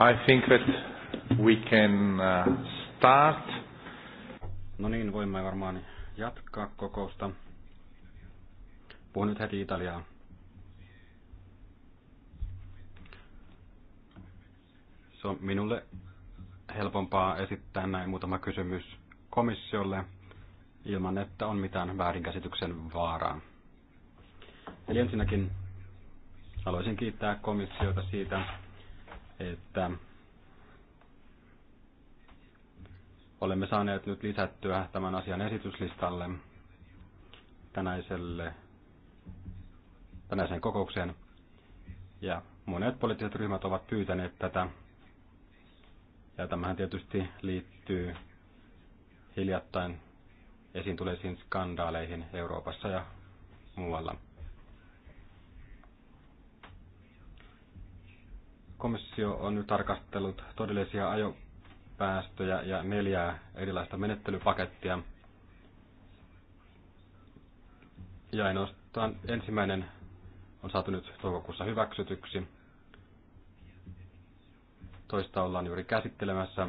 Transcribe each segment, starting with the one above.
I think that we can uh, start. No niin, voimme varmaan jatkaa kokousta. Puhun nyt heti Italiaa. Se on minulle helpompaa esittää näin muutama kysymys komissiolle ilman, että on mitään väärinkäsityksen vaaraa. Eli ensinnäkin haluaisin kiittää komissiota siitä, että olemme saaneet nyt lisättyä tämän asian esityslistalle tänäiselle, tänäiseen kokoukseen. Ja monet poliittiset ryhmät ovat pyytäneet tätä. Ja tämähän tietysti liittyy hiljattain esiin tuleisiin skandaaleihin Euroopassa ja muualla. komissio on nyt tarkastellut todellisia ajopäästöjä ja neljää erilaista menettelypakettia. Ja ainoastaan ensimmäinen on saatu nyt toukokuussa hyväksytyksi. Toista ollaan juuri käsittelemässä,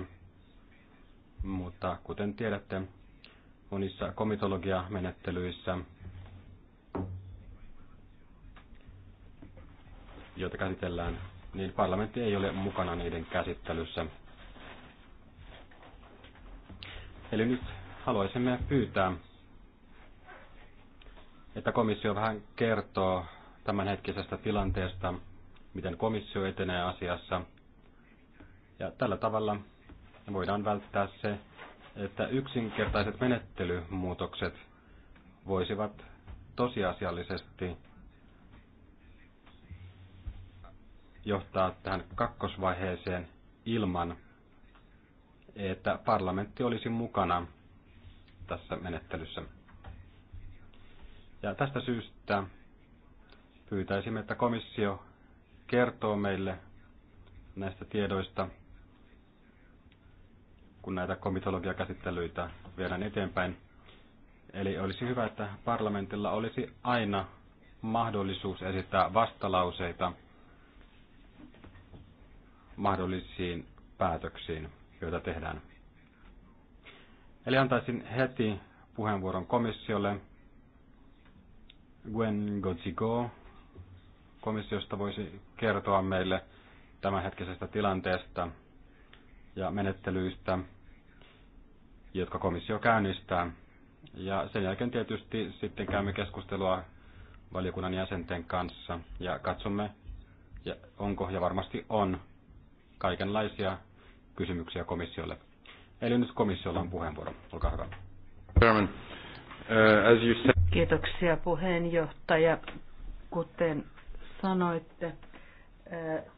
mutta kuten tiedätte, monissa komitologiamenettelyissä, joita käsitellään niin parlamentti ei ole mukana niiden käsittelyssä. Eli nyt haluaisimme pyytää, että komissio vähän kertoo tämänhetkisestä tilanteesta, miten komissio etenee asiassa. Ja tällä tavalla voidaan välttää se, että yksinkertaiset menettelymuutokset voisivat tosiasiallisesti johtaa tähän kakkosvaiheeseen ilman, että parlamentti olisi mukana tässä menettelyssä. Ja tästä syystä pyytäisimme, että komissio kertoo meille näistä tiedoista, kun näitä komitologiakäsittelyitä viedään eteenpäin. Eli olisi hyvä, että parlamentilla olisi aina mahdollisuus esittää vastalauseita – mahdollisiin päätöksiin, joita tehdään. Eli antaisin heti puheenvuoron komissiolle. Gwen Godzigo komissiosta voisi kertoa meille tämänhetkisestä tilanteesta ja menettelyistä, jotka komissio käynnistää. Ja sen jälkeen tietysti sitten käymme keskustelua valiokunnan jäsenten kanssa ja katsomme, onko ja varmasti on kaikenlaisia kysymyksiä komissiolle. Eli nyt komissiolla on puheenvuoro. Olkaa hyvä. Uh, Kiitoksia puheenjohtaja. Kuten sanoitte, uh,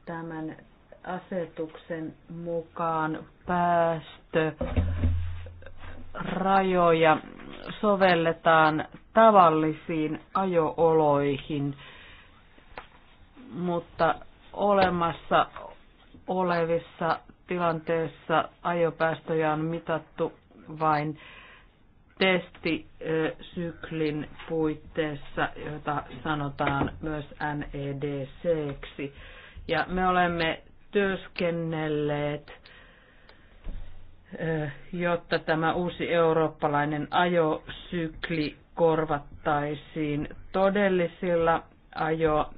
tämän asetuksen mukaan päästörajoja sovelletaan tavallisiin ajooloihin, mutta olemassa olevissa tilanteissa ajopäästöjä on mitattu vain testisyklin puitteissa, jota sanotaan myös NEDC-ksi. Ja me olemme työskennelleet, eh, jotta tämä uusi eurooppalainen ajosykli korvattaisiin todellisilla ajo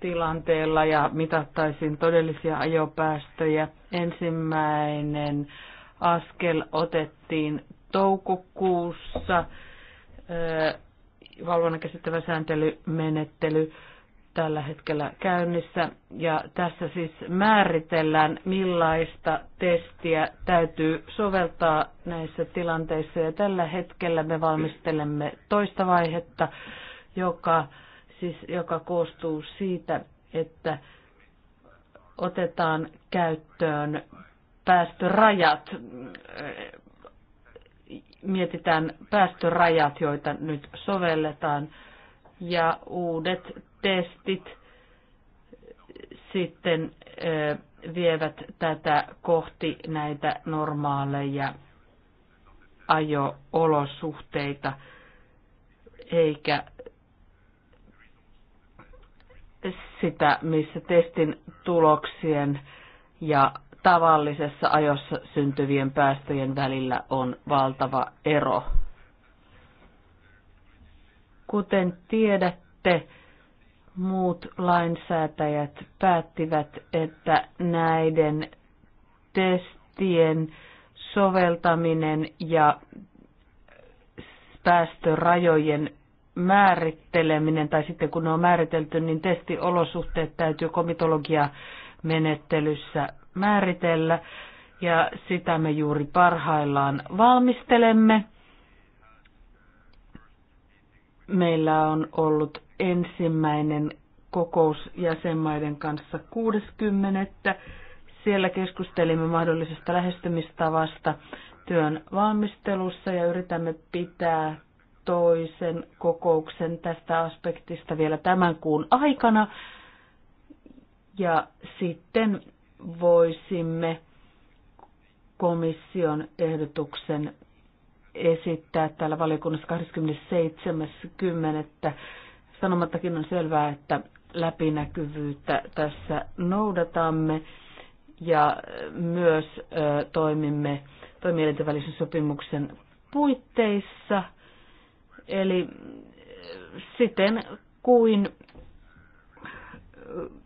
tilanteella ja mitattaisiin todellisia ajopäästöjä. Ensimmäinen askel otettiin toukokuussa valvonnan käsittävä sääntelymenettely tällä hetkellä käynnissä. Ja tässä siis määritellään, millaista testiä täytyy soveltaa näissä tilanteissa. Ja tällä hetkellä me valmistelemme toista vaihetta, joka siis joka koostuu siitä, että otetaan käyttöön päästörajat, mietitään päästörajat, joita nyt sovelletaan, ja uudet testit sitten vievät tätä kohti näitä normaaleja ajo-olosuhteita, eikä sitä, missä testin tuloksien ja tavallisessa ajossa syntyvien päästöjen välillä on valtava ero. Kuten tiedätte, muut lainsäätäjät päättivät, että näiden testien soveltaminen ja päästörajojen määritteleminen tai sitten kun ne on määritelty, niin testiolosuhteet täytyy komitologia menettelyssä määritellä ja sitä me juuri parhaillaan valmistelemme. Meillä on ollut ensimmäinen kokous jäsenmaiden kanssa 60. Siellä keskustelimme mahdollisesta lähestymistavasta työn valmistelussa ja yritämme pitää toisen kokouksen tästä aspektista vielä tämän kuun aikana. Ja sitten voisimme komission ehdotuksen esittää täällä valiokunnassa 27.10. Sanomattakin on selvää, että läpinäkyvyyttä tässä noudatamme ja myös toimimme toimielintävälisen sopimuksen puitteissa – Eli eh, siten kuin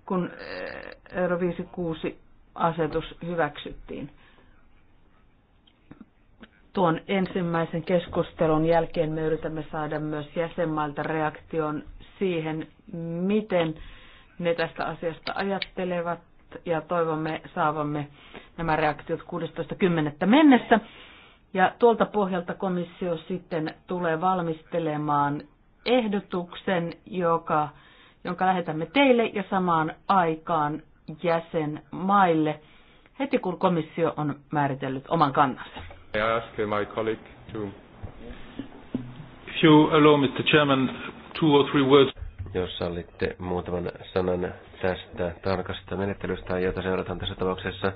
kun eh, Euro 56 asetus hyväksyttiin. Tuon ensimmäisen keskustelun jälkeen me yritämme saada myös jäsenmailta reaktion siihen, miten ne tästä asiasta ajattelevat ja toivomme saavamme nämä reaktiot 16.10. mennessä. Ja tuolta pohjalta komissio sitten tulee valmistelemaan ehdotuksen, joka, jonka lähetämme teille ja samaan aikaan jäsenmaille heti kun komissio on määritellyt oman kannansa. I ask uh, my colleague to... If you allow, Mr. Chairman, two or three words. Jos sallitte muutaman sanan tästä tarkasta menettelystä, jota seurataan tässä tapauksessa,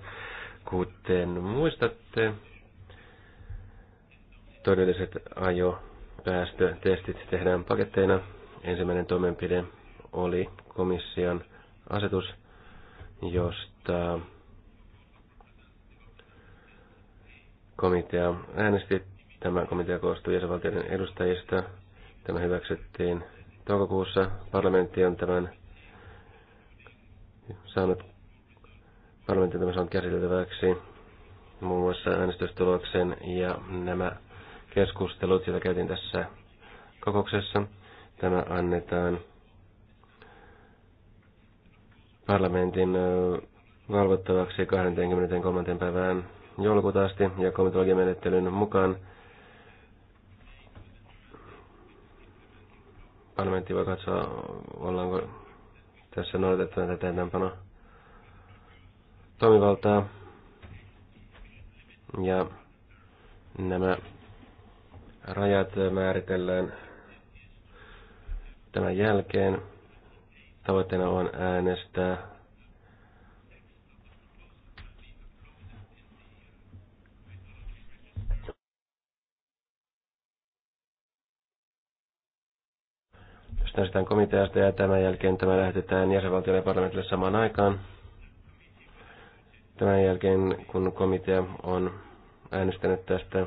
kuten muistatte, todelliset ajopäästötestit tehdään paketteina. Ensimmäinen toimenpide oli komission asetus, josta komitea äänesti. Tämä komitea koostui jäsenvaltioiden edustajista. Tämä hyväksyttiin toukokuussa. Parlamentti on tämän saanut parlamentti on tämän saanut käsiteltäväksi muun muassa äänestystuloksen ja nämä keskustelut, joita käytiin tässä kokouksessa. Tämä annetaan parlamentin valvottavaksi 23. päivään joulukuuta asti ja komitologiamenettelyn mukaan parlamentti voi katsoa, ollaanko tässä noudatettuna tätä täytäntöpanoa toimivaltaa. Ja nämä Rajat määritellään tämän jälkeen. Tavoitteena on äänestää tästä komiteasta ja tämän jälkeen tämä lähetetään jäsenvaltioiden parlamentille samaan aikaan. Tämän jälkeen, kun komitea on äänestänyt tästä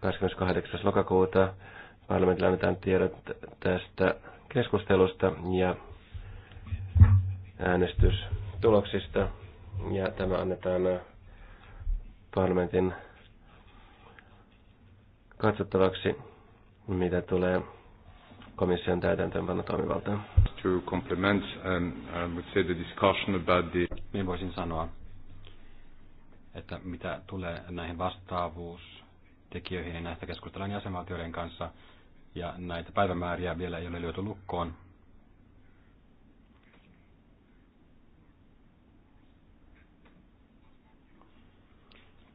28. lokakuuta parlamentilla annetaan tiedot tästä keskustelusta ja äänestystuloksista. Ja tämä annetaan parlamentin katsottavaksi, mitä tulee komission täytäntöönpano toimivaltaan. To complement, um, um would say the discussion about the... Niin voisin sanoa, että mitä tulee näihin vastaavuus tekijöihin ja näistä keskustellaan jäsenvaltioiden kanssa. Ja näitä päivämääriä vielä ei ole lyöty lukkoon.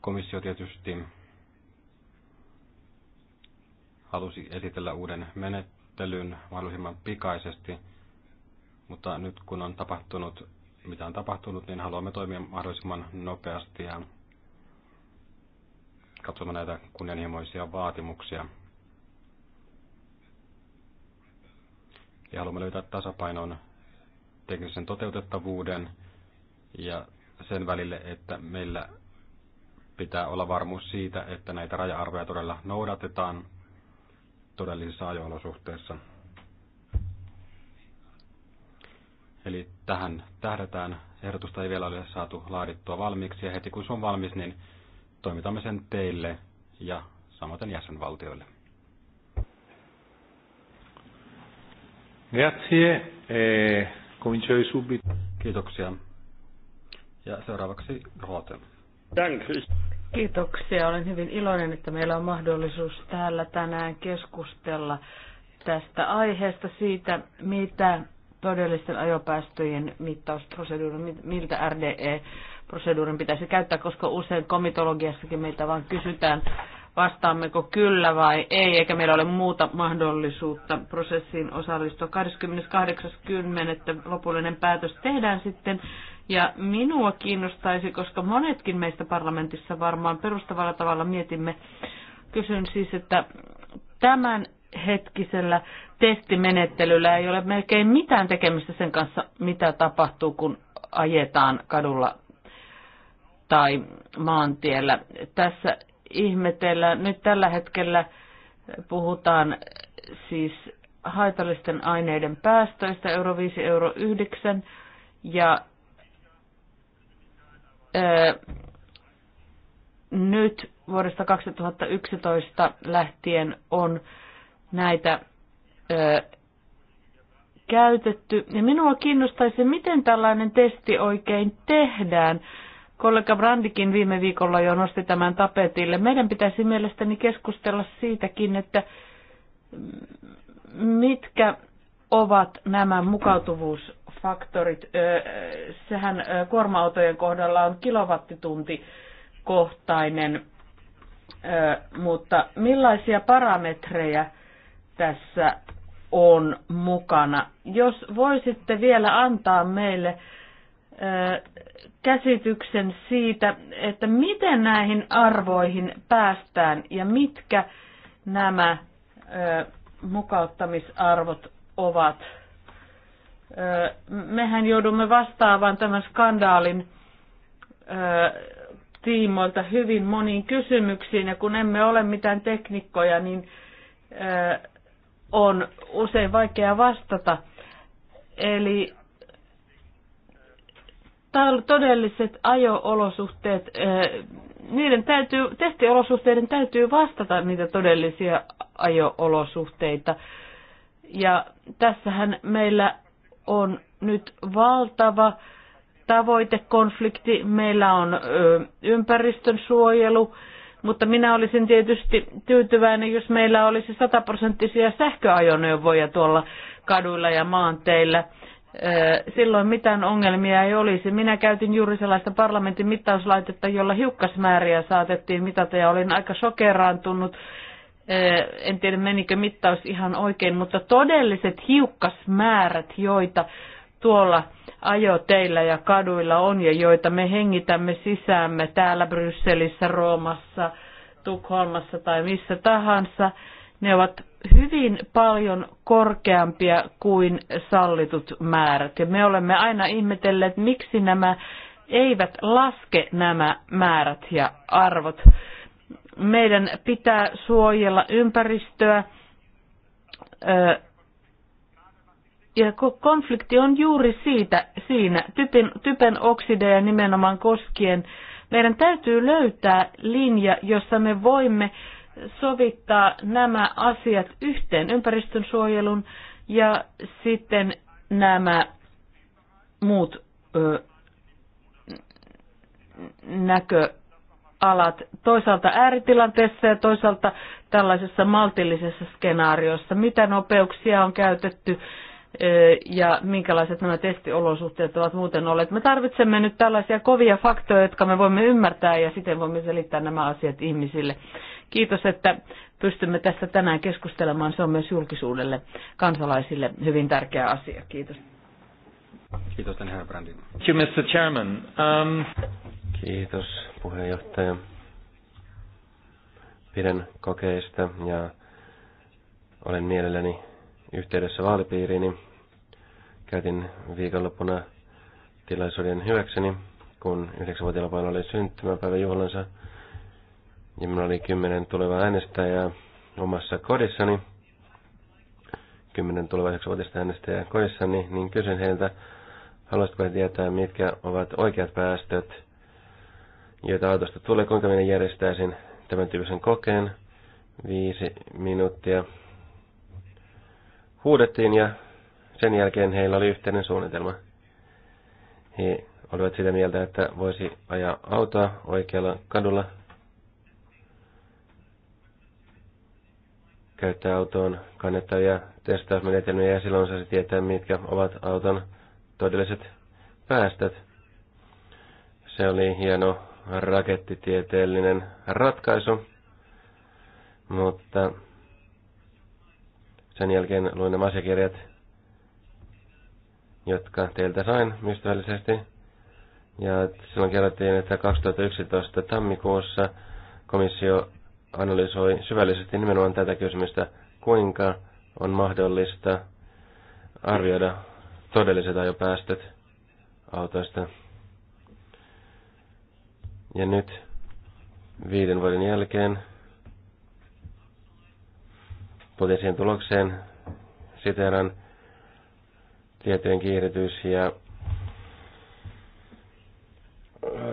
Komissio tietysti halusi esitellä uuden menettelyn mahdollisimman pikaisesti, mutta nyt kun on tapahtunut, mitä on tapahtunut, niin haluamme toimia mahdollisimman nopeasti ja katsomaan näitä kunnianhimoisia vaatimuksia. Ja haluamme löytää tasapainon teknisen toteutettavuuden ja sen välille, että meillä pitää olla varmuus siitä, että näitä raja-arvoja todella noudatetaan todellisissa ajo-olosuhteissa. Eli tähän tähdätään. Ehdotusta ei vielä ole saatu laadittua valmiiksi ja heti kun se on valmis, niin toimitamme sen teille ja samaten jäsenvaltioille. Grazie. E, comincio subito. Kiitoksia. Ja seuraavaksi Rooten. Kiitoksia. Olen hyvin iloinen, että meillä on mahdollisuus täällä tänään keskustella tästä aiheesta siitä, mitä todellisten ajopäästöjen mittausproseduuri, miltä RDE proseduurin pitäisi käyttää, koska usein komitologiassakin meiltä vaan kysytään, vastaammeko kyllä vai ei, eikä meillä ole muuta mahdollisuutta prosessiin osallistua. 28.10. lopullinen päätös tehdään sitten. Ja minua kiinnostaisi, koska monetkin meistä parlamentissa varmaan perustavalla tavalla mietimme, kysyn siis, että tämän hetkisellä testimenettelyllä ei ole melkein mitään tekemistä sen kanssa, mitä tapahtuu, kun ajetaan kadulla tai maantiellä. Tässä ihmetellään, nyt tällä hetkellä puhutaan siis haitallisten aineiden päästöistä, euro 5, euro 9, ja ää, nyt vuodesta 2011 lähtien on näitä ää, käytetty. Ja minua kiinnostaisi, miten tällainen testi oikein tehdään. Kollega Brandikin viime viikolla jo nosti tämän tapetille. Meidän pitäisi mielestäni keskustella siitäkin, että mitkä ovat nämä mukautuvuusfaktorit. Sehän kuorma-autojen kohdalla on kilowattitunti kohtainen, mutta millaisia parametreja tässä on mukana? Jos voisitte vielä antaa meille käsityksen siitä, että miten näihin arvoihin päästään ja mitkä nämä mukauttamisarvot ovat. Mehän joudumme vastaamaan tämän skandaalin tiimoilta hyvin moniin kysymyksiin, ja kun emme ole mitään teknikkoja, niin on usein vaikea vastata. Eli todelliset ajo-olosuhteet, eh, niiden täytyy, testiolosuhteiden täytyy vastata niitä todellisia ajo-olosuhteita. Ja tässähän meillä on nyt valtava tavoitekonflikti, meillä on eh, ympäristön suojelu, mutta minä olisin tietysti tyytyväinen, jos meillä olisi sataprosenttisia sähköajoneuvoja tuolla kaduilla ja maanteillä silloin mitään ongelmia ei olisi. Minä käytin juuri sellaista parlamentin mittauslaitetta, jolla hiukkasmääriä saatettiin mitata ja olin aika sokeraantunut. En tiedä menikö mittaus ihan oikein, mutta todelliset hiukkasmäärät, joita tuolla ajoteillä ja kaduilla on ja joita me hengitämme sisäämme täällä Brysselissä, Roomassa, Tukholmassa tai missä tahansa, ne ovat hyvin paljon korkeampia kuin sallitut määrät. Ja me olemme aina ihmetelleet, miksi nämä eivät laske nämä määrät ja arvot. Meidän pitää suojella ympäristöä. Ja konflikti on juuri siitä, siinä typen, typen oksideja nimenomaan koskien. Meidän täytyy löytää linja, jossa me voimme sovittaa nämä asiat yhteen, ympäristönsuojelun ja sitten nämä muut ö, näköalat toisaalta ääritilanteessa ja toisaalta tällaisessa maltillisessa skenaariossa. Mitä nopeuksia on käytetty ö, ja minkälaiset nämä testiolosuhteet ovat muuten olleet. Me tarvitsemme nyt tällaisia kovia faktoja, jotka me voimme ymmärtää ja siten voimme selittää nämä asiat ihmisille. Kiitos, että pystymme tästä tänään keskustelemaan. Se on myös julkisuudelle, kansalaisille hyvin tärkeä asia. Kiitos. Kiitos, herra Brandin. Thank you, Mr. Chairman. Um... Kiitos, puheenjohtaja. Pidän kokeista ja olen mielelläni yhteydessä vaalipiiriini. Käytin viikonloppuna tilaisuuden hyväkseni, kun yhdeksänvuotiailla oli syntymäpäiväjuhlansa. juhlansa ja niin minulla oli kymmenen tulevaa äänestäjää omassa kodissani, kymmenen tulevaa yhdeksänvuotista äänestäjää kodissani, niin kysyn heiltä, haluaisitko he tietää, mitkä ovat oikeat päästöt, joita autosta tulee, kuinka minä järjestäisin tämän tyyppisen kokeen, viisi minuuttia huudettiin ja sen jälkeen heillä oli yhteinen suunnitelma. He olivat sitä mieltä, että voisi ajaa autoa oikealla kadulla käyttää autoon kannettavia testausmenetelmiä ja silloin saisi tietää, mitkä ovat auton todelliset päästöt. Se oli hieno rakettitieteellinen ratkaisu, mutta sen jälkeen luin nämä asiakirjat, jotka teiltä sain ystävällisesti. Ja silloin kerrottiin, että 2011 tammikuussa komissio analysoi syvällisesti nimenomaan tätä kysymystä, kuinka on mahdollista arvioida todelliset ajopäästöt autoista. Ja nyt viiden vuoden jälkeen tulokseen, siteran tietojen kiiretys ja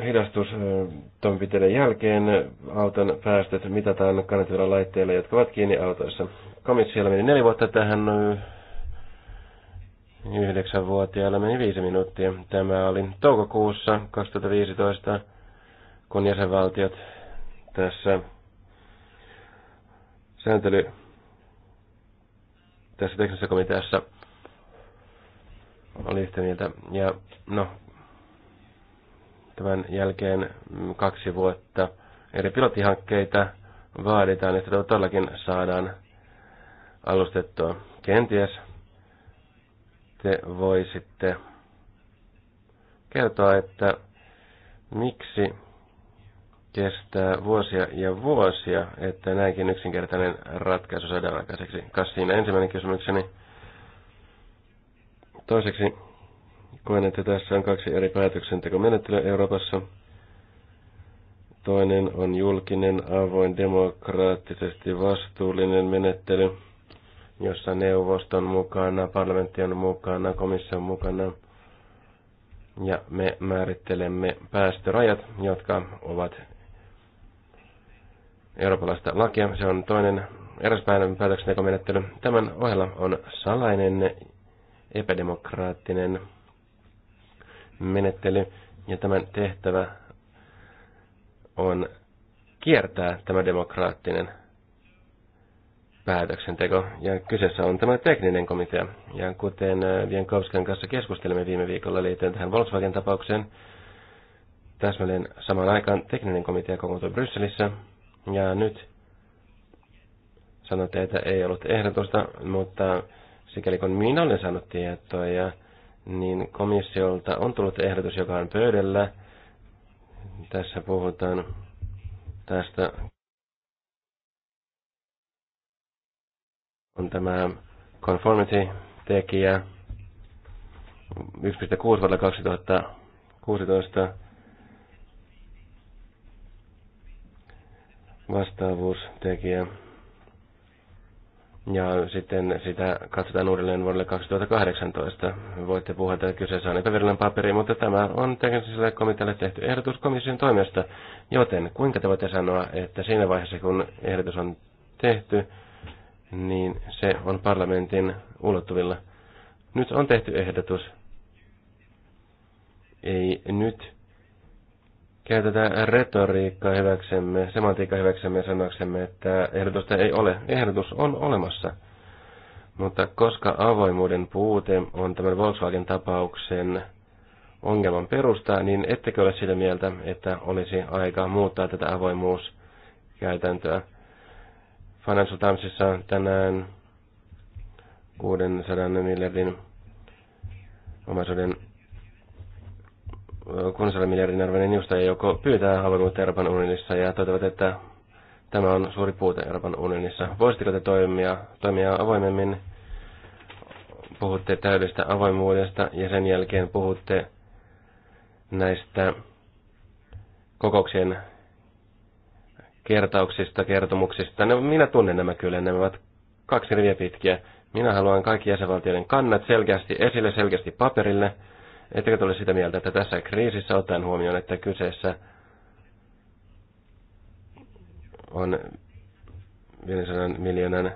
hidastustoimenpiteiden jälkeen auton päästöt mitataan kannettavilla laitteilla, jotka ovat kiinni autoissa. Komissiolla meni neljä vuotta tähän, yhdeksänvuotiaalla meni viisi minuuttia. Tämä oli toukokuussa 2015, kun jäsenvaltiot tässä sääntely tässä teknisessä komiteassa oli yhtä mieltä. Ja no, Tämän jälkeen mm, kaksi vuotta eri pilottihankkeita vaaditaan, että todellakin saadaan alustettua. Kenties te voisitte kertoa, että miksi kestää vuosia ja vuosia, että näinkin yksinkertainen ratkaisu saadaan aikaiseksi. Kas siinä ensimmäinen kysymykseni. Toiseksi Koen, että tässä on kaksi eri päätöksentekomenettelyä Euroopassa. Toinen on julkinen, avoin, demokraattisesti vastuullinen menettely, jossa neuvoston mukana, parlamentti on mukana, komission mukana. Ja me määrittelemme päästörajat, jotka ovat eurooppalaista lakia. Se on toinen eräs päätöksentekomenettely. Tämän ohella on salainen epädemokraattinen menettely ja tämän tehtävä on kiertää tämä demokraattinen päätöksenteko. Ja kyseessä on tämä tekninen komitea. Ja kuten äh, Vienkovskan kanssa keskustelimme viime viikolla liittyen tähän Volkswagen-tapaukseen, täsmälleen samaan aikaan tekninen komitea kokoontui Brysselissä. Ja nyt sanotte, että ei ollut ehdotusta, mutta sikäli kun minä olen saanut tietoa ja niin komissiolta on tullut ehdotus, joka on pöydällä. Tässä puhutaan tästä on tämä conformity-tekijä 1.6 vuodelta 2016 vastaavuustekijä ja sitten sitä katsotaan uudelleen vuodelle 2018. Voitte puhua, tätä kyseessä on epävirallinen paperi, mutta tämä on teknisellä komitealle tehty ehdotus komission toimesta. Joten kuinka te voitte sanoa, että siinä vaiheessa kun ehdotus on tehty, niin se on parlamentin ulottuvilla. Nyt on tehty ehdotus. Ei nyt käytetään retoriikkaa hyväksemme, semantiikkaa hyväksemme ja sanoksemme, että ehdotusta ei ole. Ehdotus on olemassa. Mutta koska avoimuuden puute on tämän Volkswagen-tapauksen ongelman perusta, niin ettekö ole sitä mieltä, että olisi aika muuttaa tätä avoimuuskäytäntöä? Financial Timesissa tänään 600 miljardin omaisuuden 600 miljardin arvoinen ei joko pyytää halunnut Euroopan unionissa ja toteavat, että tämä on suuri puute Euroopan unionissa. Voisitteko te toimia, toimia avoimemmin? Puhutte täydestä avoimuudesta ja sen jälkeen puhutte näistä kokouksien kertauksista, kertomuksista. No, minä tunnen nämä kyllä, nämä ovat kaksi riviä pitkiä. Minä haluan kaikki jäsenvaltioiden kannat selkeästi esille, selkeästi paperille – Ettekö tule sitä mieltä, että tässä kriisissä otan huomioon, että kyseessä on 500 miljoonan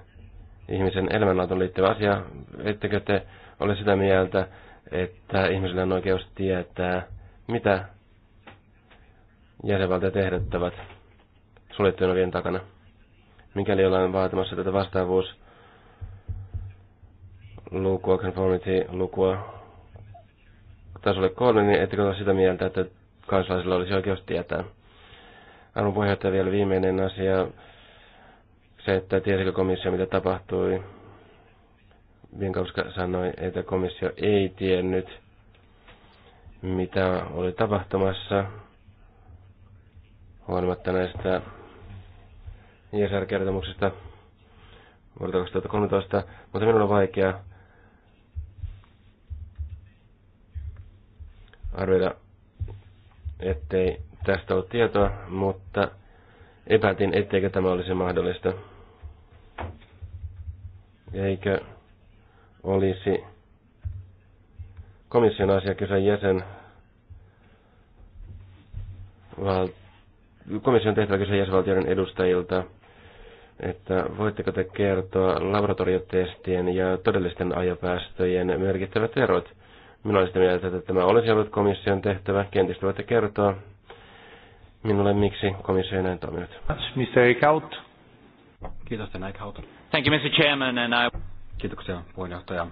ihmisen elämänlaatuun liittyvä asia. Ettekö te ole sitä mieltä, että ihmisillä on oikeus tietää, mitä jäsenvaltiot ehdottavat suljettujen ovien takana? Mikäli ollaan vaatimassa tätä vastaavuus lukua, conformity lukua tasolle kolme, niin ettekö ole sitä mieltä, että kansalaisilla olisi oikeus tietää? Arvon puheenjohtaja vielä viimeinen asia, se, että tiesikö komissio, mitä tapahtui. Vinkauska sanoi, että komissio ei tiennyt, mitä oli tapahtumassa huolimatta näistä ISR-kertomuksista vuodelta 2013, mutta minulla on vaikea arvioida, ettei tästä ole tietoa, mutta epätin, etteikö tämä olisi mahdollista. Eikö olisi komission asiakysän jäsen val, komission tehtäväkysän jäsenvaltioiden edustajilta, että voitteko te kertoa laboratoriotestien ja todellisten ajopäästöjen merkittävät erot? Minä olen sitä mieltä, että tämä olisi ollut komission tehtävä. Kenties voitte kertoa minulle, miksi komissio ei näin toiminut. Mr. Eichhout. Kiitos, Mr. Eichhout. Thank you, Mr. Chairman. And I... Kiitoksia, puheenjohtaja.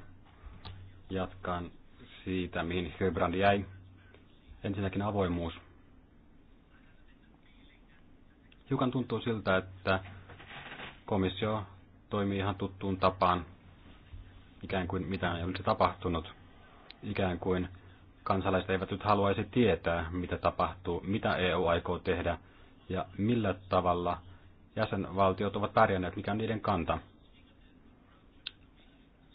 Jatkan siitä, mihin Höbrand jäi. Ensinnäkin avoimuus. Hiukan tuntuu siltä, että komissio toimii ihan tuttuun tapaan, ikään kuin mitään ei olisi tapahtunut – ikään kuin kansalaiset eivät nyt haluaisi tietää, mitä tapahtuu, mitä EU aikoo tehdä ja millä tavalla jäsenvaltiot ovat pärjänneet, mikä on niiden kanta.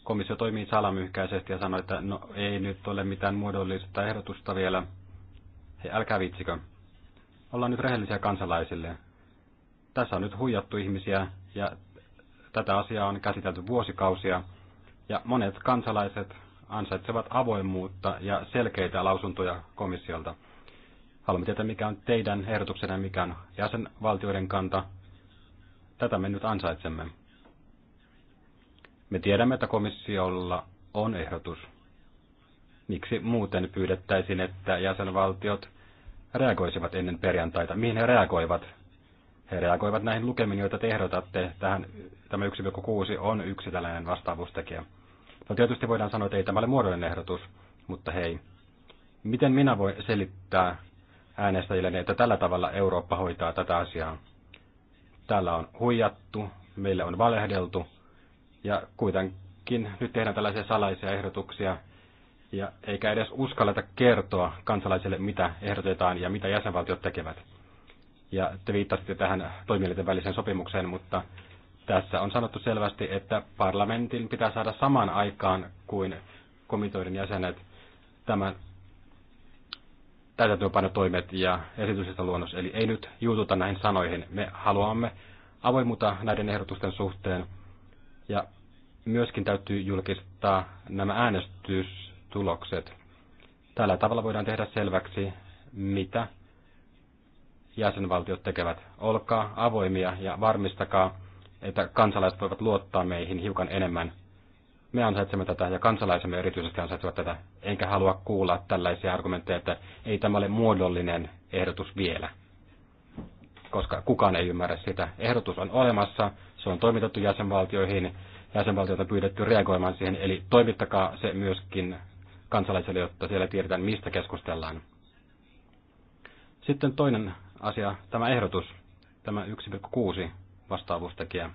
Komissio toimii salamyhkäisesti ja sanoi, että no ei nyt ole mitään muodollista ehdotusta vielä. He älkää vitsikö. Ollaan nyt rehellisiä kansalaisille. Tässä on nyt huijattu ihmisiä ja tätä asiaa on käsitelty vuosikausia ja monet kansalaiset ansaitsevat avoimuutta ja selkeitä lausuntoja komissiolta. Haluamme tietää, mikä on teidän ehdotuksenne mikä on jäsenvaltioiden kanta. Tätä me nyt ansaitsemme. Me tiedämme, että komissiolla on ehdotus. Miksi muuten pyydettäisiin, että jäsenvaltiot reagoisivat ennen perjantaita? Mihin he reagoivat? He reagoivat näihin lukemiin, joita te ehdotatte. Tähän, tämä 1,6 on yksi tällainen vastaavuustekijä. No tietysti voidaan sanoa, että ei tämä ole muodollinen ehdotus, mutta hei, miten minä voin selittää äänestäjille, että tällä tavalla Eurooppa hoitaa tätä asiaa? Täällä on huijattu, meille on valehdeltu ja kuitenkin nyt tehdään tällaisia salaisia ehdotuksia ja eikä edes uskalleta kertoa kansalaisille, mitä ehdotetaan ja mitä jäsenvaltiot tekevät. Ja te viittasitte tähän toimielinten väliseen sopimukseen, mutta tässä on sanottu selvästi, että parlamentin pitää saada samaan aikaan kuin komiteoiden jäsenet tämän täytäntöönpanotoimet ja esityksestä luonnos. Eli ei nyt juututa näihin sanoihin. Me haluamme avoimuutta näiden ehdotusten suhteen ja myöskin täytyy julkistaa nämä äänestystulokset. Tällä tavalla voidaan tehdä selväksi, mitä jäsenvaltiot tekevät. Olkaa avoimia ja varmistakaa, että kansalaiset voivat luottaa meihin hiukan enemmän. Me ansaitsemme tätä ja kansalaisemme erityisesti ansaitsevat tätä, enkä halua kuulla tällaisia argumentteja, että ei tämä ole muodollinen ehdotus vielä. Koska kukaan ei ymmärrä sitä. Ehdotus on olemassa, se on toimitettu jäsenvaltioihin, jäsenvaltioita pyydetty reagoimaan siihen, eli toimittakaa se myöskin kansalaisille, jotta siellä tiedetään, mistä keskustellaan. Sitten toinen asia, tämä ehdotus, tämä vastaavuustekijä?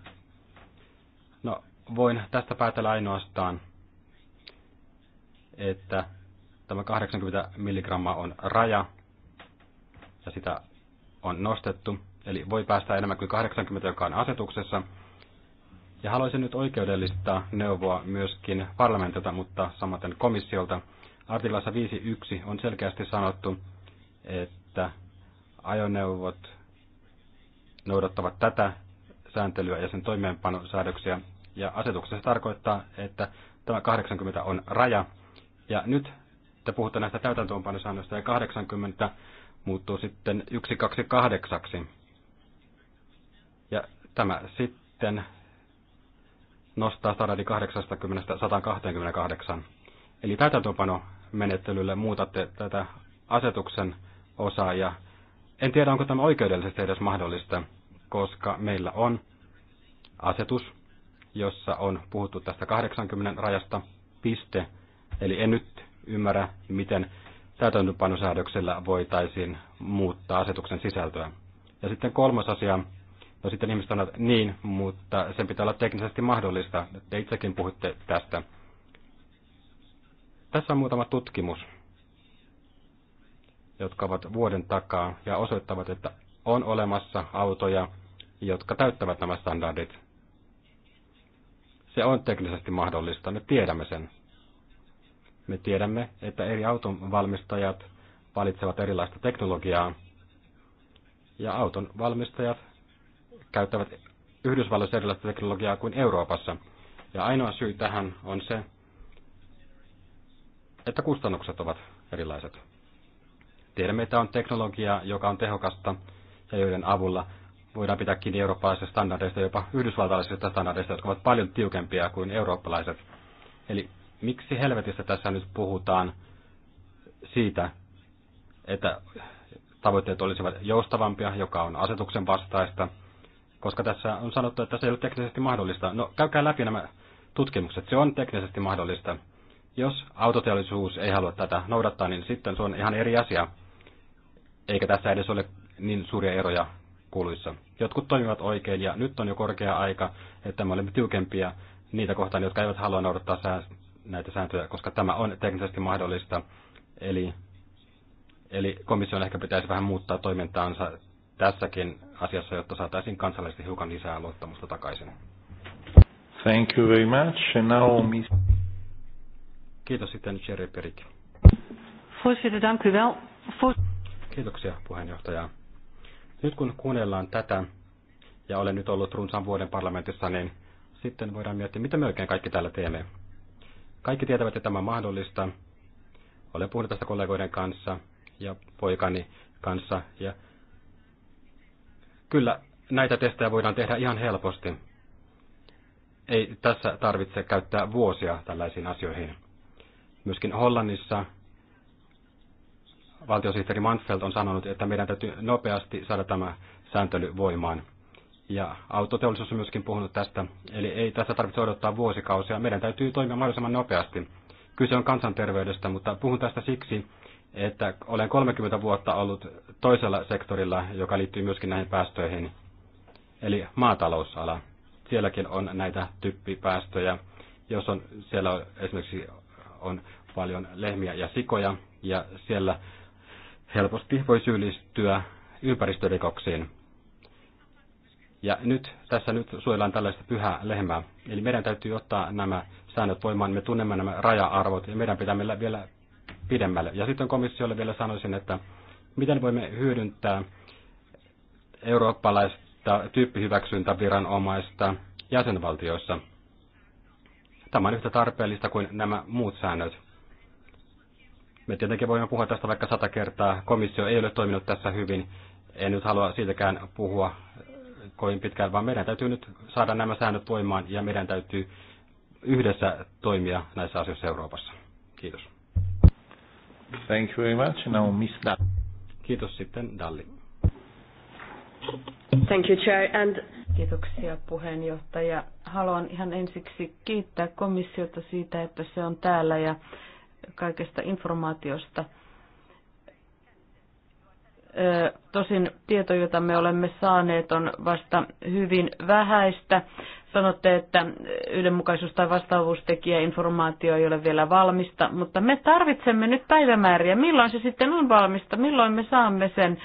No, voin tästä päätellä ainoastaan, että tämä 80 milligrammaa on raja, ja sitä on nostettu. Eli voi päästä enemmän kuin 80, joka on asetuksessa. Ja haluaisin nyt oikeudellista neuvoa myöskin parlamentilta, mutta samaten komissiolta. Artiklassa 5.1 on selkeästi sanottu, että ajoneuvot noudattavat tätä sääntelyä ja sen toimeenpanosäädöksiä. Ja asetuksessa tarkoittaa, että tämä 80 on raja. Ja nyt te puhutte näistä täytäntöönpanosäännöistä ja 80 muuttuu sitten 128. Ja tämä sitten nostaa standardi 80 128. Eli täytäntöönpanomenettelylle muutatte tätä asetuksen osaa ja en tiedä, onko tämä oikeudellisesti edes mahdollista koska meillä on asetus, jossa on puhuttu tästä 80 rajasta piste. Eli en nyt ymmärrä, miten täytäntöpanosäädöksellä voitaisiin muuttaa asetuksen sisältöä. Ja sitten kolmas asia, no sitten ihmiset sanovat niin, mutta sen pitää olla teknisesti mahdollista. Te itsekin puhutte tästä. Tässä on muutama tutkimus, jotka ovat vuoden takaa ja osoittavat, että on olemassa autoja, jotka täyttävät nämä standardit. Se on teknisesti mahdollista, me tiedämme sen. Me tiedämme, että eri autonvalmistajat valitsevat erilaista teknologiaa, ja auton valmistajat käyttävät Yhdysvalloissa erilaista teknologiaa kuin Euroopassa. Ja ainoa syy tähän on se, että kustannukset ovat erilaiset. Tiedämme, että on teknologia, joka on tehokasta, ja joiden avulla voidaan pitää kiinni eurooppalaisista standardeista, jopa yhdysvaltalaisista standardeista, jotka ovat paljon tiukempia kuin eurooppalaiset. Eli miksi helvetissä tässä nyt puhutaan siitä, että tavoitteet olisivat joustavampia, joka on asetuksen vastaista, koska tässä on sanottu, että se ei ole teknisesti mahdollista. No käykää läpi nämä tutkimukset, se on teknisesti mahdollista. Jos autoteollisuus ei halua tätä noudattaa, niin sitten se on ihan eri asia. Eikä tässä edes ole niin suuria eroja kuluissa. Jotkut toimivat oikein ja nyt on jo korkea aika, että me olemme tiukempia niitä kohtaan, jotka eivät halua noudattaa näitä sääntöjä, koska tämä on teknisesti mahdollista. Eli, eli komission ehkä pitäisi vähän muuttaa toimintaansa tässäkin asiassa, jotta saataisiin kansallisesti hiukan lisää luottamusta takaisin. Thank you very much. And now, miss... Kiitos sitten Jerry Perik. Kiitoksia puheenjohtaja. Nyt kun kuunnellaan tätä, ja olen nyt ollut runsaan vuoden parlamentissa, niin sitten voidaan miettiä, mitä me oikein kaikki täällä teemme. Kaikki tietävät, että tämä on mahdollista. Olen puhunut tästä kollegoiden kanssa ja poikani kanssa. Ja kyllä näitä testejä voidaan tehdä ihan helposti. Ei tässä tarvitse käyttää vuosia tällaisiin asioihin. Myöskin Hollannissa valtiosihteeri Manfeld on sanonut, että meidän täytyy nopeasti saada tämä sääntely voimaan. Ja autoteollisuus on myöskin puhunut tästä, eli ei tässä tarvitse odottaa vuosikausia. Meidän täytyy toimia mahdollisimman nopeasti. Kyse on kansanterveydestä, mutta puhun tästä siksi, että olen 30 vuotta ollut toisella sektorilla, joka liittyy myöskin näihin päästöihin, eli maatalousala. Sielläkin on näitä typpipäästöjä, jos on, siellä on, esimerkiksi on paljon lehmiä ja sikoja, ja siellä helposti voi syyllistyä ympäristörikoksiin. Ja nyt tässä nyt suojellaan tällaista pyhää lehmää. Eli meidän täytyy ottaa nämä säännöt voimaan. Me tunnemme nämä raja-arvot ja meidän pitää meillä vielä pidemmälle. Ja sitten komissiolle vielä sanoisin, että miten voimme hyödyntää eurooppalaista tyyppihyväksyntäviranomaista jäsenvaltioissa. Tämä on yhtä tarpeellista kuin nämä muut säännöt. Me tietenkin voimme puhua tästä vaikka sata kertaa. Komissio ei ole toiminut tässä hyvin. En nyt halua siitäkään puhua kovin pitkään, vaan meidän täytyy nyt saada nämä säännöt voimaan ja meidän täytyy yhdessä toimia näissä asioissa Euroopassa. Kiitos. Thank you very much. Now Miss Dalli. Kiitos sitten Dalli. Thank you, Chair. And... Kiitoksia puheenjohtaja. Haluan ihan ensiksi kiittää komissiota siitä, että se on täällä ja kaikesta informaatiosta. Tosin tieto, jota me olemme saaneet, on vasta hyvin vähäistä. Sanotte, että yhdenmukaisuus- tai vastaavuustekijä informaatio ei ole vielä valmista, mutta me tarvitsemme nyt päivämääriä. Milloin se sitten on valmista? Milloin me saamme sen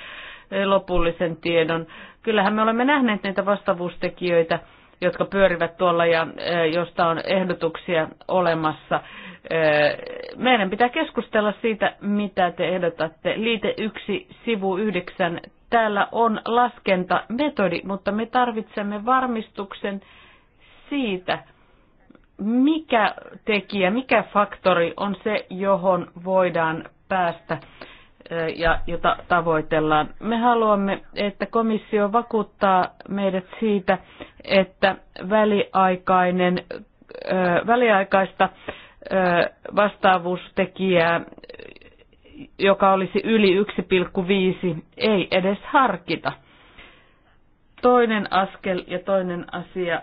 lopullisen tiedon? Kyllähän me olemme nähneet näitä vastaavuustekijöitä jotka pyörivät tuolla ja josta on ehdotuksia olemassa. Meidän pitää keskustella siitä, mitä te ehdotatte. Liite 1, sivu 9. Täällä on laskentametodi, mutta me tarvitsemme varmistuksen siitä, mikä tekijä, mikä faktori on se, johon voidaan päästä ja jota tavoitellaan. Me haluamme, että komissio vakuuttaa meidät siitä, että väliaikainen, väliaikaista vastaavuustekijää, joka olisi yli 1,5, ei edes harkita. Toinen askel ja toinen asia.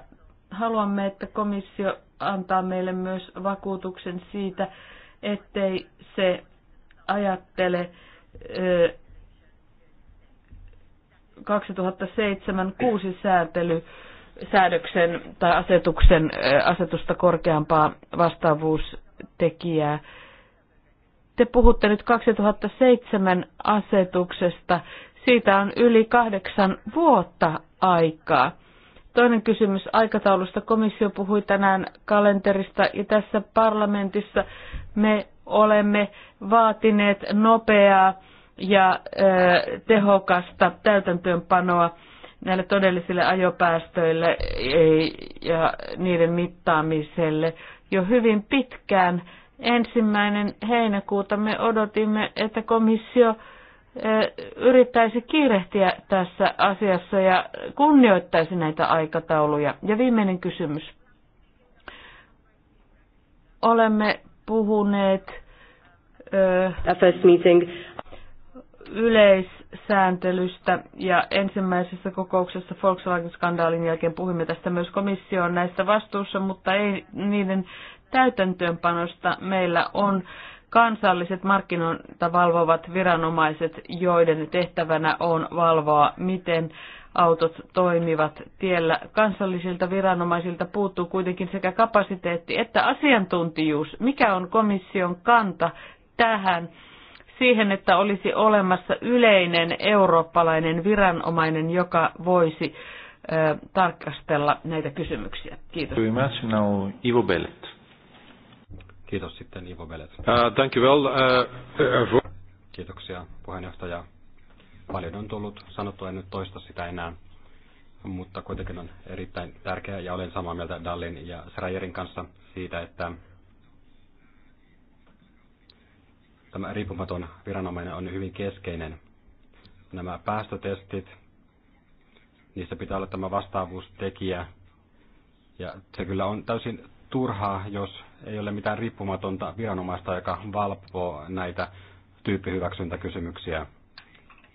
Haluamme, että komissio antaa meille myös vakuutuksen siitä, ettei se ajattele 2007 kuusi säätely säädöksen tai asetuksen asetusta korkeampaa vastaavuustekijää. Te puhutte nyt 2007 asetuksesta. Siitä on yli kahdeksan vuotta aikaa. Toinen kysymys aikataulusta. Komissio puhui tänään kalenterista ja tässä parlamentissa me olemme vaatineet nopeaa ja ö, tehokasta täytäntöönpanoa näille todellisille ajopäästöille ja niiden mittaamiselle jo hyvin pitkään. Ensimmäinen heinäkuuta me odotimme, että komissio yrittäisi kiirehtiä tässä asiassa ja kunnioittaisi näitä aikatauluja. Ja viimeinen kysymys. Olemme puhuneet ö, FS-meeting yleissääntelystä ja ensimmäisessä kokouksessa Volkswagen-skandaalin jälkeen puhumme tästä myös komission näistä vastuussa, mutta ei niiden täytäntöönpanosta meillä on kansalliset markkinoita valvovat viranomaiset, joiden tehtävänä on valvoa, miten autot toimivat tiellä. Kansallisilta viranomaisilta puuttuu kuitenkin sekä kapasiteetti että asiantuntijuus. Mikä on komission kanta tähän? siihen, että olisi olemassa yleinen eurooppalainen viranomainen, joka voisi ö, tarkastella näitä kysymyksiä. Kiitos. Now, Ivo Bellet. Kiitos sitten Ivo Bellet. Uh, thank you well, uh, uh, uh Kiitoksia puheenjohtaja. Paljon on tullut sanottua, en nyt toista sitä enää, mutta kuitenkin on erittäin tärkeää ja olen samaa mieltä Dallin ja Srajerin kanssa siitä, että tämä riippumaton viranomainen on hyvin keskeinen. Nämä päästötestit, niissä pitää olla tämä vastaavuustekijä. Ja se kyllä on täysin turhaa, jos ei ole mitään riippumatonta viranomaista, joka valvoo näitä tyyppihyväksyntäkysymyksiä.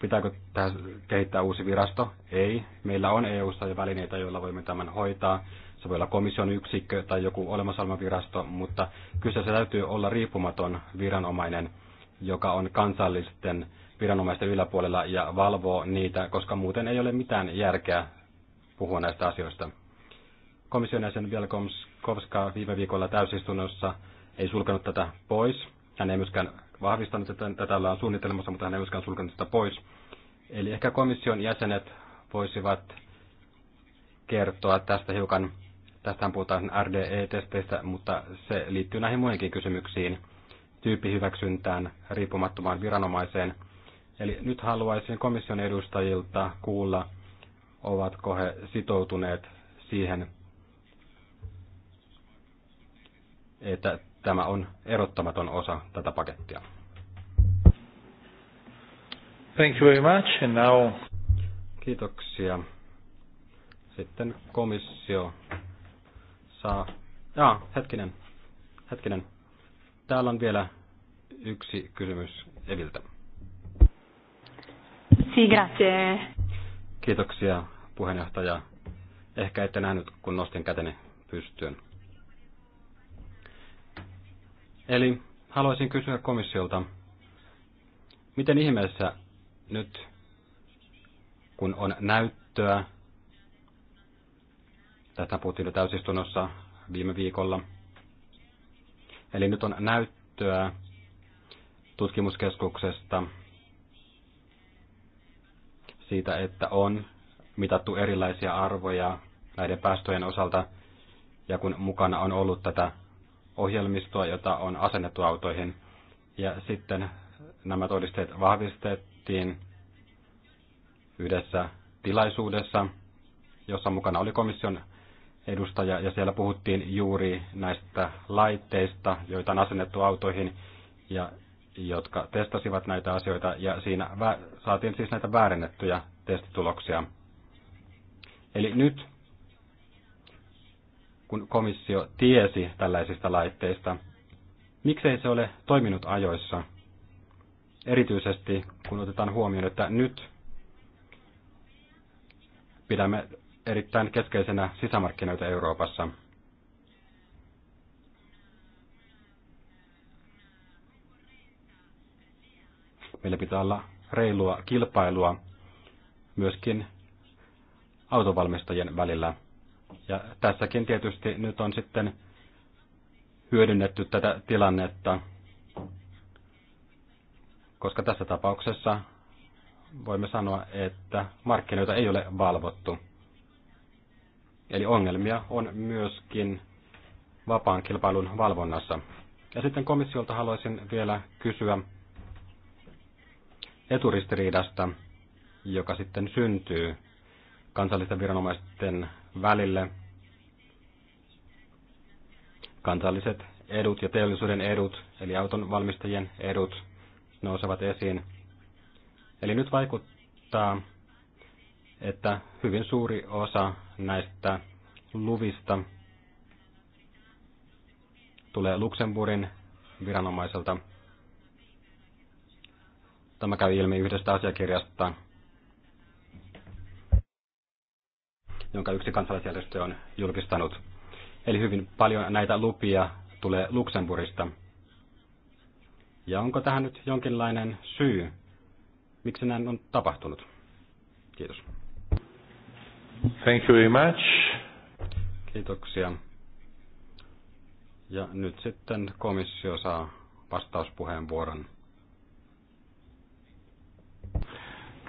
Pitääkö tähän kehittää uusi virasto? Ei. Meillä on EU-ssa jo välineitä, joilla voimme tämän hoitaa. Se voi olla komission yksikkö tai joku olemassa virasto, mutta kyseessä täytyy olla riippumaton viranomainen, joka on kansallisten viranomaisten yläpuolella ja valvoo niitä, koska muuten ei ole mitään järkeä puhua näistä asioista. Komission jäsen Vielkomskovska viime viikolla täysistunnossa ei sulkenut tätä pois. Hän ei myöskään vahvistanut, että tätä ollaan suunnitelmassa, mutta hän ei myöskään sulkenut sitä pois. Eli ehkä komission jäsenet voisivat kertoa tästä hiukan. Tästähän puhutaan RDE-testeistä, mutta se liittyy näihin muihinkin kysymyksiin, tyyppihyväksyntään, riippumattomaan viranomaiseen. Eli nyt haluaisin komission edustajilta kuulla, ovatko he sitoutuneet siihen, että tämä on erottamaton osa tätä pakettia. Thank you very much. And now... Kiitoksia. Sitten komissio saa... Ah, hetkinen. Hetkinen. Täällä on vielä yksi kysymys Eviltä. Si, grazie. Kiitoksia puheenjohtaja. Ehkä ette nähnyt, kun nostin käteni pystyyn. Eli haluaisin kysyä komissiolta, miten ihmeessä nyt, kun on näyttöä, tästä puhuttiin jo täysistunnossa viime viikolla, eli nyt on näyttöä tutkimuskeskuksesta siitä, että on mitattu erilaisia arvoja näiden päästöjen osalta, ja kun mukana on ollut tätä ohjelmistoa, jota on asennettu autoihin. Ja sitten nämä todisteet vahvistettiin yhdessä tilaisuudessa, jossa mukana oli komission edustaja, ja siellä puhuttiin juuri näistä laitteista, joita on asennettu autoihin, ja jotka testasivat näitä asioita, ja siinä saatiin siis näitä väärennettyjä testituloksia. Eli nyt kun komissio tiesi tällaisista laitteista. Miksei se ole toiminut ajoissa? Erityisesti kun otetaan huomioon, että nyt pidämme erittäin keskeisenä sisämarkkinoita Euroopassa. Meillä pitää olla reilua kilpailua myöskin autovalmistajien välillä. Ja tässäkin tietysti nyt on sitten hyödynnetty tätä tilannetta, koska tässä tapauksessa voimme sanoa, että markkinoita ei ole valvottu. Eli ongelmia on myöskin vapaan kilpailun valvonnassa. Ja sitten komissiolta haluaisin vielä kysyä eturistiriidasta, joka sitten syntyy kansallisten viranomaisten välille kansalliset edut ja teollisuuden edut, eli auton valmistajien edut, nousevat esiin. Eli nyt vaikuttaa, että hyvin suuri osa näistä luvista tulee Luxemburgin viranomaiselta. Tämä kävi ilmi yhdestä asiakirjasta, jonka yksi kansalaisjärjestö on julkistanut. Eli hyvin paljon näitä lupia tulee Luxemburgista. Ja onko tähän nyt jonkinlainen syy, miksi näin on tapahtunut? Kiitos. Thank you very much. Kiitoksia. Ja nyt sitten komissio saa vastauspuheenvuoron.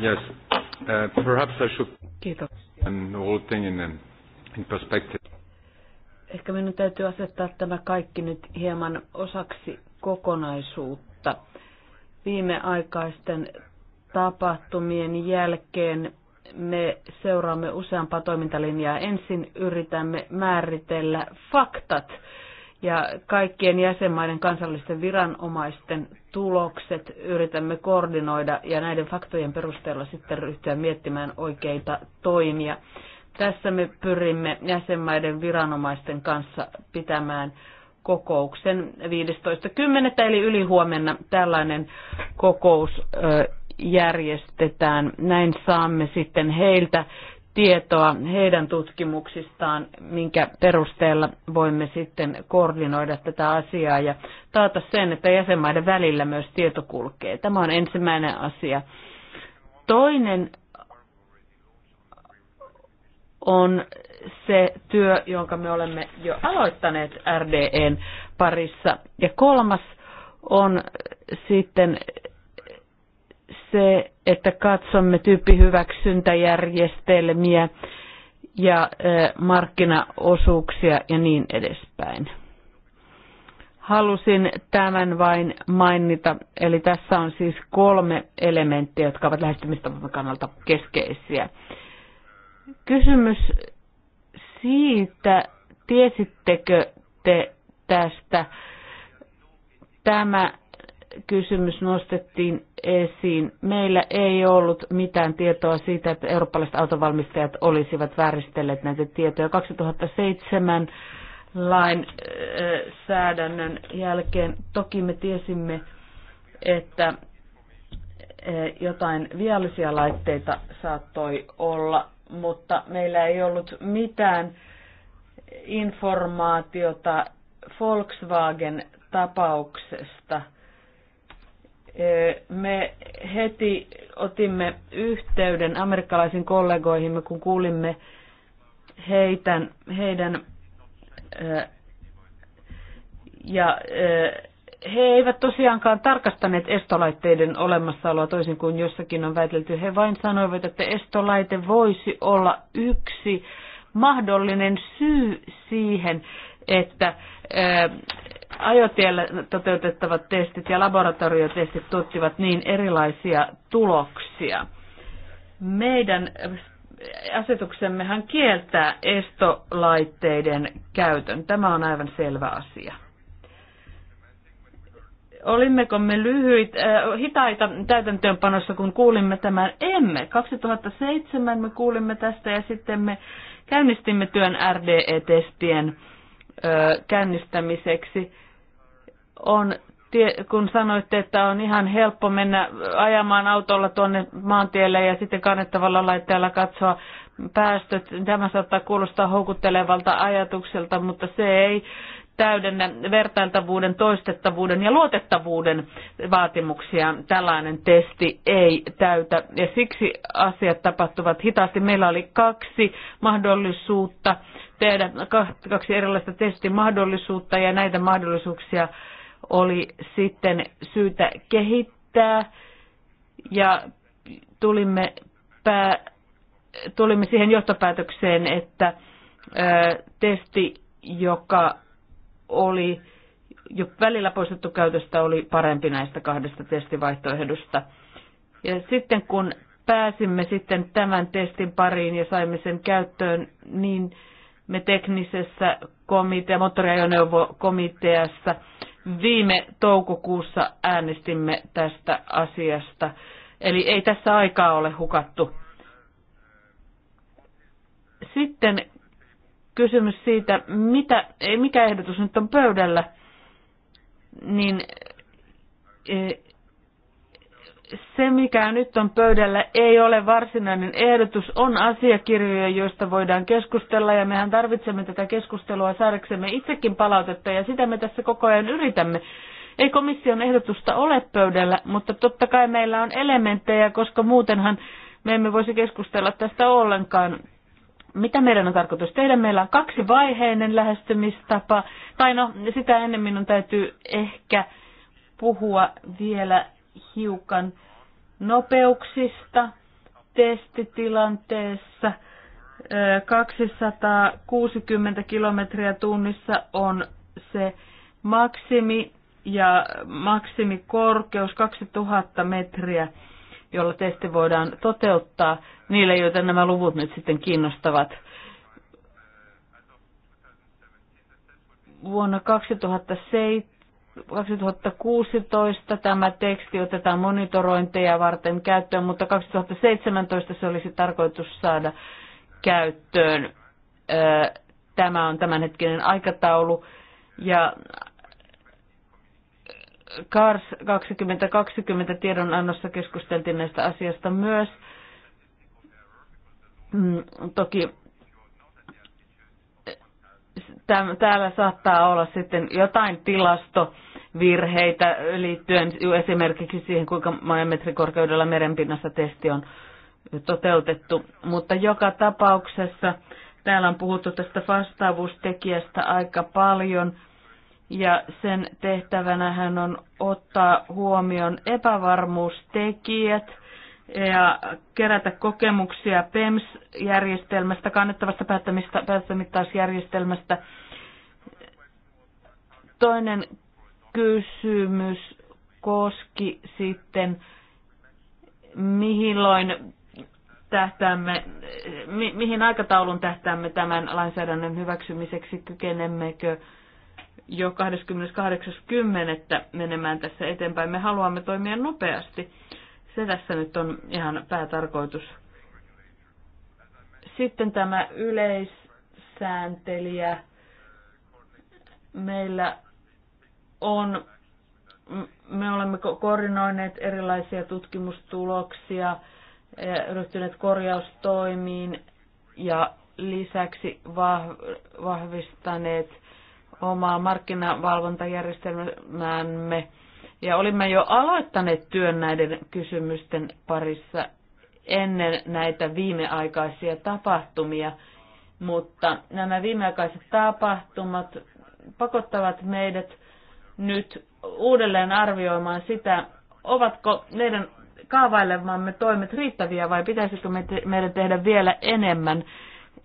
Yes. Uh, perhaps I should Kiitos. And whole thing in, in perspective. Ehkä minun täytyy asettaa tämä kaikki nyt hieman osaksi kokonaisuutta. Viimeaikaisten tapahtumien jälkeen me seuraamme useampaa toimintalinjaa. Ensin yritämme määritellä faktat ja kaikkien jäsenmaiden kansallisten viranomaisten tulokset yritämme koordinoida ja näiden faktojen perusteella sitten ryhtyä miettimään oikeita toimia. Tässä me pyrimme jäsenmaiden viranomaisten kanssa pitämään kokouksen 15.10. eli ylihuomenna tällainen kokous järjestetään. Näin saamme sitten heiltä tietoa heidän tutkimuksistaan, minkä perusteella voimme sitten koordinoida tätä asiaa ja taata sen, että jäsenmaiden välillä myös tieto kulkee. Tämä on ensimmäinen asia. Toinen on se työ, jonka me olemme jo aloittaneet RDEn parissa. Ja kolmas on sitten se, että katsomme tyyppihyväksyntäjärjestelmiä ja markkinaosuuksia ja niin edespäin. Halusin tämän vain mainita, eli tässä on siis kolme elementtiä, jotka ovat lähestymistavan kannalta keskeisiä. Kysymys siitä, tiesittekö te tästä? Tämä kysymys nostettiin esiin. Meillä ei ollut mitään tietoa siitä, että eurooppalaiset autovalmistajat olisivat vääristelleet näitä tietoja. 2007 lain äh, säädännön jälkeen toki me tiesimme, että jotain viallisia laitteita saattoi olla mutta meillä ei ollut mitään informaatiota Volkswagen-tapauksesta. Me heti otimme yhteyden amerikkalaisiin kollegoihimme, kun kuulimme heitän, heidän ja he eivät tosiaankaan tarkastaneet estolaitteiden olemassaoloa toisin kuin jossakin on väitelty. He vain sanoivat, että estolaite voisi olla yksi mahdollinen syy siihen, että ää, ajotiellä toteutettavat testit ja laboratoriotestit tuottivat niin erilaisia tuloksia. Meidän asetuksemmehan kieltää estolaitteiden käytön. Tämä on aivan selvä asia. Olimmeko me lyhyit, äh, hitaita täytäntöönpanossa, kun kuulimme tämän? Emme. 2007 me kuulimme tästä ja sitten me käynnistimme työn RDE-testien äh, käynnistämiseksi. On kun sanoitte, että on ihan helppo mennä ajamaan autolla tuonne maantielle ja sitten kannettavalla laitteella katsoa päästöt. Tämä saattaa kuulostaa houkuttelevalta ajatukselta, mutta se ei täydennä vertailtavuuden, toistettavuuden ja luotettavuuden vaatimuksia tällainen testi ei täytä. Ja siksi asiat tapahtuvat hitaasti. Meillä oli kaksi mahdollisuutta tehdä, kaksi erilaista testimahdollisuutta ja näitä mahdollisuuksia oli sitten syytä kehittää ja tulimme, pää, tulimme siihen johtopäätökseen, että ö, testi, joka oli jo välillä poistettu käytöstä oli parempi näistä kahdesta testivaihtoehdosta. Ja sitten kun pääsimme sitten tämän testin pariin ja saimme sen käyttöön, niin me teknisessä komitea, moottoriajoneuvokomiteassa viime toukokuussa äänestimme tästä asiasta. Eli ei tässä aikaa ole hukattu. Sitten kysymys siitä, mitä, eh, mikä ehdotus nyt on pöydällä, niin eh, se, mikä nyt on pöydällä, ei ole varsinainen ehdotus. On asiakirjoja, joista voidaan keskustella ja mehän tarvitsemme tätä keskustelua saadaksemme itsekin palautetta ja sitä me tässä koko ajan yritämme. Ei komission ehdotusta ole pöydällä, mutta totta kai meillä on elementtejä, koska muutenhan me emme voisi keskustella tästä ollenkaan. Mitä meidän on tarkoitus tehdä? Meillä on kaksi vaiheinen lähestymistapa. Tai no, sitä ennen minun täytyy ehkä puhua vielä hiukan nopeuksista testitilanteessa. 260 kilometriä tunnissa on se maksimi ja maksimikorkeus 2000 metriä jolla testi voidaan toteuttaa niille, joita nämä luvut nyt sitten kiinnostavat. Vuonna 2007 2016 tämä teksti otetaan monitorointeja varten käyttöön, mutta 2017 se olisi tarkoitus saada käyttöön. Tämä on tämänhetkinen aikataulu ja Kars 2020 tiedonannossa keskusteltiin näistä asiasta myös. Mm, toki täällä saattaa olla sitten jotain tilastovirheitä liittyen esimerkiksi siihen, kuinka maailmetrikorkeudella merenpinnassa testi on toteutettu. Mutta joka tapauksessa täällä on puhuttu tästä vastaavuustekijästä aika paljon – ja sen tehtävänä hän on ottaa huomioon epävarmuustekijät ja kerätä kokemuksia PEMS-järjestelmästä, kannettavasta päättämittaisjärjestelmästä. Toinen kysymys koski sitten, mihin tähtäämme, mi, mihin aikataulun tähtäämme tämän lainsäädännön hyväksymiseksi, kykenemmekö jo 28.10. menemään tässä eteenpäin. Me haluamme toimia nopeasti. Se tässä nyt on ihan päätarkoitus. Sitten tämä yleissääntelijä. Meillä on, me olemme koordinoineet erilaisia tutkimustuloksia, e, ryhtyneet korjaustoimiin ja lisäksi vahvistaneet – omaa markkinavalvontajärjestelmäämme ja olimme jo aloittaneet työn näiden kysymysten parissa ennen näitä viimeaikaisia tapahtumia, mutta nämä viimeaikaiset tapahtumat pakottavat meidät nyt uudelleen arvioimaan sitä, ovatko meidän kaavailemamme toimet riittäviä vai pitäisikö meidän tehdä vielä enemmän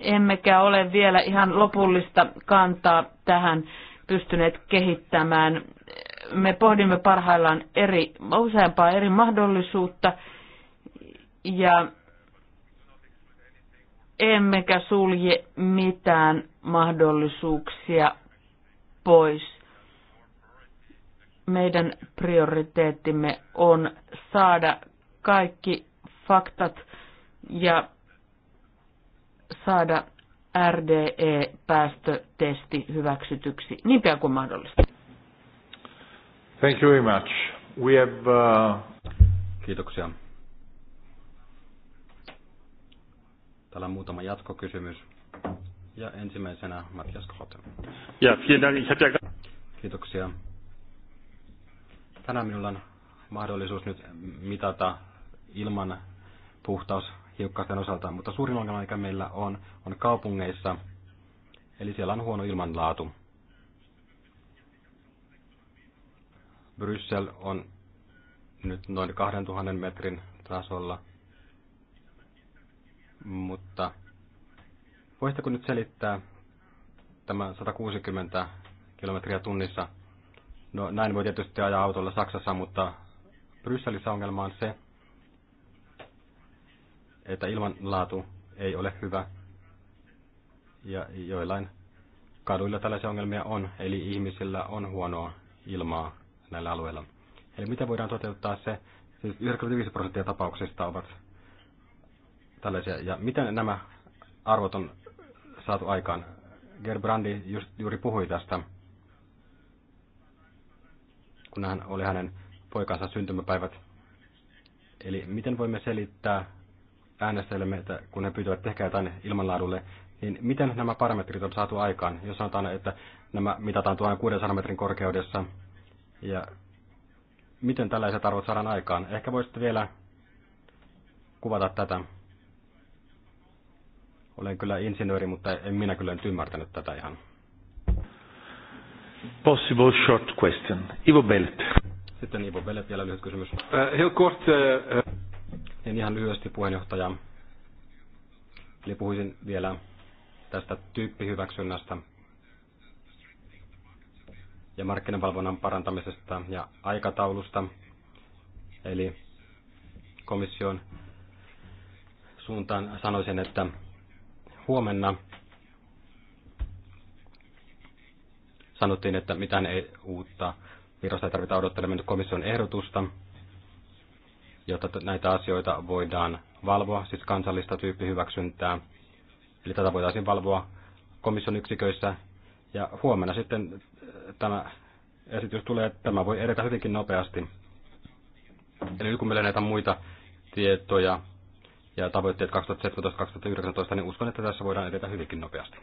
emmekä ole vielä ihan lopullista kantaa tähän pystyneet kehittämään. Me pohdimme parhaillaan eri, useampaa eri mahdollisuutta ja emmekä sulje mitään mahdollisuuksia pois. Meidän prioriteettimme on saada kaikki faktat ja saada RDE-päästötesti hyväksytyksi niin pian kuin mahdollista. Thank you very much. We have, uh... Kiitoksia. Täällä on muutama jatkokysymys. Ja ensimmäisenä Matias Kohoten. Ja, Kiitoksia. Tänään minulla on mahdollisuus nyt mitata ilman puhtaus hiukkasten osalta, mutta suurin ongelma, mikä meillä on, on kaupungeissa, eli siellä on huono ilmanlaatu. Bryssel on nyt noin 2000 metrin tasolla, mutta voisitteko nyt selittää tämä 160 kilometriä tunnissa? No näin voi tietysti ajaa autolla Saksassa, mutta Brysselissä ongelma on se, että ilmanlaatu ei ole hyvä. Ja joillain kaduilla tällaisia ongelmia on, eli ihmisillä on huonoa ilmaa näillä alueilla. Eli mitä voidaan toteuttaa se, siis 95 prosenttia tapauksista ovat tällaisia, ja miten nämä arvot on saatu aikaan? Gerbrandi just, juuri puhui tästä, kun hän oli hänen poikansa syntymäpäivät. Eli miten voimme selittää äänestäjille, että kun he pyytävät tehkää jotain ilmanlaadulle, niin miten nämä parametrit on saatu aikaan? Jos sanotaan, että nämä mitataan 600 metrin korkeudessa, ja miten tällaiset arvot saadaan aikaan? Ehkä voisitte vielä kuvata tätä. Olen kyllä insinööri, mutta en minä kyllä nyt ymmärtänyt tätä ihan. Possible short question. Ivo Bellet. Sitten Ivo Bellet vielä lyhyt kysymys. Uh, uh, uh niin ihan lyhyesti puheenjohtaja. Eli puhuisin vielä tästä tyyppihyväksynnästä ja markkinavalvonnan parantamisesta ja aikataulusta. Eli komission suuntaan sanoisin, että huomenna sanottiin, että mitään ei uutta virosta ei tarvita odottelemme komission ehdotusta jotta näitä asioita voidaan valvoa, siis kansallista tyyppihyväksyntää. Eli tätä voitaisiin valvoa komission yksiköissä. Ja huomenna sitten äh, tämä esitys tulee, että tämä voi edetä hyvinkin nopeasti. Eli kun meillä näitä muita tietoja ja tavoitteet 2017-2019, niin uskon, että tässä voidaan edetä hyvinkin nopeasti.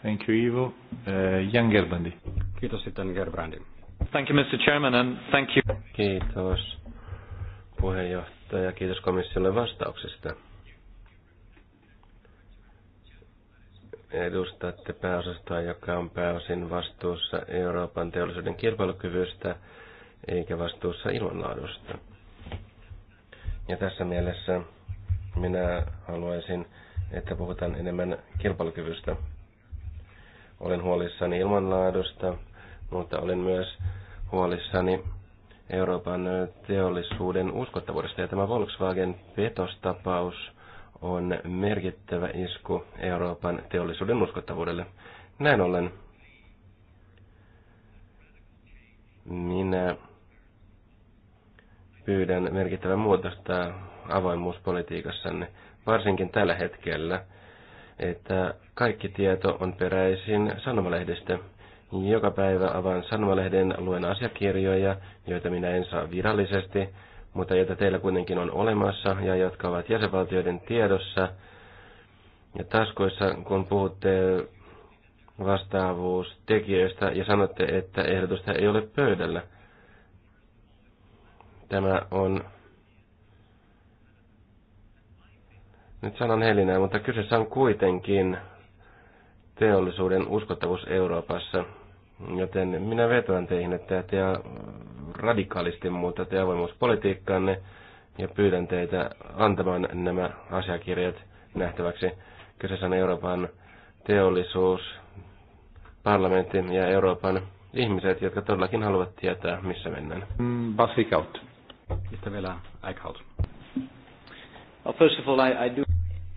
Thank you, Ivo. Uh, Jan Gerbrandi. Kiitos sitten Gerbrandi. Thank you, Mr. Chairman, and thank you. Kiitos puheenjohtaja. Kiitos komissiolle vastauksesta. Edustatte pääosastoa, joka on pääosin vastuussa Euroopan teollisuuden kilpailukyvystä eikä vastuussa ilmanlaadusta. Ja tässä mielessä minä haluaisin, että puhutaan enemmän kilpailukyvystä. Olen huolissani ilmanlaadusta, mutta olen myös huolissani Euroopan teollisuuden uskottavuudesta. Ja tämä Volkswagen-petostapaus on merkittävä isku Euroopan teollisuuden uskottavuudelle. Näin ollen minä pyydän merkittävän muutosta avoimuuspolitiikassanne, varsinkin tällä hetkellä, että kaikki tieto on peräisin sanomalehdistä joka päivä avaan sanomalehden, luen asiakirjoja, joita minä en saa virallisesti, mutta joita teillä kuitenkin on olemassa ja jotka ovat jäsenvaltioiden tiedossa ja taskoissa, kun puhutte vastaavuustekijöistä ja sanotte, että ehdotusta ei ole pöydällä. Tämä on... Nyt sanon helinää, mutta kyseessä on kuitenkin teollisuuden uskottavuus Euroopassa. Joten minä vetoan teihin, että te radikaalisti muutatte avoimuuspolitiikkaanne ja pyydän teitä antamaan nämä asiakirjat nähtäväksi. Kyseessä on Euroopan teollisuus, parlamentti ja Euroopan ihmiset, jotka todellakin haluavat tietää, missä mennään. Mm, Basikaut. mistä vielä aikaut? Well, first of all, I, I do...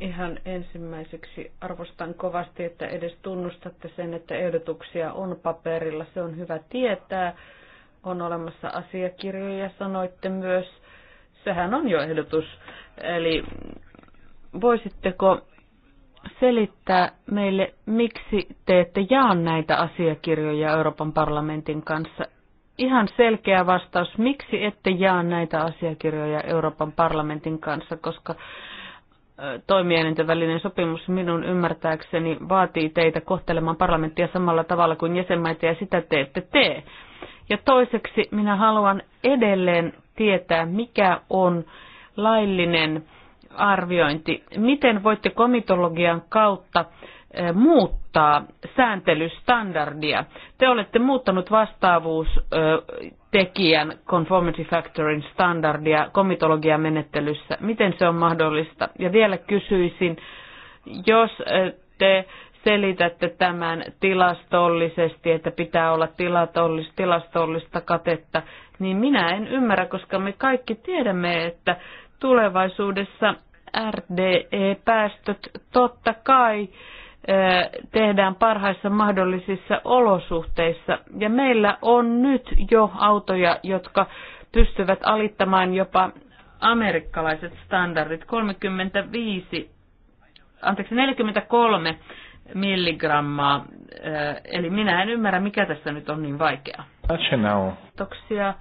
Ihan ensimmäiseksi arvostan kovasti, että edes tunnustatte sen, että ehdotuksia on paperilla. Se on hyvä tietää. On olemassa asiakirjoja, sanoitte myös. Sehän on jo ehdotus. Eli voisitteko selittää meille, miksi te ette jaa näitä asiakirjoja Euroopan parlamentin kanssa? Ihan selkeä vastaus, miksi ette jaa näitä asiakirjoja Euroopan parlamentin kanssa, koska toimielinten välinen sopimus minun ymmärtääkseni vaatii teitä kohtelemaan parlamenttia samalla tavalla kuin jäsenmaita ja sitä te ette tee. Ja toiseksi minä haluan edelleen tietää, mikä on laillinen arviointi. Miten voitte komitologian kautta Eh, muuttaa sääntelystandardia. Te olette muuttanut vastaavuustekijän conformity factorin standardia komitologian menettelyssä. Miten se on mahdollista? Ja vielä kysyisin, jos eh, te selitätte tämän tilastollisesti, että pitää olla tilastollista katetta, niin minä en ymmärrä, koska me kaikki tiedämme, että tulevaisuudessa RDE-päästöt totta kai tehdään parhaissa mahdollisissa olosuhteissa. Ja meillä on nyt jo autoja, jotka pystyvät alittamaan jopa amerikkalaiset standardit. 35, anteeksi 43 milligrammaa. Eli minä en ymmärrä, mikä tässä nyt on niin vaikeaa. Kiitoksia.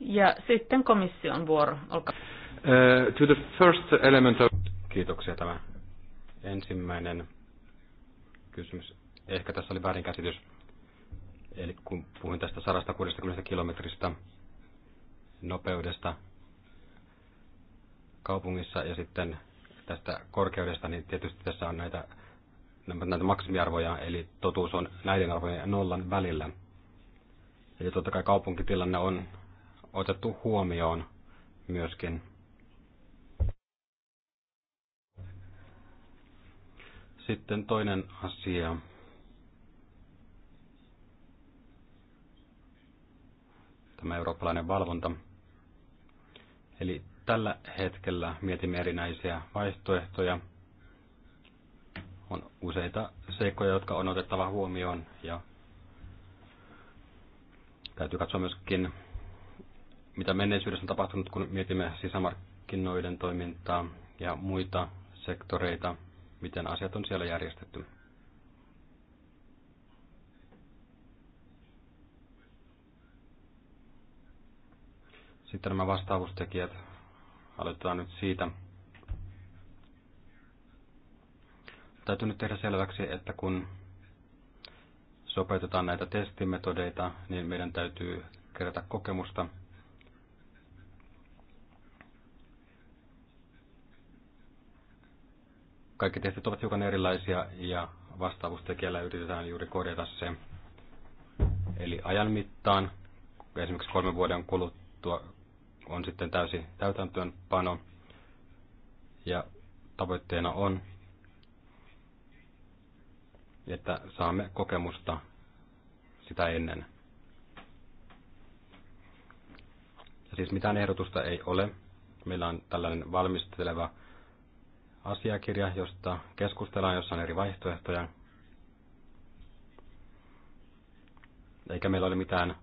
Ja sitten komission vuoro. Olkaa. Uh, to the first element of... Kiitoksia tämä ensimmäinen kysymys. Ehkä tässä oli väärinkäsitys. Eli kun puhuin tästä 160 kilometristä nopeudesta kaupungissa ja sitten tästä korkeudesta, niin tietysti tässä on näitä, näitä maksimiarvoja, eli totuus on näiden arvojen nollan välillä. Eli totta kai kaupunkitilanne on otettu huomioon myöskin Sitten toinen asia. Tämä eurooppalainen valvonta. Eli tällä hetkellä mietimme erinäisiä vaihtoehtoja. On useita seikkoja, jotka on otettava huomioon ja täytyy katsoa myöskin, mitä menneisyydessä on tapahtunut, kun mietimme sisämarkkinoiden toimintaa ja muita sektoreita – miten asiat on siellä järjestetty. Sitten nämä vastaavuustekijät. Aloitetaan nyt siitä. Täytyy nyt tehdä selväksi, että kun sopeutetaan näitä testimetodeita, niin meidän täytyy kerätä kokemusta – kaikki testit ovat hiukan erilaisia ja vastaavuustekijällä yritetään juuri korjata se. Eli ajan mittaan, esimerkiksi kolmen vuoden kuluttua on sitten täysi täytäntöönpano ja tavoitteena on, että saamme kokemusta sitä ennen. Ja siis mitään ehdotusta ei ole. Meillä on tällainen valmisteleva asiakirja, josta keskustellaan, jossa on eri vaihtoehtoja. Eikä meillä ole mitään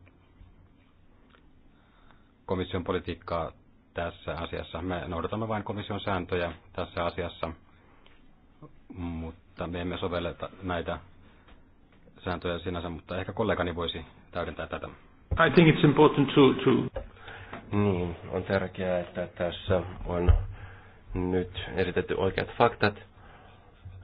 komission politiikkaa tässä asiassa. Me noudatamme vain komission sääntöjä tässä asiassa, mutta me emme sovelleta näitä sääntöjä sinänsä, mutta ehkä kollegani voisi täydentää tätä. I think it's important to, to... Niin, on tärkeää, että tässä on nyt esitetty oikeat faktat,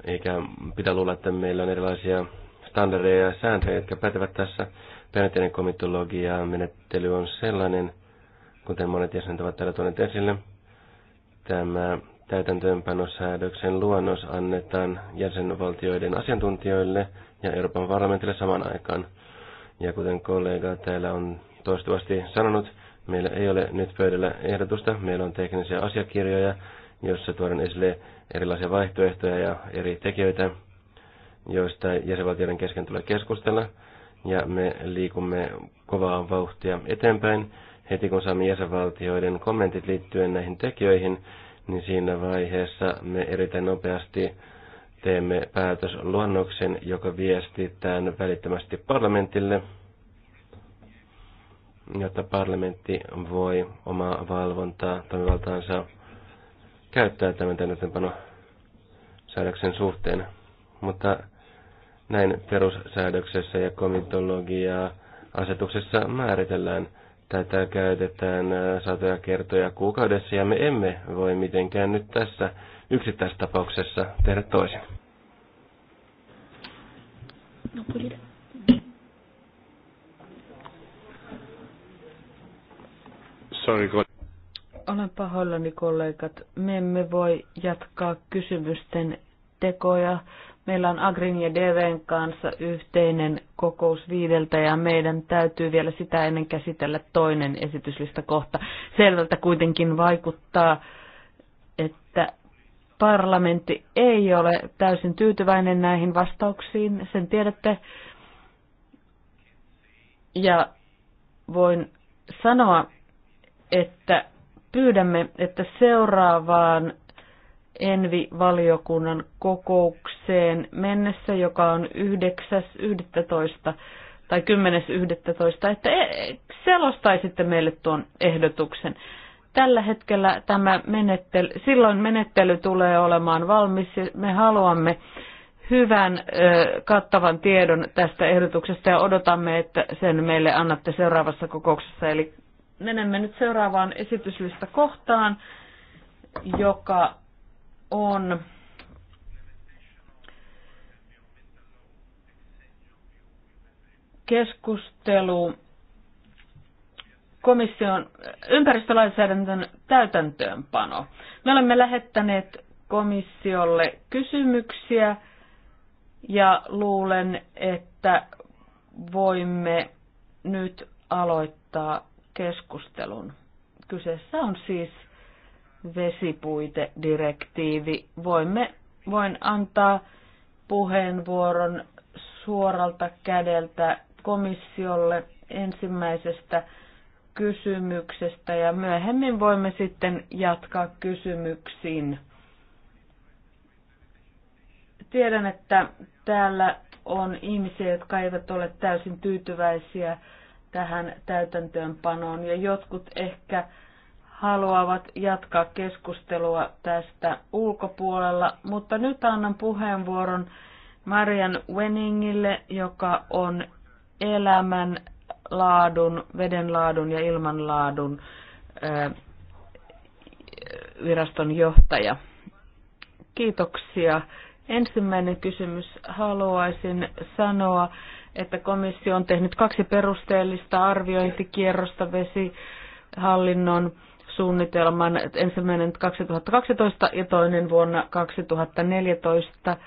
eikä pitää luulla, että meillä on erilaisia standardeja ja sääntöjä, jotka pätevät tässä. Perinteinen komitologia menettely on sellainen, kuten monet jäsenet ovat täällä tuoneet esille. Tämä täytäntöönpanosäädöksen luonnos annetaan jäsenvaltioiden asiantuntijoille ja Euroopan parlamentille saman aikaan. Ja kuten kollega täällä on toistuvasti sanonut, meillä ei ole nyt pöydällä ehdotusta, meillä on teknisiä asiakirjoja, jossa tuodaan esille erilaisia vaihtoehtoja ja eri tekijöitä, joista jäsenvaltioiden kesken tulee keskustella. Ja me liikumme kovaa vauhtia eteenpäin. Heti kun saamme jäsenvaltioiden kommentit liittyen näihin tekijöihin, niin siinä vaiheessa me erittäin nopeasti teemme päätösluonnoksen, joka viestitään välittömästi parlamentille, jotta parlamentti voi omaa valvontaa toimivaltaansa käyttää tämän täytäntöönpano säädöksen suhteen. Mutta näin perussäädöksessä ja komitologiaa asetuksessa määritellään. Tätä käytetään satoja kertoja kuukaudessa ja me emme voi mitenkään nyt tässä tapauksessa tehdä toisin. No, Sorry, God. Olen pahoillani kollegat. Me emme voi jatkaa kysymysten tekoja. Meillä on Agrin ja Deven kanssa yhteinen kokous viideltä ja meidän täytyy vielä sitä ennen käsitellä toinen esityslista kohta. Selvältä kuitenkin vaikuttaa, että parlamentti ei ole täysin tyytyväinen näihin vastauksiin, sen tiedätte. Ja voin sanoa, että pyydämme, että seuraavaan Envi-valiokunnan kokoukseen mennessä, joka on 9.11. tai 10.11., että e, selostaisitte meille tuon ehdotuksen. Tällä hetkellä tämä menettely, silloin menettely tulee olemaan valmis me haluamme hyvän kattavan tiedon tästä ehdotuksesta ja odotamme, että sen meille annatte seuraavassa kokouksessa eli menemme nyt seuraavaan esityslista kohtaan, joka on keskustelu komission ympäristölainsäädännön täytäntöönpano. Me olemme lähettäneet komissiolle kysymyksiä ja luulen, että voimme nyt aloittaa keskustelun. Kyseessä on siis vesipuitedirektiivi. Voimme, voin antaa puheenvuoron suoralta kädeltä komissiolle ensimmäisestä kysymyksestä ja myöhemmin voimme sitten jatkaa kysymyksiin. Tiedän, että täällä on ihmisiä, jotka eivät ole täysin tyytyväisiä tähän täytäntöönpanoon ja jotkut ehkä haluavat jatkaa keskustelua tästä ulkopuolella, mutta nyt annan puheenvuoron Marian Weningille, joka on elämän laadun, vedenlaadun ja ilmanlaadun viraston johtaja. Kiitoksia. Ensimmäinen kysymys haluaisin sanoa, että komissio on tehnyt kaksi perusteellista arviointikierrosta vesihallinnon suunnitelman, ensimmäinen 2012 ja toinen vuonna 2014.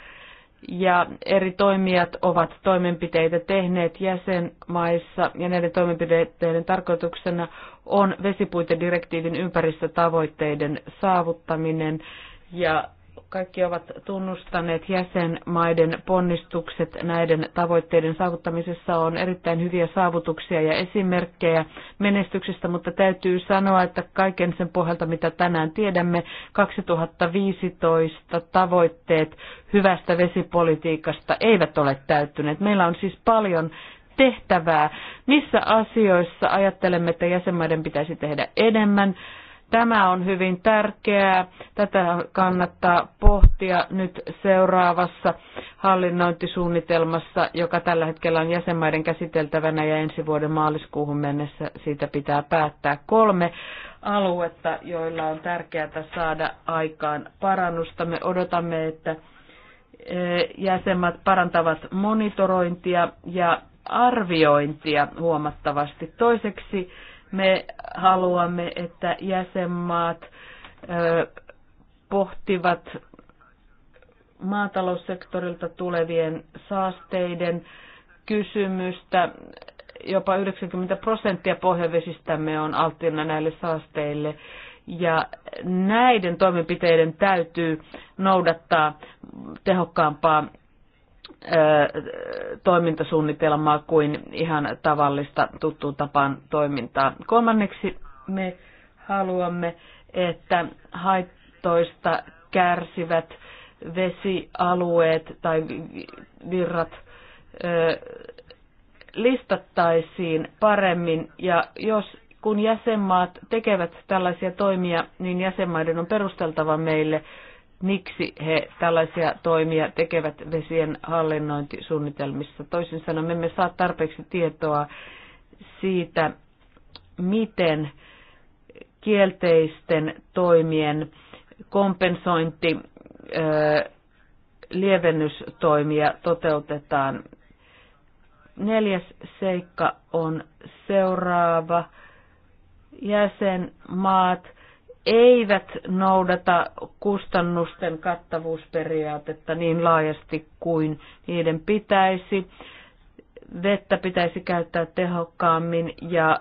Ja eri toimijat ovat toimenpiteitä tehneet jäsenmaissa ja näiden toimenpiteiden tarkoituksena on vesipuitedirektiivin ympäristötavoitteiden saavuttaminen ja kaikki ovat tunnustaneet jäsenmaiden ponnistukset näiden tavoitteiden saavuttamisessa. On erittäin hyviä saavutuksia ja esimerkkejä menestyksestä, mutta täytyy sanoa, että kaiken sen pohjalta, mitä tänään tiedämme, 2015 tavoitteet hyvästä vesipolitiikasta eivät ole täyttyneet. Meillä on siis paljon tehtävää. Missä asioissa ajattelemme, että jäsenmaiden pitäisi tehdä enemmän? Tämä on hyvin tärkeää. Tätä kannattaa pohtia nyt seuraavassa hallinnointisuunnitelmassa, joka tällä hetkellä on jäsenmaiden käsiteltävänä ja ensi vuoden maaliskuuhun mennessä siitä pitää päättää kolme aluetta, joilla on tärkeää saada aikaan parannusta. Me odotamme, että e, jäsenmaat parantavat monitorointia ja arviointia huomattavasti. Toiseksi me haluamme, että jäsenmaat pohtivat maataloussektorilta tulevien saasteiden kysymystä. Jopa 90 prosenttia pohjavesistämme on alttiina näille saasteille. Ja näiden toimenpiteiden täytyy noudattaa tehokkaampaa toimintasuunnitelmaa kuin ihan tavallista tuttuun tapaan toimintaa. Kolmanneksi me haluamme, että haittoista kärsivät vesialueet tai virrat listattaisiin paremmin ja jos kun jäsenmaat tekevät tällaisia toimia, niin jäsenmaiden on perusteltava meille miksi he tällaisia toimia tekevät vesien hallinnointisuunnitelmissa. Toisin sanoen me emme saa tarpeeksi tietoa siitä, miten kielteisten toimien kompensointi, lievennystoimia toteutetaan. Neljäs seikka on seuraava. Jäsenmaat eivät noudata kustannusten kattavuusperiaatetta niin laajasti kuin niiden pitäisi. Vettä pitäisi käyttää tehokkaammin ja äh,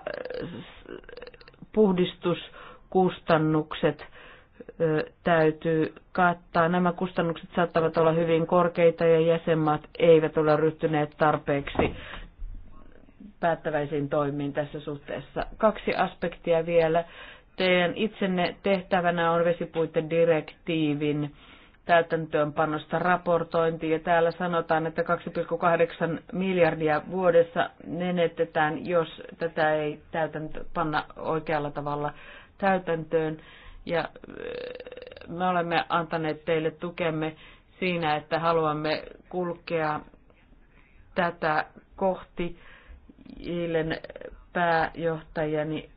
puhdistuskustannukset täytyy kattaa. Nämä kustannukset saattavat olla hyvin korkeita ja jäsenmaat eivät ole ryhtyneet tarpeeksi päättäväisiin toimiin tässä suhteessa. Kaksi aspektia vielä teidän itsenne tehtävänä on direktiivin täytäntöönpanosta raportointi ja täällä sanotaan, että 2,8 miljardia vuodessa menetetään, jos tätä ei täytäntö, panna oikealla tavalla täytäntöön. Ja äh, me olemme antaneet teille tukemme siinä, että haluamme kulkea tätä kohti. Iilen pääjohtajani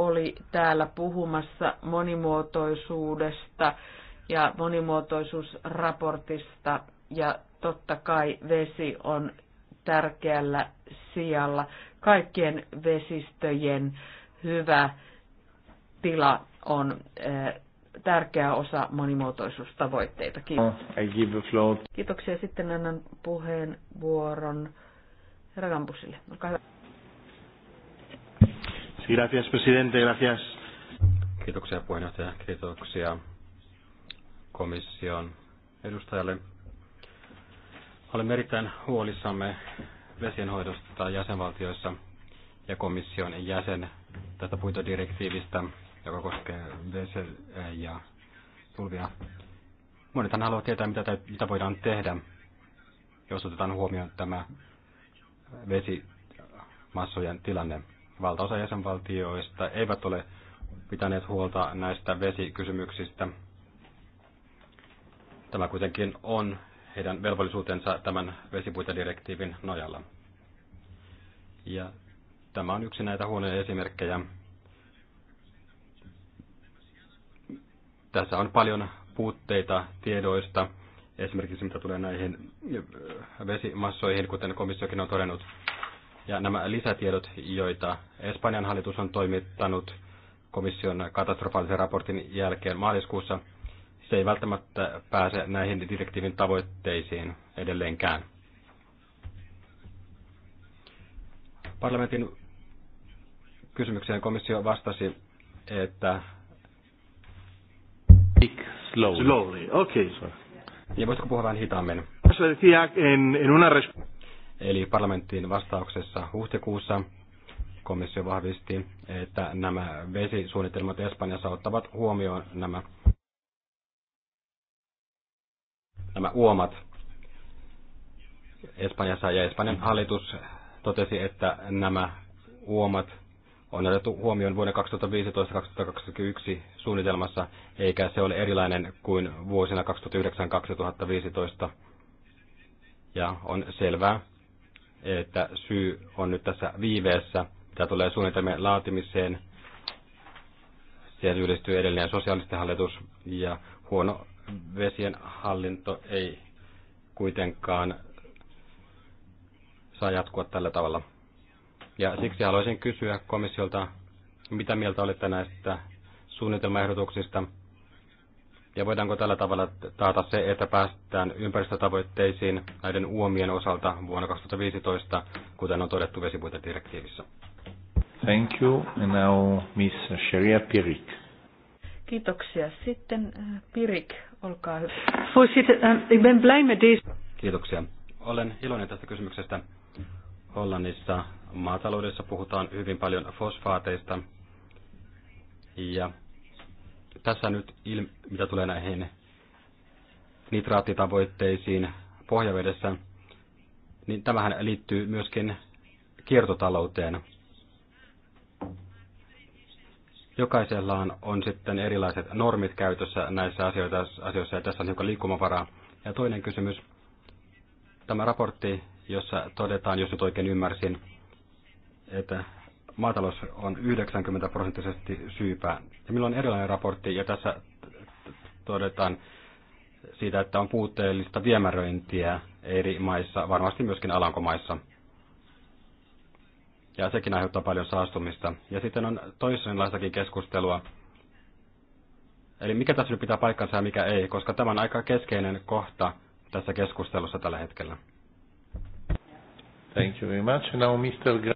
oli täällä puhumassa monimuotoisuudesta ja monimuotoisuusraportista ja totta kai vesi on tärkeällä sijalla. Kaikkien vesistöjen hyvä tila on eh, tärkeä osa monimuotoisuustavoitteita. Kiitos. Kiitoksia. Sitten annan puheenvuoron Ragampusille. Olkaa hyvä. Gracias, presidente. Gracias. Kiitoksia puheenjohtaja. Kiitoksia komission edustajalle. Olemme erittäin huolissamme vesienhoidosta jäsenvaltioissa ja komission jäsen tästä puitodirektiivistä, joka koskee vesi- ja tulvia. Monethan haluavat tietää, mitä, te, mitä voidaan tehdä, jos otetaan huomioon tämä vesimassojen tilanne valtaosa jäsenvaltioista eivät ole pitäneet huolta näistä vesikysymyksistä. Tämä kuitenkin on heidän velvollisuutensa tämän vesipuitedirektiivin nojalla. Ja tämä on yksi näitä huonoja esimerkkejä. Tässä on paljon puutteita tiedoista, esimerkiksi mitä tulee näihin vesimassoihin, kuten komissiokin on todennut. Ja nämä lisätiedot, joita Espanjan hallitus on toimittanut komission katastrofaalisen raportin jälkeen maaliskuussa, se ei välttämättä pääse näihin direktiivin tavoitteisiin edelleenkään. Parlamentin kysymykseen komissio vastasi, että Slowly. Slowly. Okay. Ja voisitko puhua vähän hitaammin? En, uh, en una Eli parlamenttiin vastauksessa huhtikuussa komissio vahvisti, että nämä vesisuunnitelmat Espanjassa ottavat huomioon nämä, nämä uomat Espanjassa. Ja Espanjan hallitus totesi, että nämä uomat on otettu huomioon vuoden 2015-2021 suunnitelmassa, eikä se ole erilainen kuin vuosina 2009-2015. Ja on selvää, että syy on nyt tässä viiveessä, mitä tulee suunnitelmien laatimiseen. Siihen edelleen sosiaalisten hallitus ja huono vesien hallinto ei kuitenkaan saa jatkua tällä tavalla. Ja siksi haluaisin kysyä komissiolta, mitä mieltä olette näistä suunnitelmaehdotuksista – ja voidaanko tällä tavalla taata se, että päästään ympäristötavoitteisiin näiden uomien osalta vuonna 2015, kuten on todettu vesipuitedirektiivissä? Thank you. And now Miss Sharia Pirik. Kiitoksia. Sitten äh, Pirik, olkaa hyvä. Voorzitter, eh, ik ben Kiitoksia. Olen iloinen tästä kysymyksestä. Hollannissa maataloudessa puhutaan hyvin paljon fosfaateista ja tässä nyt, mitä tulee näihin nitraattitavoitteisiin pohjavedessä, niin tämähän liittyy myöskin kiertotalouteen. Jokaisella on sitten erilaiset normit käytössä näissä asioissa, ja tässä on hiukan liikkumavaraa. Ja toinen kysymys, tämä raportti, jossa todetaan, jos nyt oikein ymmärsin, että maatalous on 90 prosenttisesti syypää. Ja minulla on erilainen raportti ja tässä todetaan siitä, että on puutteellista viemäröintiä eri maissa, varmasti myöskin Alankomaissa. Ja sekin aiheuttaa paljon saastumista. Ja sitten on toisenlaistakin keskustelua. Eli mikä tässä nyt pitää paikkansa ja mikä ei, koska tämä on aika keskeinen kohta tässä keskustelussa tällä hetkellä. Thank you very much. Now Mr.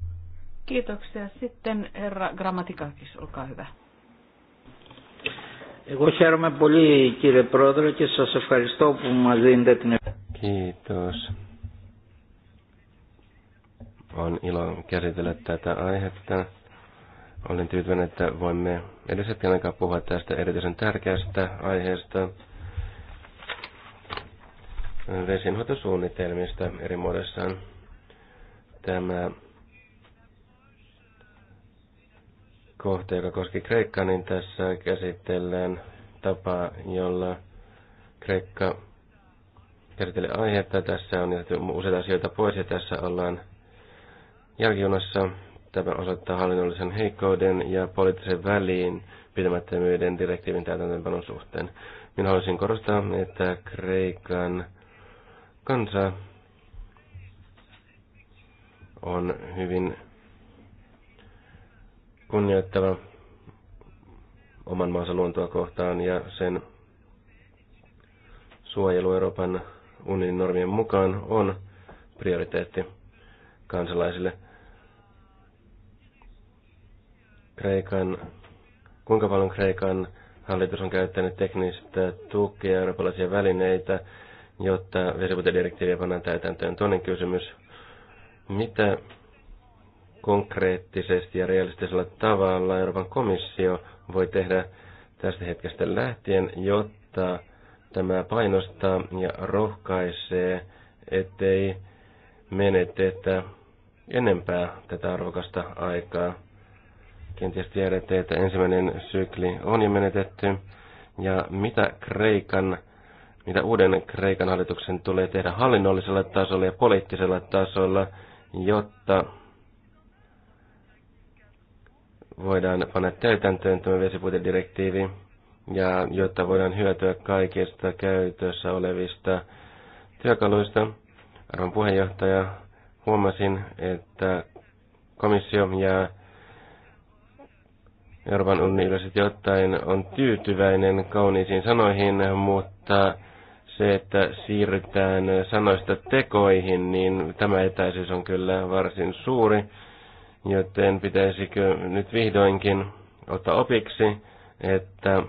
Kiitoksia. Sitten herra Grammatikakis, olkaa hyvä. Kiitos. On ilo käsitellä tätä aihetta. Olen tyytyväinen, että voimme edes hetken aikaa puhua tästä erityisen tärkeästä aiheesta vesinhoitosuunnitelmista eri muodossaan. Tämä kohta, joka koski Kreikkaa, niin tässä käsitellään tapaa, jolla Kreikka käsittelee aihetta. Tässä on jätetty useita asioita pois ja tässä ollaan jälkijunassa. Tämä osoittaa hallinnollisen heikkouden ja poliittisen väliin pitämättömyyden direktiivin täytäntöönpanon suhteen. Minä haluaisin korostaa, että Kreikan kansa on hyvin kunnioittava oman maansa luontoa kohtaan ja sen suojelu Euroopan unionin normien mukaan on prioriteetti kansalaisille. Kreikan, kuinka paljon Kreikan hallitus on käyttänyt teknistä tukea eurooppalaisia välineitä, jotta vesipuitedirektiiviä pannaan täytäntöön. Toinen kysymys, mitä konkreettisesti ja realistisella tavalla Euroopan komissio voi tehdä tästä hetkestä lähtien, jotta tämä painostaa ja rohkaisee, ettei menetetä enempää tätä arvokasta aikaa. Kenties tiedätte, että ensimmäinen sykli on jo menetetty. Ja mitä Kreikan, mitä uuden Kreikan hallituksen tulee tehdä hallinnollisella tasolla ja poliittisella tasolla, jotta voidaan panna täytäntöön tämä vesipuitedirektiivi ja jotta voidaan hyötyä kaikista käytössä olevista työkaluista. Arvon puheenjohtaja, huomasin, että komissio ja Euroopan unionin yleisesti ottaen on tyytyväinen kauniisiin sanoihin, mutta se, että siirrytään sanoista tekoihin, niin tämä etäisyys on kyllä varsin suuri joten pitäisikö nyt vihdoinkin ottaa opiksi, että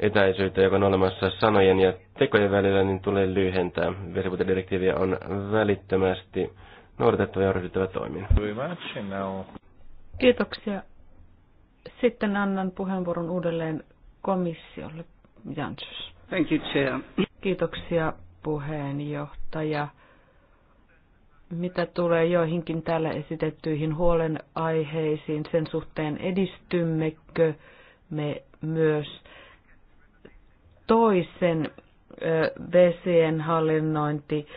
etäisyyttä, joka on olemassa sanojen ja tekojen välillä, niin tulee lyhentää. Vesipuitedirektiiviä on välittömästi noudatettava ja ryhdyttävä toimin. Kiitoksia. Sitten annan puheenvuoron uudelleen komissiolle, Jansus. Thank you, Chair. Kiitoksia puheenjohtaja mitä tulee joihinkin täällä esitettyihin huolenaiheisiin sen suhteen, edistymmekö me myös toisen vesien hallinnointisuunnitelman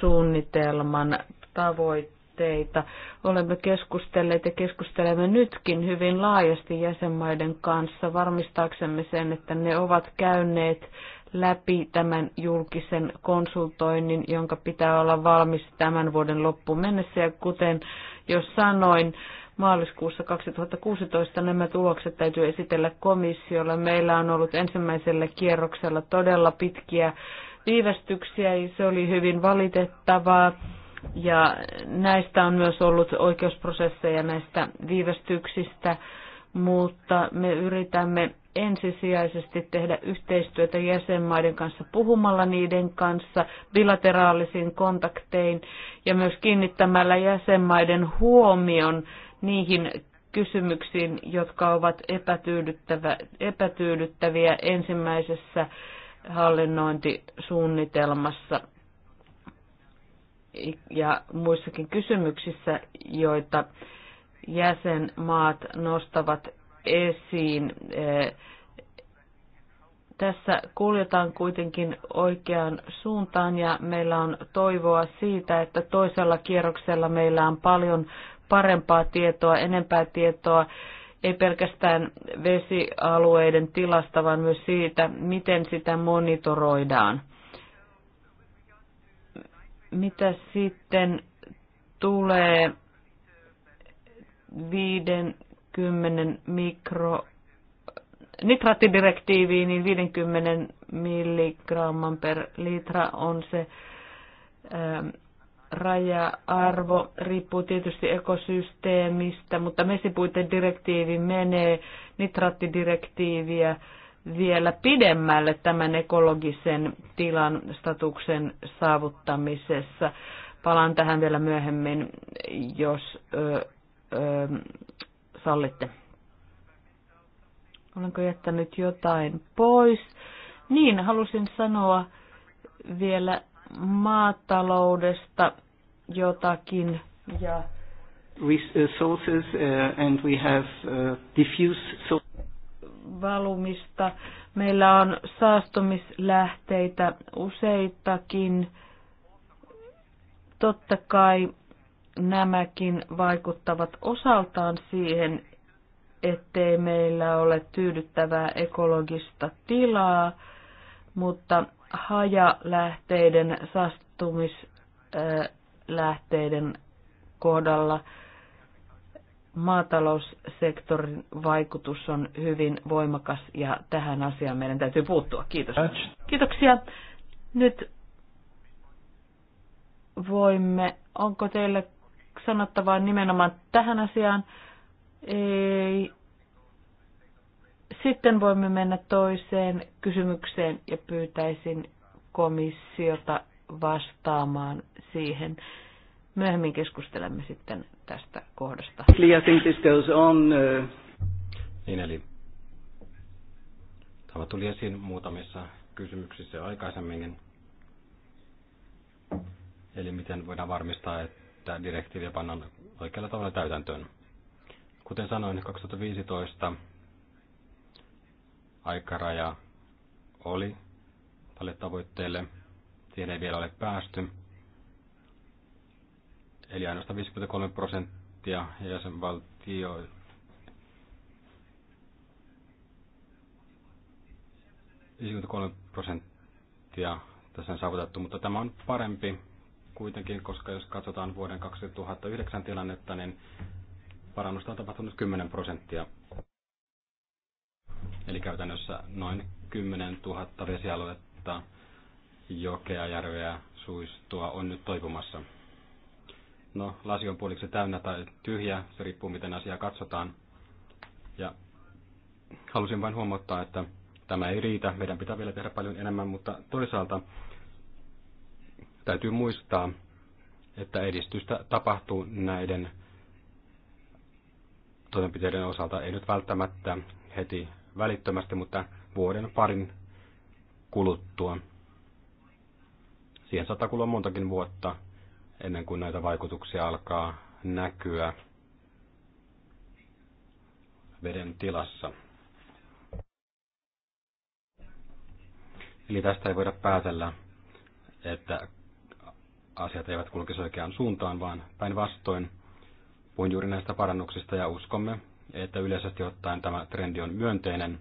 suunnitelman tavoitteita. Olemme keskustelleet ja keskustelemme nytkin hyvin laajasti jäsenmaiden kanssa varmistaaksemme sen, että ne ovat käyneet läpi tämän julkisen konsultoinnin, jonka pitää olla valmis tämän vuoden loppuun mennessä. Ja kuten jos sanoin, maaliskuussa 2016 nämä tulokset täytyy esitellä komissiolle. Meillä on ollut ensimmäisellä kierroksella todella pitkiä viivästyksiä ja se oli hyvin valitettavaa. Ja näistä on myös ollut oikeusprosesseja näistä viivästyksistä, mutta me yritämme ensisijaisesti tehdä yhteistyötä jäsenmaiden kanssa puhumalla niiden kanssa bilateraalisin kontaktein ja myös kiinnittämällä jäsenmaiden huomion niihin kysymyksiin, jotka ovat epätyydyttäviä ensimmäisessä hallinnointisuunnitelmassa ja muissakin kysymyksissä, joita jäsenmaat nostavat esiin. Eh, tässä kuljetaan kuitenkin oikeaan suuntaan ja meillä on toivoa siitä, että toisella kierroksella meillä on paljon parempaa tietoa, enempää tietoa, ei pelkästään vesialueiden tilasta, vaan myös siitä, miten sitä monitoroidaan. Mitä sitten tulee viiden 50 mikro nitraattidirektiivi, niin 50 milligramman per litra on se ähm, raja-arvo. Riippuu tietysti ekosysteemistä, mutta direktiivi menee nitraattidirektiiviä vielä pidemmälle tämän ekologisen tilan statuksen saavuttamisessa. Palaan tähän vielä myöhemmin, jos ö, ö, sallitte. Olenko jättänyt jotain pois? Niin, halusin sanoa vielä maataloudesta jotakin. Ja resources uh, uh, and we have uh, diffuse so valumista. Meillä on saastumislähteitä useitakin. Totta kai nämäkin vaikuttavat osaltaan siihen, ettei meillä ole tyydyttävää ekologista tilaa, mutta hajalähteiden saastumislähteiden kohdalla maataloussektorin vaikutus on hyvin voimakas ja tähän asiaan meidän täytyy puuttua. Kiitos. Kiitoksia. Nyt voimme, onko teille sanottavaa nimenomaan tähän asiaan. Ei. Sitten voimme mennä toiseen kysymykseen ja pyytäisin komissiota vastaamaan siihen. Myöhemmin keskustelemme sitten tästä kohdasta. on, uh, Niin eli tämä tuli esiin muutamissa kysymyksissä aikaisemminkin. Eli miten voidaan varmistaa, että että direktiiviä pannaan oikealla tavalla täytäntöön. Kuten sanoin, 2015 aikaraja oli tälle tavoitteelle. Siihen ei vielä ole päästy. Eli ainoastaan 53 prosenttia jäsenvaltio prosenttia tässä on saavutettu, mutta tämä on parempi kuitenkin, koska jos katsotaan vuoden 2009 tilannetta, niin parannusta on tapahtunut 10 prosenttia. Eli käytännössä noin 10 000 vesialuetta, jokea, järveä, suistoa on nyt toipumassa. No, lasi on puoliksi täynnä tai tyhjä, se riippuu miten asiaa katsotaan. Ja halusin vain huomauttaa, että tämä ei riitä, meidän pitää vielä tehdä paljon enemmän, mutta toisaalta Täytyy muistaa, että edistystä tapahtuu näiden toimenpiteiden osalta, ei nyt välttämättä heti välittömästi, mutta vuoden parin kuluttua. Siihen saattaa kulua montakin vuotta ennen kuin näitä vaikutuksia alkaa näkyä veden tilassa. Eli tästä ei voida päätellä, että asiat eivät kulkisi oikeaan suuntaan, vaan päinvastoin puhuin juuri näistä parannuksista ja uskomme, että yleisesti ottaen tämä trendi on myönteinen.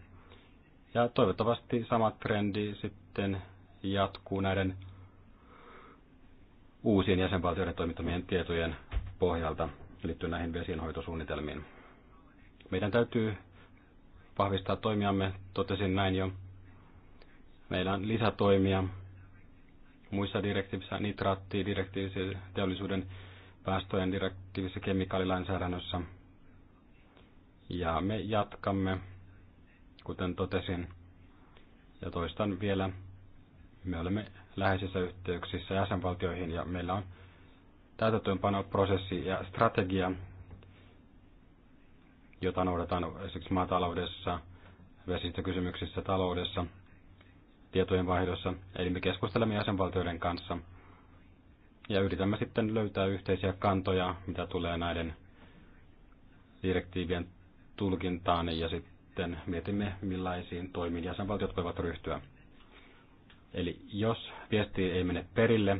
Ja toivottavasti sama trendi sitten jatkuu näiden uusien jäsenvaltioiden toimittamien tietojen pohjalta liittyen näihin vesienhoitosuunnitelmiin. Meidän täytyy vahvistaa toimiamme, totesin näin jo. Meillä on lisätoimia muissa direktiivissä, nitraattidirektiivissä, teollisuuden päästöjen direktiivissä, kemikaalilainsäädännössä. Ja me jatkamme, kuten totesin, ja toistan vielä, me olemme läheisissä yhteyksissä jäsenvaltioihin ja meillä on täytäntöönpanoprosessi ja strategia, jota noudataan esimerkiksi maataloudessa, vesistökysymyksissä, taloudessa – tietojenvaihdossa, eli me keskustelemme jäsenvaltioiden kanssa ja yritämme sitten löytää yhteisiä kantoja, mitä tulee näiden direktiivien tulkintaan ja sitten mietimme, millaisiin toimiin jäsenvaltiot voivat ryhtyä. Eli jos viesti ei mene perille,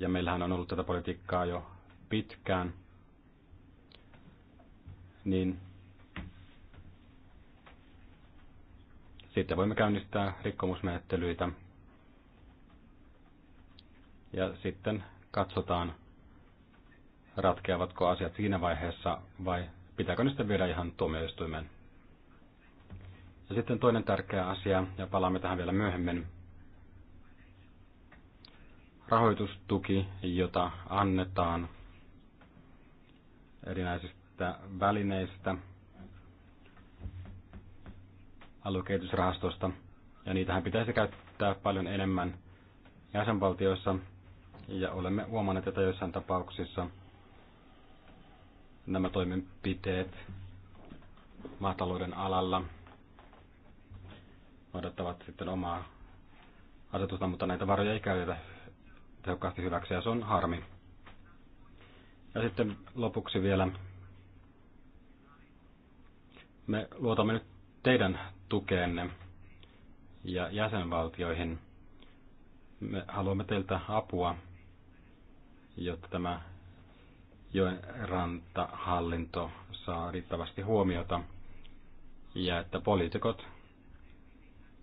ja meillähän on ollut tätä politiikkaa jo pitkään, niin Sitten voimme käynnistää rikkomusmenettelyitä. Ja sitten katsotaan, ratkeavatko asiat siinä vaiheessa vai pitääkö ne sitten viedä ihan tuomioistuimeen. Ja sitten toinen tärkeä asia, ja palaamme tähän vielä myöhemmin. Rahoitustuki, jota annetaan erinäisistä välineistä – aluekehitysrahastosta, ja niitähän pitäisi käyttää paljon enemmän jäsenvaltioissa, ja olemme huomanneet, että joissain tapauksissa nämä toimenpiteet maatalouden alalla odottavat sitten omaa asetusta, mutta näitä varoja ei käytetä tehokkaasti hyväksi ja se on harmi. Ja sitten lopuksi vielä, me luotamme nyt teidän tukeenne ja jäsenvaltioihin. Me haluamme teiltä apua, jotta tämä joen rantahallinto saa riittävästi huomiota ja että poliitikot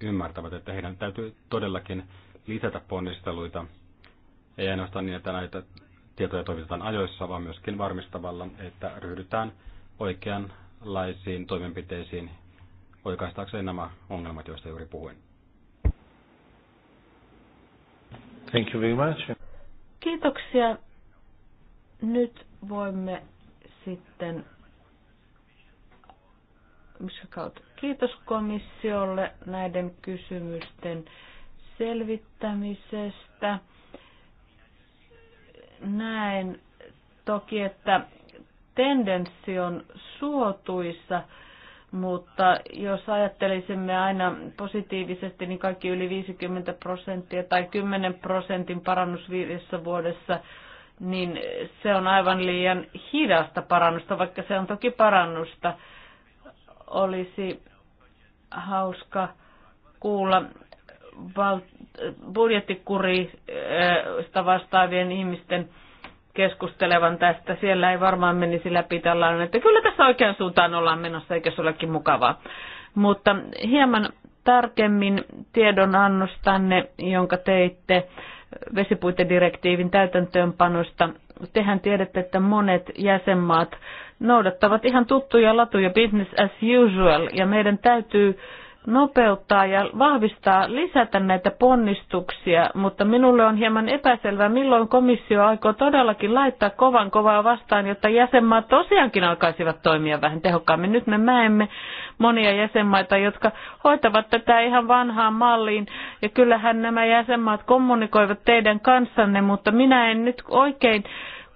ymmärtävät, että heidän täytyy todellakin lisätä ponnisteluita, ei ainoastaan niin, että näitä tietoja toimitetaan ajoissa, vaan myöskin varmistavalla, että ryhdytään oikeanlaisiin toimenpiteisiin, oikaistaakseen nämä ongelmat, joista juuri puhuin. Thank you very much. Kiitoksia. Nyt voimme sitten kiitos komissiolle näiden kysymysten selvittämisestä. Näen toki, että tendenssi on suotuissa mutta jos ajattelisimme aina positiivisesti, niin kaikki yli 50 prosenttia tai 10 prosentin parannus viidessä vuodessa, niin se on aivan liian hidasta parannusta, vaikka se on toki parannusta. Olisi hauska kuulla budjettikurista eh, vastaavien ihmisten keskustelevan tästä. Siellä ei varmaan menisi läpi tällainen, että kyllä tässä oikean suuntaan ollaan menossa, eikä se olekin mukavaa. Mutta hieman tarkemmin tiedonannostanne, jonka teitte vesipuitedirektiivin täytäntöönpanosta. Tehän tiedätte, että monet jäsenmaat noudattavat ihan tuttuja latuja, business as usual, ja meidän täytyy äh, nopeuttaa ja vahvistaa, lisätä näitä ponnistuksia, mutta minulle on hieman epäselvää, milloin komissio aikoo todellakin laittaa kovan kovaa vastaan, jotta jäsenmaat tosiaankin alkaisivat toimia vähän tehokkaammin. Nyt me näemme monia jäsenmaita, jotka hoitavat tätä ihan vanhaan malliin, ja kyllähän nämä jäsenmaat kommunikoivat teidän kanssanne, mutta minä en nyt oikein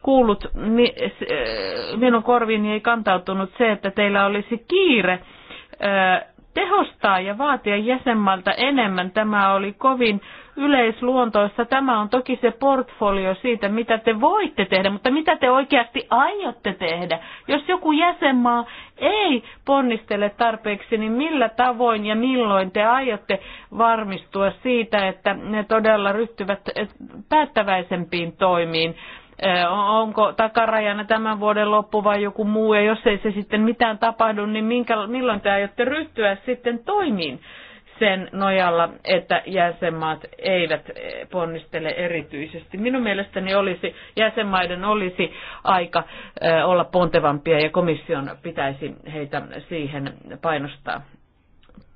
kuullut, äh, minun korviini ei kantautunut se, että teillä olisi kiire äh, tehostaa ja vaatia jäsenmailta enemmän. Tämä oli kovin yleisluontoista. Tämä on toki se portfolio siitä, mitä te voitte tehdä, mutta mitä te oikeasti aiotte tehdä? Jos joku jäsenmaa ei ponnistele tarpeeksi, niin millä tavoin ja milloin te aiotte varmistua siitä, että ne todella ryhtyvät päättäväisempiin toimiin? onko takarajana tämän vuoden loppu vai joku muu, ja jos ei se sitten mitään tapahdu, niin minkä, milloin te aiotte ryhtyä sitten toimiin sen nojalla, että jäsenmaat eivät ponnistele erityisesti. Minun mielestäni olisi, jäsenmaiden olisi aika olla pontevampia ja komission pitäisi heitä siihen painostaa.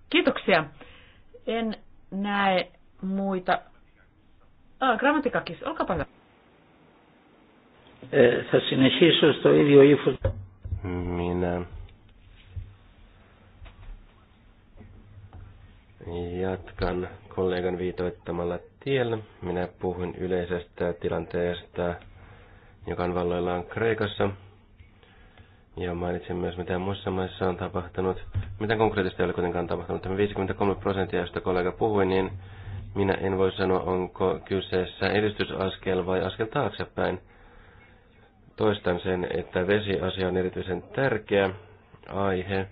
Kiitoksia. En näe muita. Ah, grammatikakis, olkaa paljon? θα συνεχίσω στο ίδιο ύφο. Minä jatkan kollegan viitoittamalla tiellä. Minä puhun yleisestä tilanteesta, joka on valloillaan Kreikassa. Ja mainitsin myös, mitä muissa maissa on tapahtunut. Mitä konkreettista ei ole kuitenkaan tapahtunut. Tämä 53 prosenttia, josta kollega puhui, niin minä en voi sanoa, onko kyseessä edistysaskel vai askel taaksepäin Toistan sen, että vesiasia on erityisen tärkeä aihe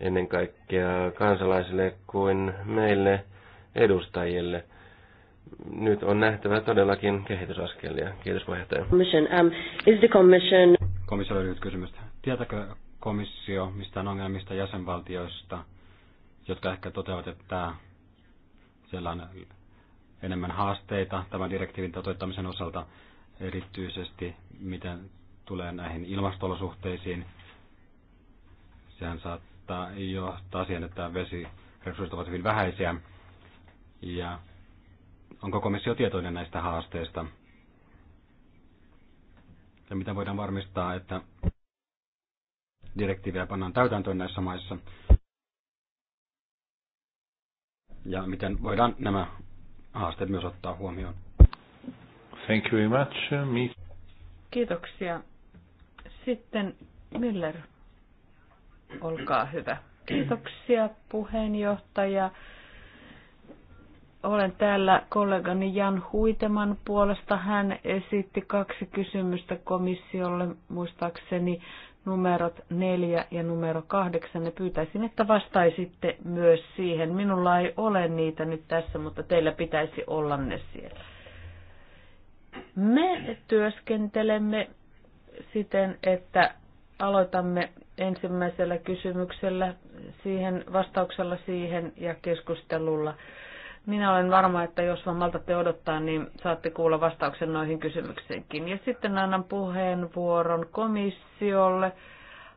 ennen kaikkea kansalaisille kuin meille edustajille. Nyt on nähtävä todellakin kehitysaskelia. Kiitos puheenjohtaja. Commission, um, is the commission... Komissio kysymys. Tietääkö komissio mistään ongelmista jäsenvaltioista, jotka ehkä toteavat, että siellä on enemmän haasteita tämän direktiivin toteuttamisen osalta, erityisesti miten tulee näihin ilmastolosuhteisiin. Sehän saattaa johtaa siihen, että vesiresurssit ovat hyvin vähäisiä. Ja onko komissio tietoinen näistä haasteista? Ja mitä voidaan varmistaa, että direktiiviä pannaan täytäntöön näissä maissa? Ja miten voidaan nämä haasteet myös ottaa huomioon? Thank you very much. Uh, miss. Kiitoksia. Sitten Müller, olkaa hyvä. Kiitoksia puheenjohtaja. Olen täällä kollegani Jan Huiteman puolesta. Hän esitti kaksi kysymystä komissiolle, muistaakseni numerot neljä ja numero kahdeksan. Ja pyytäisin, että vastaisitte myös siihen. Minulla ei ole niitä nyt tässä, mutta teillä pitäisi olla ne siellä. Me työskentelemme siten, että aloitamme ensimmäisellä kysymyksellä siihen, vastauksella siihen ja keskustelulla. Minä olen varma, että jos vaan maltatte odottaa, niin saatte kuulla vastauksen noihin kysymyksiinkin. Ja sitten annan puheenvuoron komissiolle.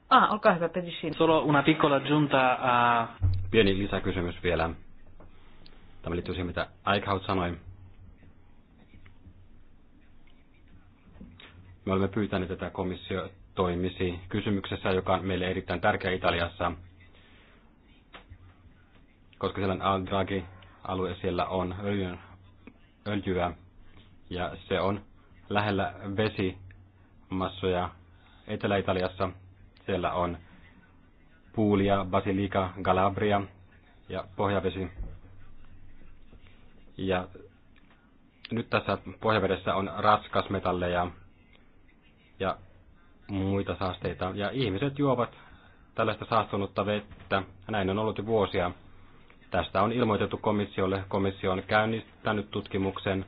Ah, olkaa hyvä, Pedicin. Solo una piccola giunta. Uh... Äh, Pieni lisäkysymys vielä. Tämä liittyy siihen, mitä Eichhout sanoi. Me olemme pyytäneet, että komissio toimisi kysymyksessä, joka on meille erittäin tärkeä Italiassa, koska siellä on Aldragi alue, siellä on öljyn, öljyä ja se on lähellä vesimassoja Etelä-Italiassa. Siellä on Puulia, Basilika, Galabria ja pohjavesi. Ja nyt tässä pohjavedessä on raskasmetalleja, ja muita saasteita. Ja ihmiset juovat tällaista saastunutta vettä. Näin on ollut jo vuosia. Tästä on ilmoitettu komissiolle. Komissio on käynnistänyt tutkimuksen,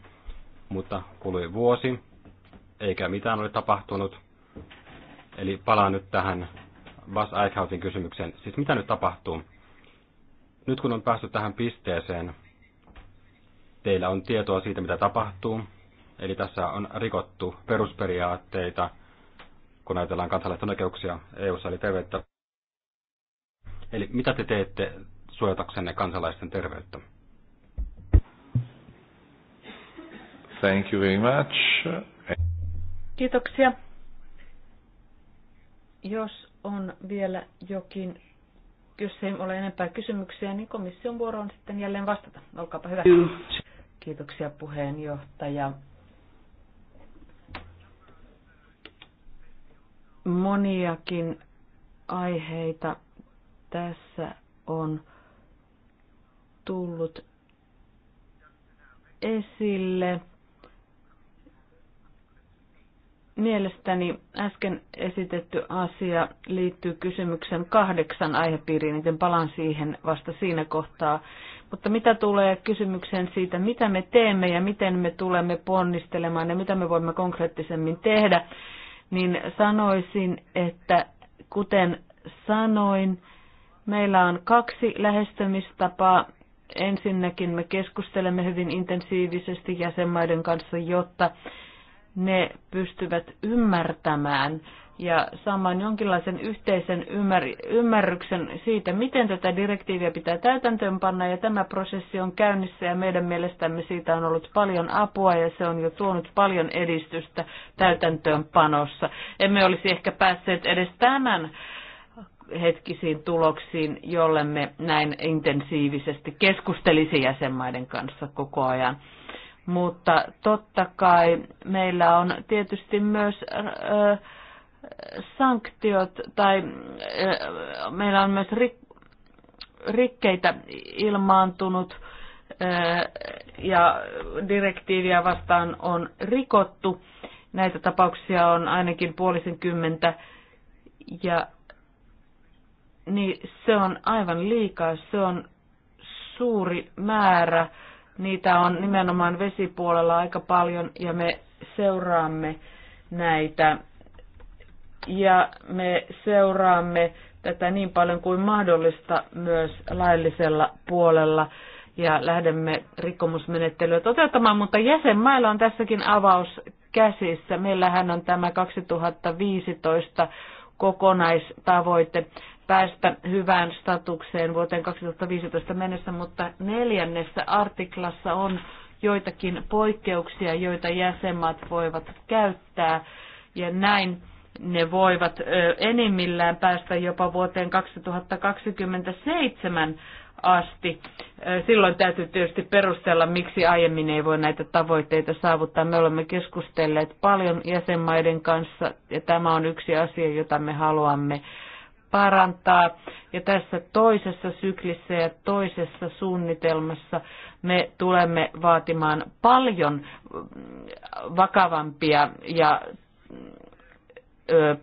mutta kului vuosi, eikä mitään ole tapahtunut. Eli palaan nyt tähän Bas Eichhautin kysymykseen. Siis mitä nyt tapahtuu? Nyt kun on päästy tähän pisteeseen, teillä on tietoa siitä, mitä tapahtuu. Eli tässä on rikottu perusperiaatteita, kun ajatellaan kansalaisten oikeuksia EU-ssa, eli terveyttä. Eli mitä te teette suojataksenne kansalaisten terveyttä? Thank you very much. Kiitoksia. Jos on vielä jokin, jos ei ole enempää kysymyksiä, niin komission vuoro on sitten jälleen vastata. Olkaapa hyvä. Kiitoksia puheenjohtaja. moniakin aiheita tässä on tullut esille. Mielestäni äsken esitetty asia liittyy kysymyksen kahdeksan aihepiiriin, joten palaan siihen vasta siinä kohtaa. Mutta mitä tulee kysymykseen siitä, mitä me teemme ja miten me tulemme ponnistelemaan ja mitä me voimme konkreettisemmin tehdä, niin sanoisin, että kuten sanoin, meillä on kaksi lähestymistapaa. Ensinnäkin me keskustelemme hyvin intensiivisesti jäsenmaiden kanssa, jotta ne pystyvät ymmärtämään ja saamaan jonkinlaisen yhteisen ymmär- ymmärryksen siitä, miten tätä direktiiviä pitää täytäntöönpanna. Ja tämä prosessi on käynnissä ja meidän mielestämme siitä on ollut paljon apua ja se on jo tuonut paljon edistystä täytäntöönpanossa. Emme olisi ehkä päässeet edes tämän hetkisiin tuloksiin, jolle me näin intensiivisesti keskustelisi jäsenmaiden kanssa koko ajan. Mutta totta kai meillä on tietysti myös... Öö, sanktiot tai äh, meillä on myös rik, rikkeitä ilmaantunut äh, ja direktiiviä vastaan on rikottu. Näitä tapauksia on ainakin puolisen kymmentä ja niin se on aivan liikaa. Se on suuri määrä. Niitä on nimenomaan vesipuolella aika paljon ja me seuraamme näitä ja me seuraamme tätä niin paljon kuin mahdollista myös laillisella puolella ja lähdemme rikkomusmenettelyä toteuttamaan, mutta jäsenmailla on tässäkin avaus käsissä. Meillähän on tämä 2015 kokonaistavoite päästä hyvään statukseen vuoteen 2015 mennessä, mutta neljännessä artiklassa on joitakin poikkeuksia, joita jäsenmaat voivat käyttää. Ja näin ne voivat enimmillään päästä jopa vuoteen 2027 asti. Silloin täytyy tietysti perustella, miksi aiemmin ei voi näitä tavoitteita saavuttaa. Me olemme keskustelleet paljon jäsenmaiden kanssa ja tämä on yksi asia, jota me haluamme parantaa. Ja tässä toisessa syklissä ja toisessa suunnitelmassa me tulemme vaatimaan paljon mm, vakavampia ja mm,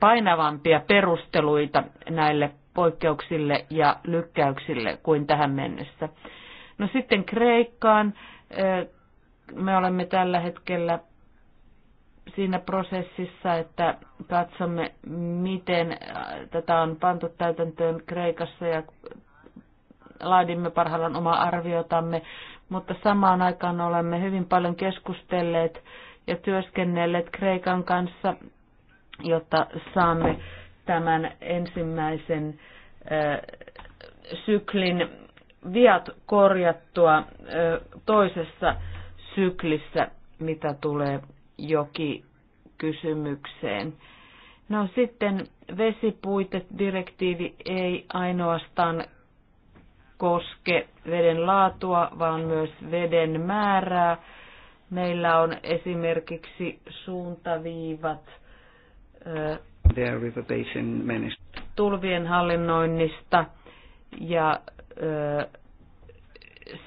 painavampia perusteluita näille poikkeuksille ja lykkäyksille kuin tähän mennessä. No sitten Kreikkaan. Me olemme tällä hetkellä siinä prosessissa, että katsomme, miten tätä on pantu täytäntöön Kreikassa ja laadimme parhaillaan omaa arviotamme, mutta samaan aikaan olemme hyvin paljon keskustelleet ja työskennelleet Kreikan kanssa jotta saamme tämän ensimmäisen syklin viat korjattua toisessa syklissä, mitä tulee joki kysymykseen. No sitten vesipuitedirektiivi ei ainoastaan koske veden laatua, vaan myös veden määrää. Meillä on esimerkiksi suuntaviivat Äh, tulvien hallinnoinnista ja äh,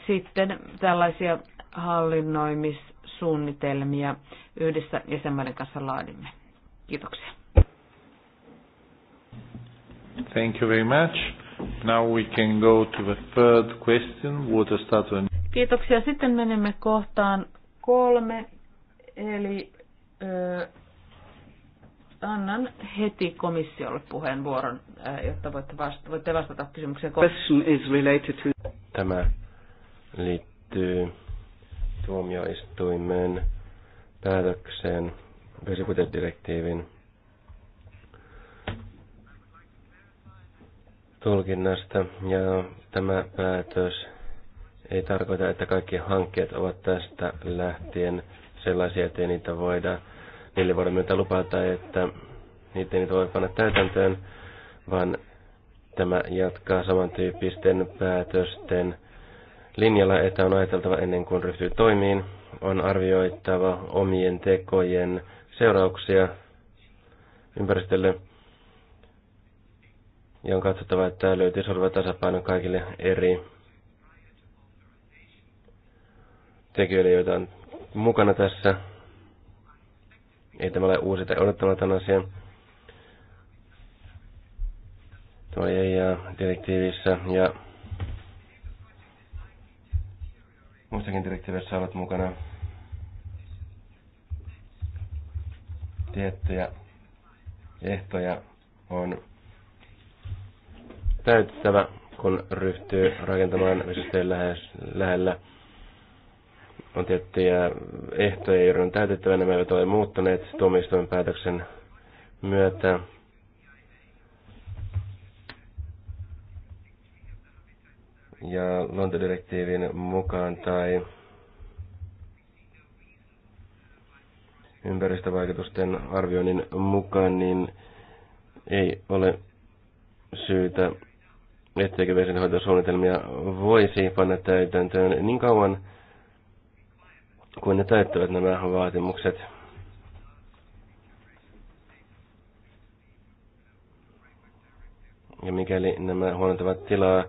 sitten tällaisia hallinnoimissuunnitelmia yhdessä jäsenmaiden kanssa laadimme. Kiitoksia. Thank you very much. Now we can go to the third question, water status. Kiitoksia. Sitten menemme kohtaan kolme, eli ö, annan heti komissiolle puheenvuoron, äh, jotta voitte, vasta- voitte vastata kysymykseen. Tämä liittyy tuomioistuimen päätökseen vesipuitedirektiivin tulkinnasta ja tämä päätös ei tarkoita, että kaikki hankkeet ovat tästä lähtien sellaisia, että niitä voida Eli voida myöntää lupaa tai että niitä ei voi panna täytäntöön, vaan tämä jatkaa samantyyppisten päätösten linjalla, että on ajateltava ennen kuin ryhtyy toimiin, on arvioittava omien tekojen seurauksia ympäristölle ja on katsottava, että löytyy sorva tasapaino kaikille eri tekijöille, joita on mukana tässä ei tämä ole uusi tai odottamaton asia. Tuo ei jää direktiivissä ja muissakin direktiivissä olet mukana tiettyjä ehtoja on täytettävä, kun ryhtyy rakentamaan vesistöjen lähellä on tiettyjä ehtoja, joiden on täytettävä. Nämä eivät ole muuttaneet tuomioistuimen päätöksen myötä. Ja luontodirektiivin mukaan tai ympäristövaikutusten arvioinnin mukaan, niin ei ole syytä, etteikö vesinhoitosuunnitelmia voisi panna täytäntöön niin kauan, kun ne täyttävät nämä vaatimukset. Ja mikäli nämä huonontavat tilaa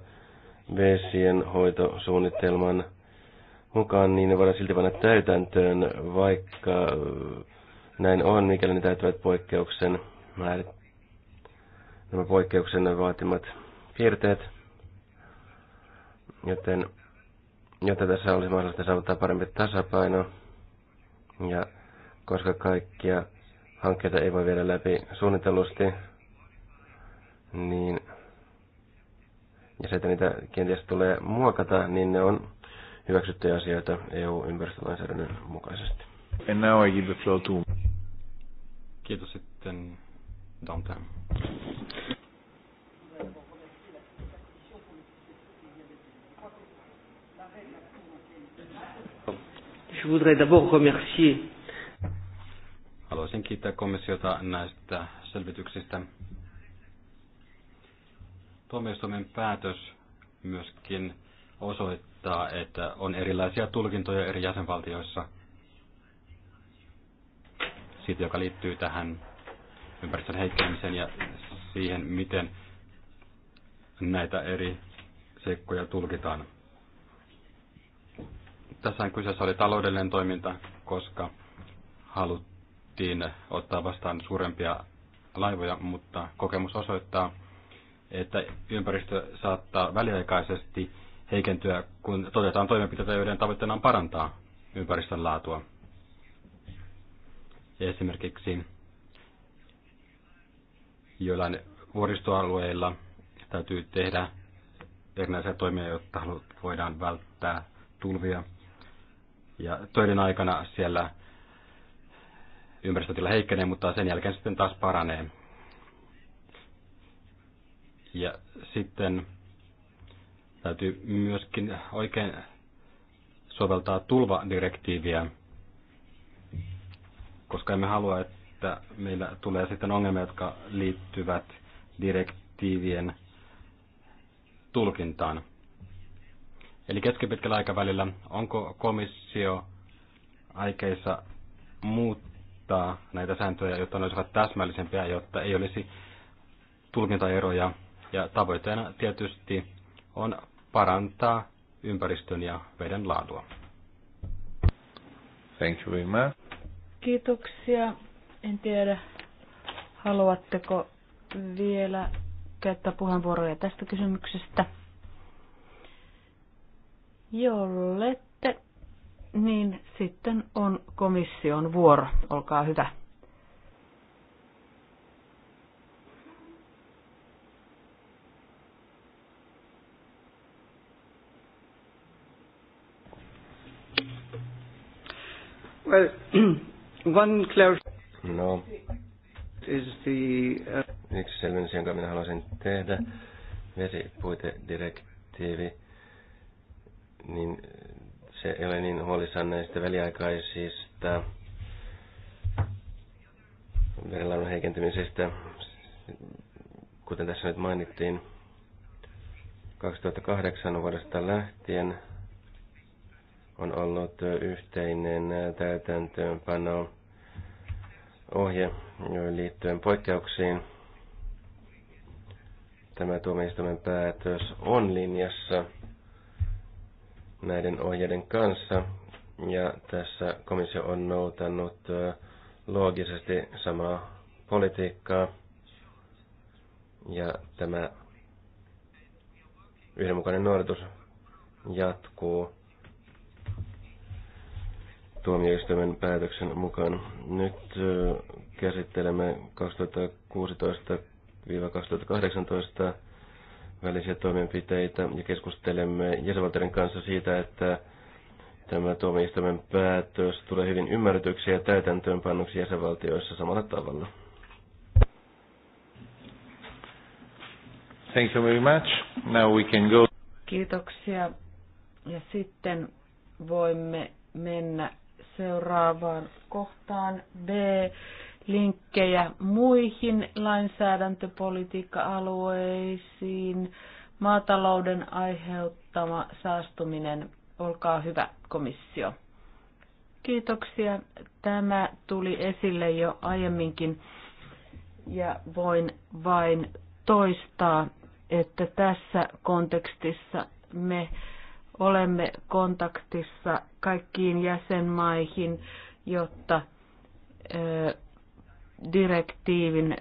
vesien hoitosuunnitelman mukaan, niin ne voidaan silti panna täytäntöön, vaikka näin on, mikäli ne täyttävät poikkeuksen määrit, nämä poikkeuksen vaatimat piirteet. Joten jotta tässä olisi mahdollista saavuttaa parempi tasapaino. Ja koska kaikkia hankkeita ei voi viedä läpi suunnitellusti, niin ja se, että niitä kenties tulee muokata, niin ne on hyväksyttyjä asioita EU-ympäristölainsäädännön mukaisesti. And now I give the floor to... Kiitos sitten Dante. Je voudrais d'abord remercier. Haluaisin kiittää komissiota näistä selvityksistä. Tuomioistuimen päätös myöskin osoittaa, että on erilaisia tulkintoja eri jäsenvaltioissa siitä, joka liittyy tähän ympäristön heikkenemiseen ja siihen, miten näitä eri seikkoja tulkitaan tässä kyseessä oli taloudellinen toiminta, koska haluttiin ottaa vastaan suurempia laivoja, mutta kokemus osoittaa, että ympäristö saattaa väliaikaisesti heikentyä, kun todetaan toimenpiteitä, joiden tavoitteena on parantaa ympäristön laatua. Esimerkiksi joillain vuoristoalueilla täytyy tehdä erinäisiä toimia, jotta voidaan välttää tulvia – ja töiden aikana siellä ympäristötila heikkenee, mutta sen jälkeen sitten taas paranee. Ja sitten täytyy myöskin oikein soveltaa tulvadirektiiviä, koska emme halua, että meillä tulee sitten ongelmia, jotka liittyvät direktiivien tulkintaan. Eli keskipitkällä aikavälillä, onko komissio aikeissa muuttaa näitä sääntöjä, jotta ne olisivat täsmällisempiä, jotta ei olisi tulkintaeroja. Ja tavoitteena tietysti on parantaa ympäristön ja veden laatua. Thank you very much. Kiitoksia. En tiedä, haluatteko vielä käyttää puheenvuoroja tästä kysymyksestä. Jollette, niin sitten on komission vuoro. Olkaa hyvä. Well, one clarification. No. Is the, uh... Yksi selvennys, jonka minä haluaisin tehdä. Vesipuitedirektiivi niin eh, se ei ole niin huolissaan näistä väliaikaisista verenlaadun heikentymisestä, kuten tässä nyt mainittiin. 2008 vuodesta lähtien on ollut yhteinen täytäntöönpano ohje liittyen poikkeuksiin. Tämä tuomioistuimen päätös on linjassa näiden ohjeiden kanssa. Ja tässä komissio on noutanut loogisesti samaa politiikkaa. Ja tämä yhdenmukainen noudatus jatkuu tuomioistuimen päätöksen mukaan. Nyt käsittelemme 2016-2018 välisiä toimenpiteitä ja keskustelemme jäsenvaltioiden kanssa siitä, että tämä tuomioistuimen päätös tulee hyvin ymmärretyksi ja täytäntöönpannuksi jäsenvaltioissa samalla tavalla. Thank you very much. Now we can go. Kiitoksia. Ja sitten voimme mennä seuraavaan kohtaan B linkkejä muihin lainsäädäntöpolitiikka-alueisiin. Maatalouden aiheuttama saastuminen, olkaa hyvä komissio. Kiitoksia. Tämä tuli esille jo aiemminkin ja voin vain toistaa, että tässä kontekstissa me olemme kontaktissa kaikkiin jäsenmaihin, jotta direktiivin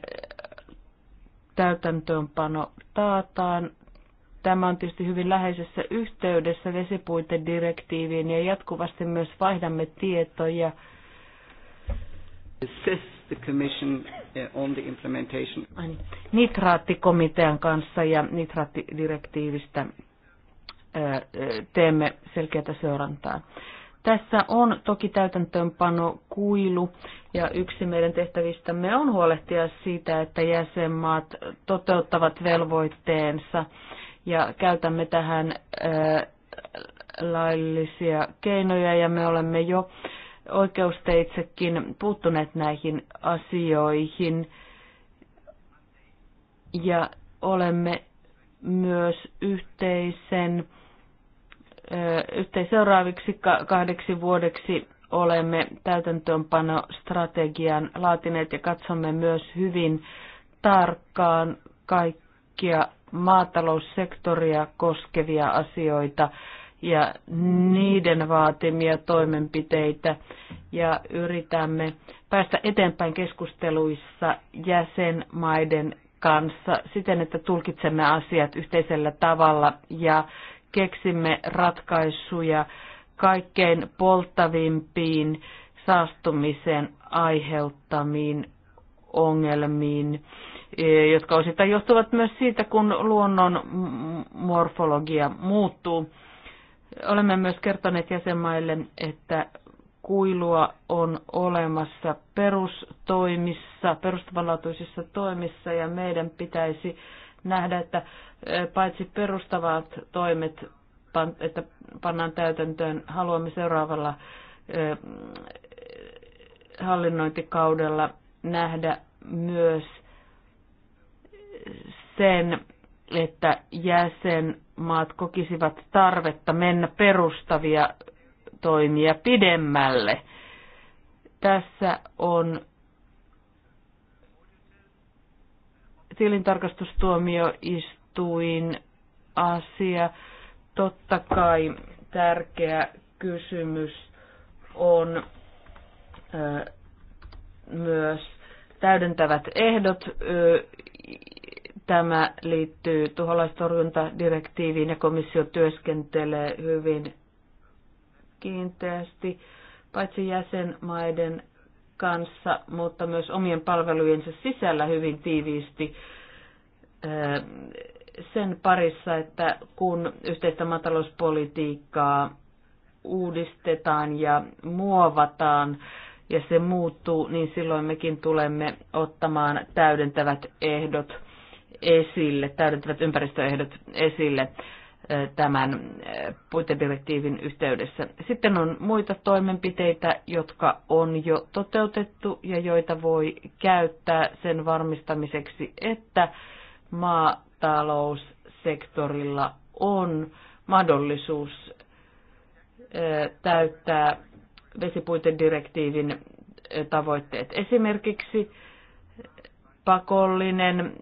täytäntöönpano taataan. Tämä on tietysti hyvin läheisessä yhteydessä vesipuitedirektiiviin ja jatkuvasti myös vaihdamme tietoja. The commission eh, on the implementation. Niin. Nitraattikomitean kanssa ja nitraattidirektiivistä eh, eh, teemme selkeää seurantaa. Tässä on toki täytäntöönpano kuilu ja yksi meidän tehtävistämme on huolehtia siitä, että jäsenmaat toteuttavat velvoitteensa ja käytämme tähän laillisia keinoja ja me olemme jo oikeusteitsekin puuttuneet näihin asioihin ja olemme myös yhteisen yhteen seuraaviksi kahdeksi vuodeksi olemme täytäntöönpanostrategian laatineet ja katsomme myös hyvin tarkkaan kaikkia maataloussektoria koskevia asioita ja niiden vaatimia toimenpiteitä ja yritämme päästä eteenpäin keskusteluissa jäsenmaiden kanssa siten, että tulkitsemme asiat yhteisellä tavalla ja keksimme ratkaisuja kaikkein polttavimpiin saastumisen aiheuttamiin ongelmiin, e, jotka osittain johtuvat myös siitä, kun luonnon morfologia muuttuu. Olemme myös kertoneet jäsenmaille, että kuilua on olemassa perustoimissa, perustavanlaatuisissa toimissa ja meidän pitäisi nähdä, että eh, paitsi perustavat toimet, että pannaan täytäntöön, haluamme seuraavalla eh, hallinnointikaudella nähdä myös sen, että jäsenmaat kokisivat tarvetta mennä perustavia toimia pidemmälle. Tässä on tilintarkastustuomioistuin asia. Totta kai tärkeä kysymys on ö, myös täydentävät ehdot. Ö, tämä liittyy tuholaistorjuntadirektiiviin ja komissio työskentelee hyvin kiinteästi paitsi jäsenmaiden kanssa, mutta myös omien palvelujensa sisällä hyvin tiiviisti sen parissa, että kun yhteistä maatalouspolitiikkaa uudistetaan ja muovataan ja se muuttuu, niin silloin mekin tulemme ottamaan täydentävät ehdot esille, täydentävät ympäristöehdot esille tämän puitedirektiivin yhteydessä. Sitten on muita toimenpiteitä, jotka on jo toteutettu ja joita voi käyttää sen varmistamiseksi, että maataloussektorilla on mahdollisuus täyttää vesipuitedirektiivin tavoitteet. Esimerkiksi pakollinen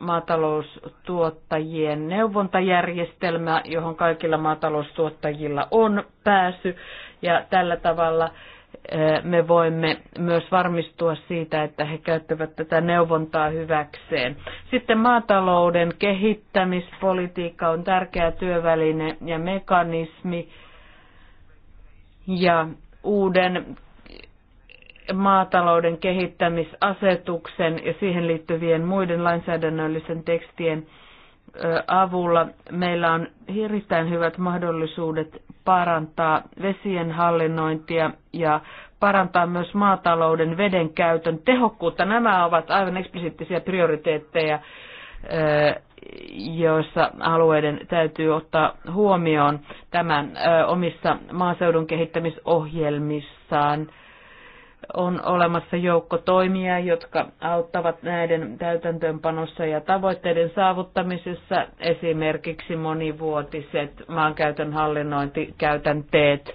maataloustuottajien neuvontajärjestelmä, johon kaikilla maataloustuottajilla on pääsy. Ja tällä tavalla eh, me voimme myös varmistua siitä, että he käyttävät tätä neuvontaa hyväkseen. Sitten maatalouden kehittämispolitiikka on tärkeä työväline ja mekanismi. Ja uuden maatalouden kehittämisasetuksen ja siihen liittyvien muiden lainsäädännöllisen tekstien avulla meillä on erittäin hyvät mahdollisuudet parantaa vesien hallinnointia ja parantaa myös maatalouden veden käytön tehokkuutta. Nämä ovat aivan eksplisiittisiä prioriteetteja, joissa alueiden täytyy ottaa huomioon tämän omissa maaseudun kehittämisohjelmissaan – on olemassa joukko toimia, jotka auttavat näiden täytäntöönpanossa ja tavoitteiden saavuttamisessa, esimerkiksi monivuotiset maankäytön hallinnointikäytänteet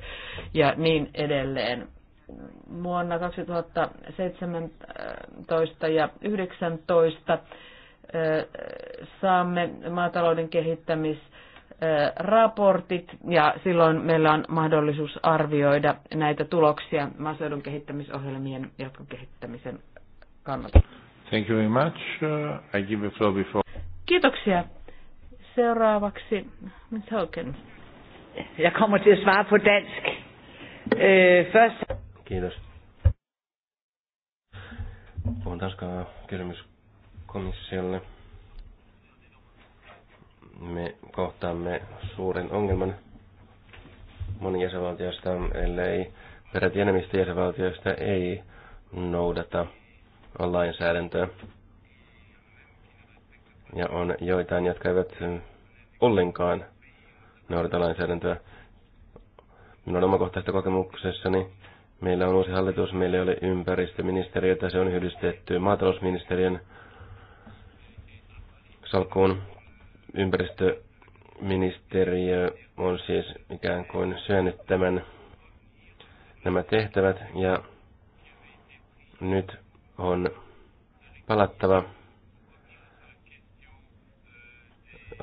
ja niin edelleen. Vuonna 2017 ja 2019 saamme maatalouden kehittämistä raportit ja silloin meillä on mahdollisuus arvioida näitä tuloksia maaseudun kehittämisohjelmien jatkokehittämisen kannalta. Thank you very much. Uh, I give the floor before. Kiitoksia. Seuraavaksi Ms. Hogan. Jag kommer till att svara på dansk. Eh, øh, först... Kiitos. On tanskaa kysymys komissiolle me kohtaamme suuren ongelman moni jäsenvaltioista, ellei peräti enemmistö jäsenvaltioista ei noudata lainsäädäntöä. Ja on joitain, jotka eivät ollenkaan noudata lainsäädäntöä. Minun omakohtaisesta kokemuksessani meillä on uusi hallitus, meillä ei ole ympäristöministeriötä, se on yhdistetty maatalousministeriön salkkuun Ympäristöministeriö on siis ikään kuin syönyt tämän, nämä tehtävät ja nyt on palattava.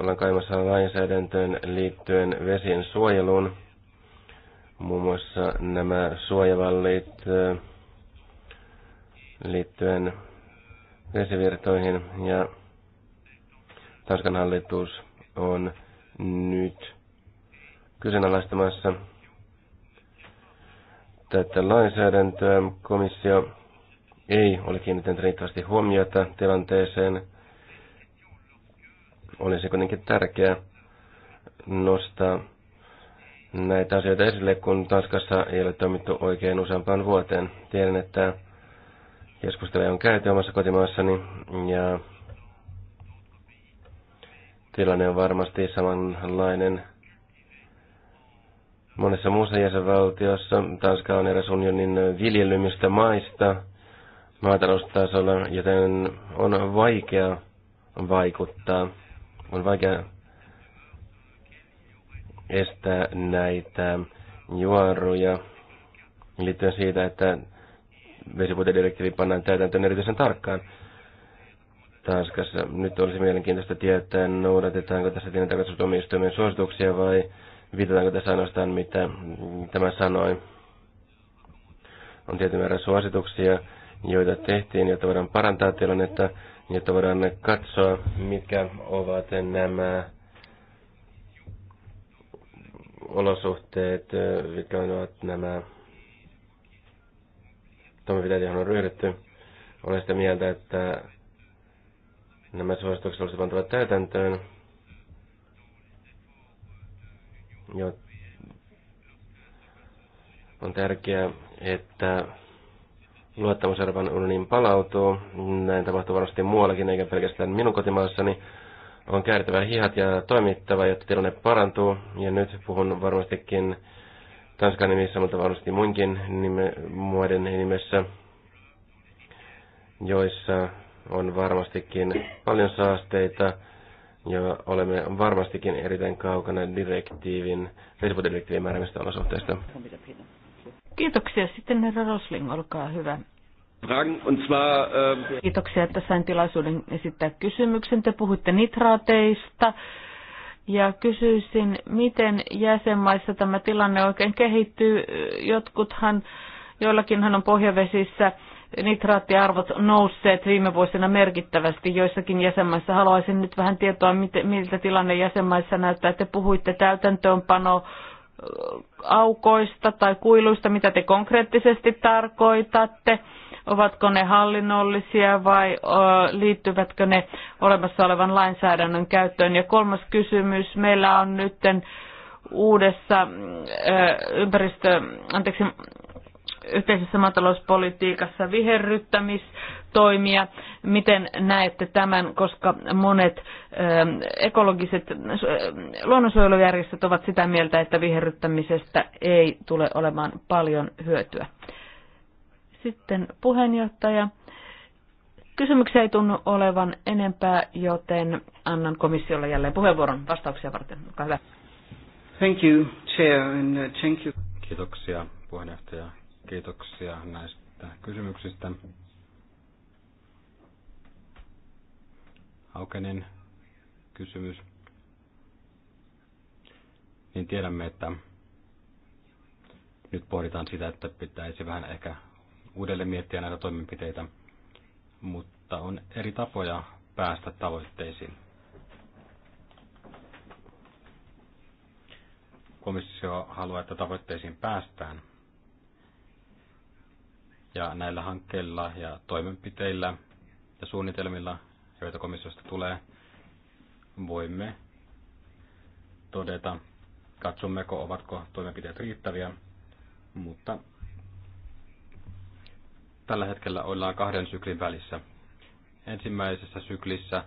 Ollaan kaivassa lainsäädäntöön liittyen vesien suojeluun. Muun muassa nämä suojavallit äh, liittyen vesivirtoihin ja Tanskan hallitus on nyt kyseenalaistamassa tätä lainsäädäntöä. Komissio ei ole kiinnittänyt riittävästi huomiota tilanteeseen. Olisi kuitenkin tärkeää nostaa näitä asioita esille, kun Tanskassa ei ole toimittu oikein useampaan vuoteen. Tiedän, että keskusteluja on käyty omassa kotimaassani ja Tilanne on varmasti samanlainen monessa muussa jäsenvaltiossa. Tanska on eräs unionin viljelymistä maista maataloustasolla, joten on vaikea vaikuttaa. On vaikea estää näitä juoruja liittyen siitä, että vesipuitedirektiivi pannaan täytäntöön erityisen tarkkaan. Tanskassa. Nyt olisi mielenkiintoista tietää, noudatetaanko tässä tilintarkastustuomioistuimen suosituksia vai viitataanko tässä ainoastaan, mitä tämä sanoi. On tietyn määrä suosituksia, joita tehtiin, jotta voidaan parantaa tilannetta, jotta voidaan katsoa, mitkä ovat nämä olosuhteet, mitkä ovat nämä toimenpiteet, joihin on ryhdytty. Olen sitä mieltä, että nämä suositukset olisi pantava täytäntöön, jo on tärkeää, että luottamus Euroopan unionin palautuu. Näin tapahtuu varmasti muuallakin, eikä pelkästään minun kotimaassani. On käärtävä hihat ja toimittava, jotta tilanne parantuu. Ja nyt puhun varmastikin Tanskan nimissä, mutta varmasti muinkin nime, muiden nimessä, joissa on varmastikin paljon saasteita ja olemme varmastikin erittäin kaukana direktiivin, vesipuudirektiivin määräämistä olosuhteista. Kiitoksia. Sitten herra Rosling, olkaa hyvä. Ähm, Kiitoksia, että sain tilaisuuden esittää kysymyksen. Te puhuitte nitraateista ja kysyisin, miten jäsenmaissa tämä tilanne oikein kehittyy. Jotkuthan, joillakinhan on pohjavesissä nitraattiarvot nousseet viime vuosina merkittävästi joissakin jäsenmaissa. Haluaisin nyt vähän tietoa, miltä tilanne jäsenmaissa näyttää. Te puhuitte täytäntöönpano aukoista tai kuiluista, mitä te konkreettisesti tarkoitatte. Ovatko ne hallinnollisia vai liittyvätkö ne olemassa olevan lainsäädännön käyttöön? Ja kolmas kysymys, meillä on nyt uudessa ympäristö, anteeksi, yhteisessä maatalouspolitiikassa viherryttämistoimia. Miten näette tämän, koska monet ähm, ekologiset äh, luonnonsuojelujärjestöt ovat sitä mieltä, että viherryttämisestä ei tule olemaan paljon hyötyä. Sitten puheenjohtaja. Kysymyksiä ei tunnu olevan enempää, joten annan komissiolle jälleen puheenvuoron vastauksia varten. Olkaa hyvä. Thank you, Chair, and uh, thank you. Kiitoksia puheenjohtaja Kiitoksia näistä kysymyksistä. Haukenen kysymys. Niin tiedämme, että nyt pohditaan sitä, että pitäisi vähän ehkä uudelleen miettiä näitä toimenpiteitä, mutta on eri tapoja päästä tavoitteisiin. Komissio haluaa, että tavoitteisiin päästään, ja näillä hankkeilla ja toimenpiteillä ja suunnitelmilla, joita komissiosta tulee, voimme todeta, katsommeko, ovatko toimenpiteet riittäviä, mutta tällä hetkellä ollaan kahden syklin välissä. Ensimmäisessä syklissä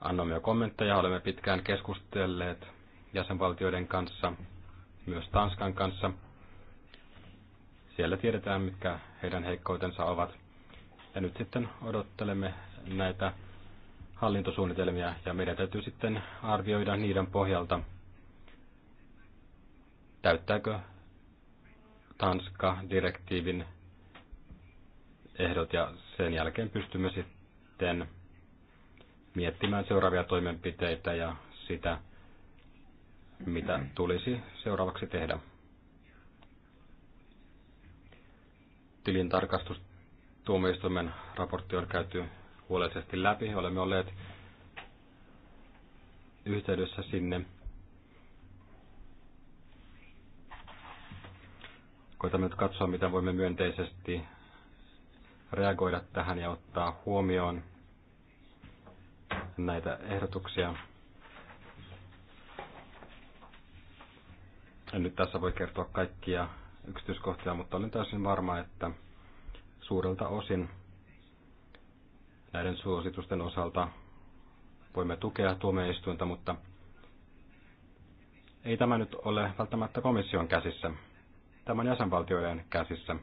annamme jo kommentteja, olemme pitkään keskustelleet jäsenvaltioiden kanssa, myös Tanskan kanssa, siellä tiedetään, mitkä heidän heikkoutensa ovat. Ja nyt sitten odottelemme näitä hallintosuunnitelmia ja meidän täytyy sitten arvioida niiden pohjalta, täyttääkö Tanska direktiivin ehdot ja sen jälkeen pystymme sitten miettimään seuraavia toimenpiteitä ja sitä, mitä tulisi seuraavaksi tehdä. tilintarkastustuomioistuimen raportti on käyty huolellisesti läpi. Olemme olleet yhteydessä sinne. Koitamme nyt katsoa, mitä voimme myönteisesti reagoida tähän ja ottaa huomioon näitä ehdotuksia. En nyt tässä voi kertoa kaikkia yksityiskohtia, mutta olen täysin varma, että suurelta osin näiden suositusten osalta voimme tukea tuomioistuinta, mutta ei tämä nyt ole välttämättä komission käsissä. Tämä on jäsenvaltioiden käsissä.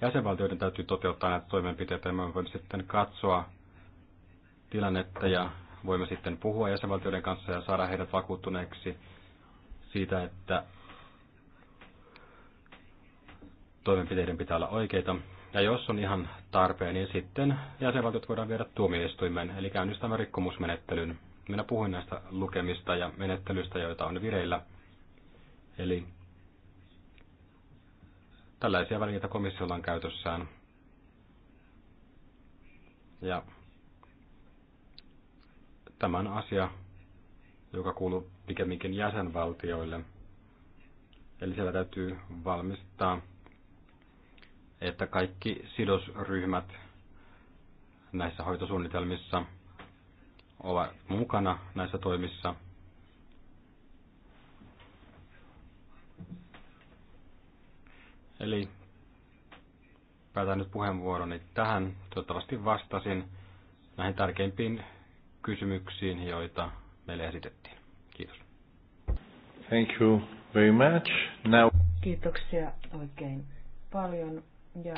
Jäsenvaltioiden täytyy toteuttaa näitä toimenpiteitä ja me voimme sitten katsoa tilannetta ja voimme sitten puhua jäsenvaltioiden kanssa ja saada heidät vakuuttuneeksi siitä, että toimenpiteiden pitää olla oikeita. Ja jos on ihan tarpeen, niin sitten jäsenvaltiot voidaan viedä tuomioistuimeen, eli käynnistämään rikkomusmenettelyn. Minä puhuin näistä lukemista ja menettelystä, joita on vireillä. Eli tällaisia välineitä komissiolla on käytössään. Ja tämän asia, joka kuuluu pikemminkin jäsenvaltioille. Eli siellä täytyy valmistaa että kaikki sidosryhmät näissä hoitosuunnitelmissa ovat mukana näissä toimissa. Eli päätän nyt puheenvuoroni tähän. Toivottavasti vastasin näihin tärkeimpiin kysymyksiin, joita meille esitettiin. Kiitos. Thank you very much. Now... Kiitoksia oikein paljon. Ja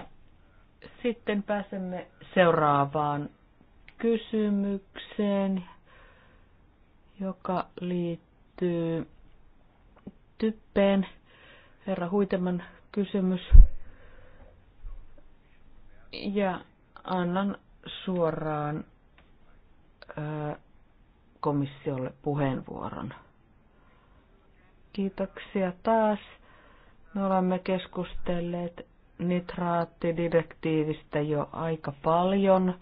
sitten pääsemme seuraavaan kysymykseen, joka liittyy typpeen. Herra Huiteman kysymys. Ja annan suoraan komissiolle puheenvuoron. Kiitoksia taas. Me olemme keskustelleet nitraattidirektiivistä jo aika paljon.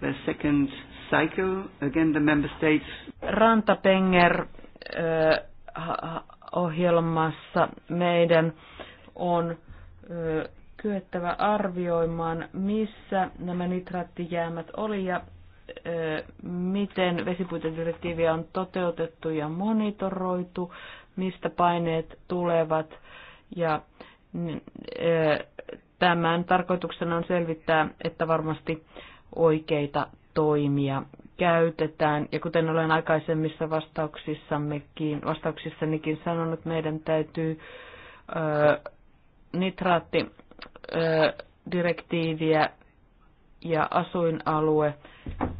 The second cycle, again the member states. Rantapenger ohjelmassa meidän on kyettävä arvioimaan, missä nämä nitraattijäämät oli ja miten vesipuitedirektiiviä on toteutettu ja monitoroitu mistä paineet tulevat. Ja tämän tarkoituksena on selvittää, että varmasti oikeita toimia käytetään. Ja kuten olen aikaisemmissa vastauksissammekin, vastauksissanikin sanonut, meidän täytyy nitraattidirektiiviä nitraatti ja asuinalue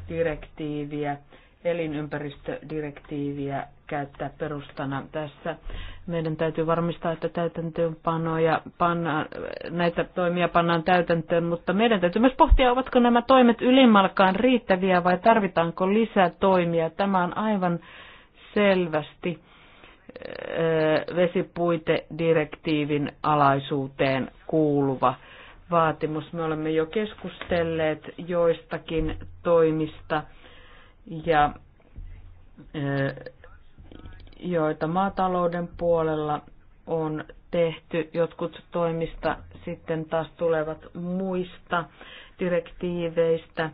direktiiviä, elinympäristödirektiiviä käyttää perustana tässä. Meidän täytyy varmistaa, että täytäntöönpanoja pannaan, näitä toimia pannaan täytäntöön, mutta meidän täytyy myös pohtia, ovatko nämä toimet ylimalkaan riittäviä vai tarvitaanko lisää toimia. Tämä on aivan selvästi vesipuitedirektiivin alaisuuteen kuuluva vaatimus. Me olemme jo keskustelleet joistakin toimista ja joita maatalouden puolella on tehty. Jotkut toimista sitten taas tulevat muista direktiiveistä,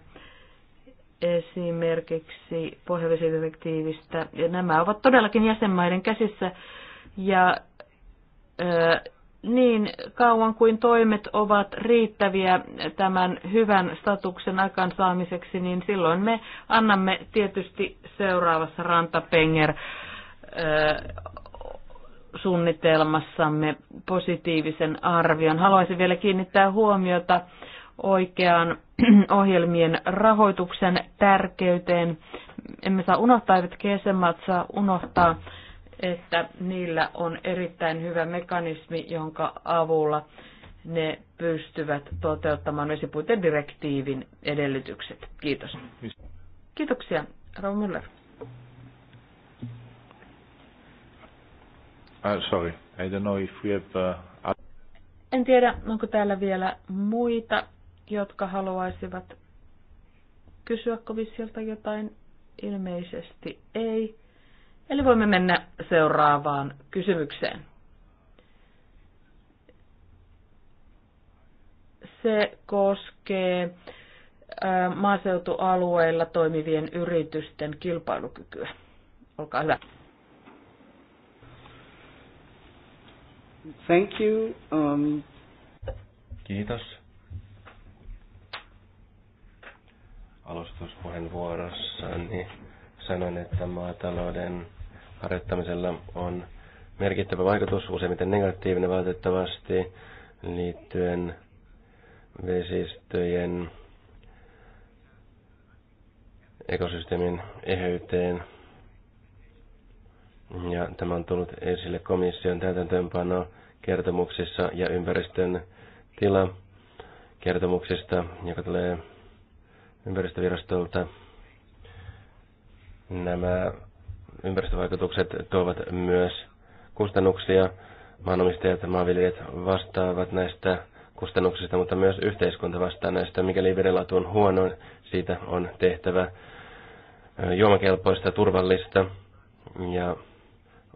esimerkiksi pohjavesidirektiivistä. Ja nämä ovat todellakin jäsenmaiden käsissä ja ö, niin kauan kuin toimet ovat riittäviä tämän hyvän statuksen aikaansaamiseksi, niin silloin me annamme tietysti seuraavassa rantapenger suunnitelmassamme positiivisen arvion. Haluaisin vielä kiinnittää huomiota oikeaan ohjelmien rahoituksen tärkeyteen. Emme saa unohtaa, että jäsenmaat saa unohtaa, että niillä on erittäin hyvä mekanismi, jonka avulla ne pystyvät toteuttamaan direktiivin edellytykset. Kiitos. Kiitoksia, Rauha Müller. Ah, sorry, I don't know if we have... Uh... En tiedä, onko täällä vielä muita, jotka haluaisivat kysyä komissiolta jotain. Ilmeisesti ei. Eli voimme mennä seuraavaan kysymykseen. Se koskee maaseutualueilla toimivien yritysten kilpailukykyä. Olkaa hyvä. Thank you. Um... Kiitos. Alustuspuheenvuorossani sanoin, että maatalouden harjoittamisella on merkittävä vaikutus, useimmiten negatiivinen valitettavasti, liittyen vesistöjen ekosysteemin eheyteen ja tämä on tullut esille komission täytäntöönpano kertomuksissa ja ympäristön tila kertomuksesta, joka tulee ympäristövirastolta. Nämä ympäristövaikutukset tuovat myös kustannuksia. Maanomistajat ja maanviljelijät vastaavat näistä kustannuksista, mutta myös yhteiskunta vastaa näistä. Mikäli vedenlaatu on huono, siitä on tehtävä juomakelpoista, turvallista ja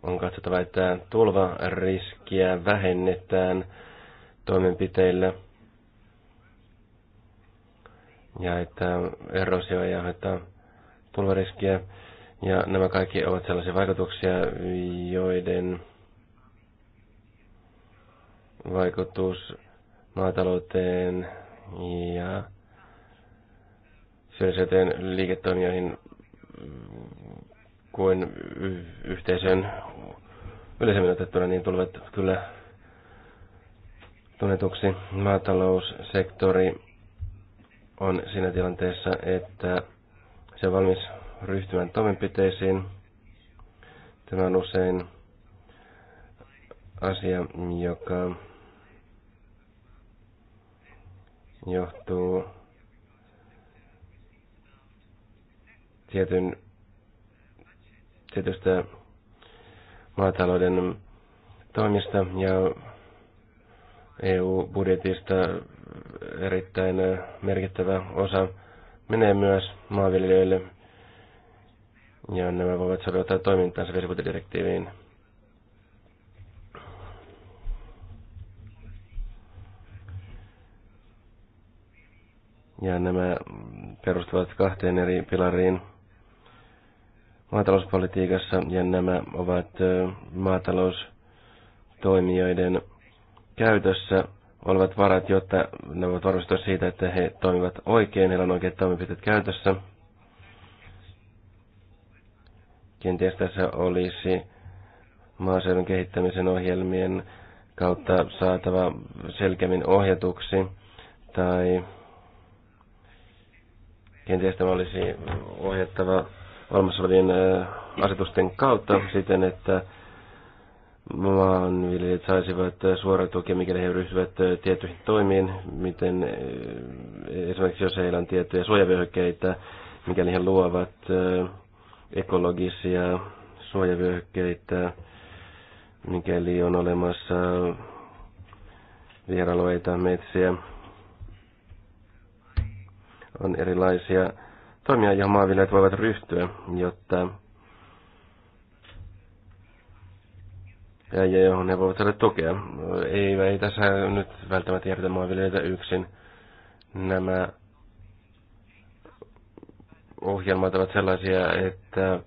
on katsottava, että tulvariskiä vähennetään toimenpiteillä ja että erosio ei aiheuta tulvariskiä. Ja nämä kaikki ovat sellaisia vaikutuksia, joiden vaikutus maatalouteen ja syöllisyyteen liiketoimijoihin kuin yhteisön yleisemmin otettuna, niin tulevat kyllä tunnetuksi maataloussektori on siinä tilanteessa, että se on valmis ryhtymään toimenpiteisiin. Tämä on usein asia, joka johtuu tietyn tietystä maatalouden toimista ja EU-budjetista erittäin merkittävä osa menee myös maanviljelijöille ja nämä voivat soveltaa toimintaansa vesipuitedirektiiviin. Ja nämä perustuvat kahteen eri pilariin – maatalouspolitiikassa ja nämä ovat maataloustoimijoiden käytössä olevat varat, jotta ne voivat varmistua siitä, että he toimivat oikein, heillä on oikeat toimenpiteet käytössä. Kenties tässä olisi maaseudun kehittämisen ohjelmien kautta saatava selkeämmin ohjatuksi tai kenties tämä olisi ohjattava olemassa olevien asetusten kautta siten, että maanviljelijät saisivat suoraa tukea, mikäli he ryhtyvät tiettyihin toimiin, miten esimerkiksi jos heillä on tiettyjä suojavyöhykkeitä, mikäli he luovat ekologisia suojavyöhykkeitä, mikäli on olemassa vieralueita, metsiä, on erilaisia toimia, ja maanviljelijät voivat ryhtyä, jotta ja johon he voivat saada tukea. Ei, ei tässä nyt välttämättä järjestä maanviljelijöitä yksin. Nämä ohjelmat ovat sellaisia, että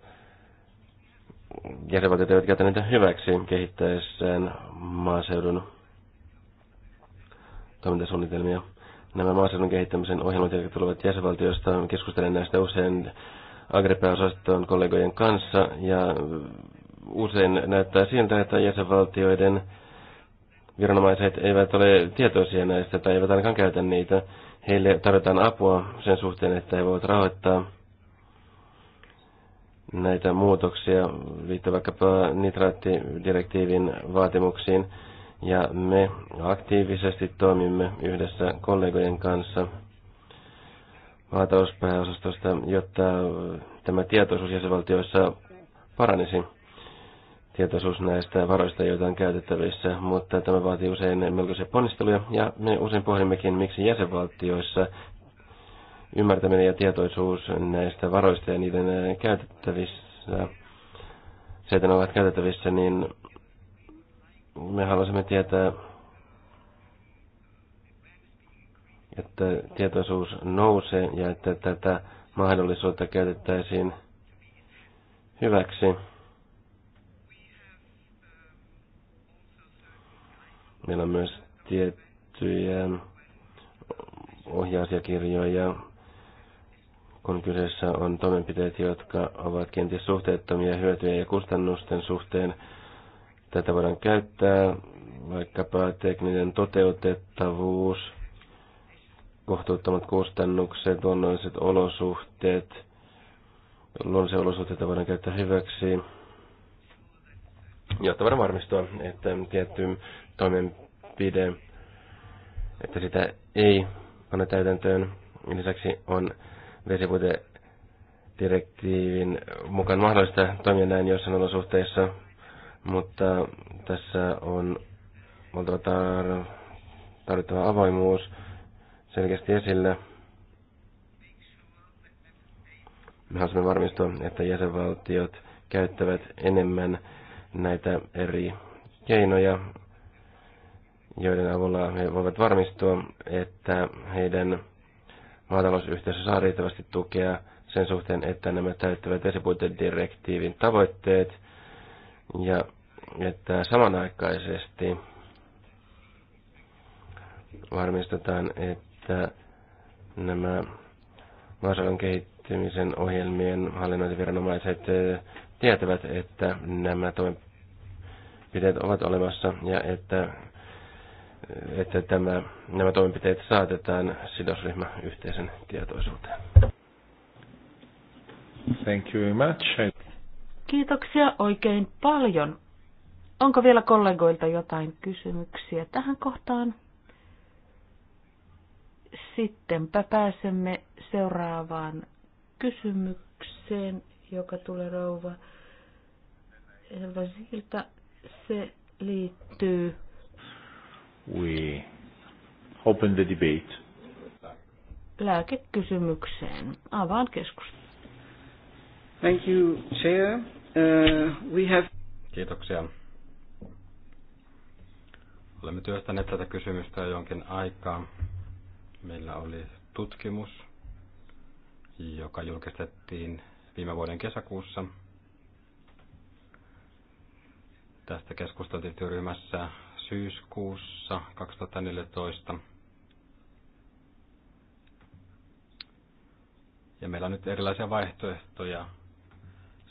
jäsenvaltiot eivät käytä niitä hyväksi kehittäessään maaseudun toimintasuunnitelmia nämä maaseudun kehittämisen ohjelmat, jotka tulevat jäsenvaltioista Keskustelen näistä usein Agripea-osaston kollegojen kanssa ja usein näyttää siltä, että jäsenvaltioiden viranomaiset eivät ole tietoisia näistä tai eivät ainakaan käytä niitä. Heille tarvitaan apua sen suhteen, että he voivat rahoittaa näitä muutoksia liittyy vaikkapa nitraattidirektiivin vaatimuksiin ja me aktiivisesti toimimme yhdessä kollegojen kanssa maatalouspääosastosta, jotta tämä tietoisuus jäsenvaltioissa paranisi tietoisuus näistä varoista, joita on käytettävissä, mutta tämä vaatii usein melkoisia ponnisteluja, ja me usein pohdimmekin, miksi jäsenvaltioissa ymmärtäminen ja tietoisuus näistä varoista ja niiden käytettävissä, se, että ne ovat käytettävissä, niin me haluaisimme tietää, että tietoisuus nousee ja että tätä mahdollisuutta käytettäisiin hyväksi. Meillä on myös tiettyjä ohjausjakirjoja, kun kyseessä on toimenpiteet, jotka ovat kenties suhteettomia hyötyjä ja kustannusten suhteen – Tätä voidaan käyttää, vaikkapa tekninen toteutettavuus, kohtuuttomat kustannukset, luonnolliset olosuhteet, Luonnolliset olosuhteita voidaan käyttää hyväksi, jotta voidaan varmistua, että tietty toimenpide, että sitä ei panna täytäntöön. Lisäksi on direktiivin mukaan mahdollista toimia näin joissain olosuhteissa, mutta tässä on oltava tar- tarvittava avoimuus selkeästi esillä. Me haluamme varmistua, että jäsenvaltiot käyttävät enemmän näitä eri keinoja, joiden avulla he voivat varmistua, että heidän maatalousyhteisö saa riittävästi tukea sen suhteen, että nämä täyttävät vesipuitedirektiivin tavoitteet – ja että samanaikaisesti varmistetaan, että nämä maaseudun kehittymisen ohjelmien hallinnointiviranomaiset tietävät, että nämä toimenpiteet ovat olemassa ja että, että tämä, nämä toimenpiteet saatetaan sidosryhmä yhteisen tietoisuuteen. Thank you very much. Kiitoksia oikein paljon. Onko vielä kollegoilta jotain kysymyksiä tähän kohtaan? Sittenpä pääsemme seuraavaan kysymykseen, joka tulee rouva Vasilta. Se liittyy. We open the debate. Lääkekysymykseen. Avaan keskustelun. Thank you, Chair. Uh, we have... Kiitoksia Olemme työstäneet tätä kysymystä jo jonkin aikaa. Meillä oli tutkimus, joka julkistettiin viime vuoden kesäkuussa. Tästä keskusteltiin työryhmässä syyskuussa 2014. Ja meillä on nyt erilaisia vaihtoehtoja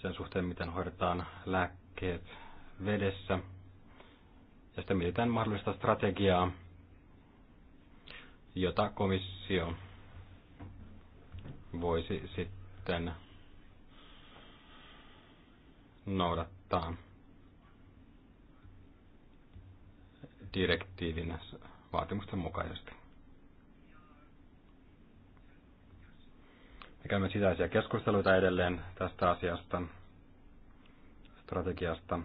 sen suhteen, miten hoidetaan lääkkeet vedessä – ja sitten mietitään mahdollista strategiaa, jota komissio voisi sitten noudattaa direktiivin vaatimusten mukaisesti. Me käymme sisäisiä keskusteluita edelleen tästä asiasta, strategiasta.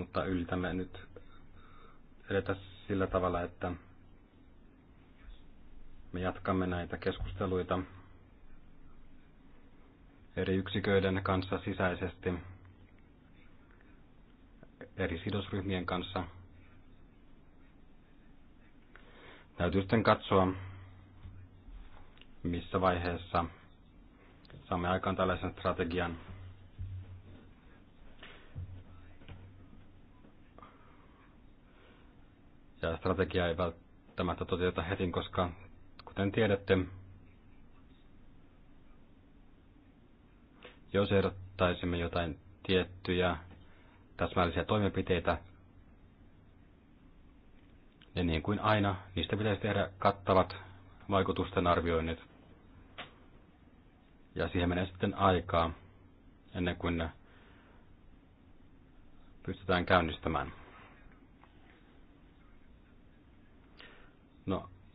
mutta yritämme nyt edetä sillä tavalla, että me jatkamme näitä keskusteluita eri yksiköiden kanssa sisäisesti, eri sidosryhmien kanssa. Täytyy sitten katsoa, missä vaiheessa saamme aikaan tällaisen strategian ja strategia ei välttämättä toteuta heti, koska kuten tiedätte, jos ehdottaisimme jotain tiettyjä täsmällisiä toimenpiteitä, ja niin kuin aina, niistä pitäisi tehdä kattavat vaikutusten arvioinnit. Ja siihen menee sitten aikaa, ennen kuin ne pystytään käynnistämään.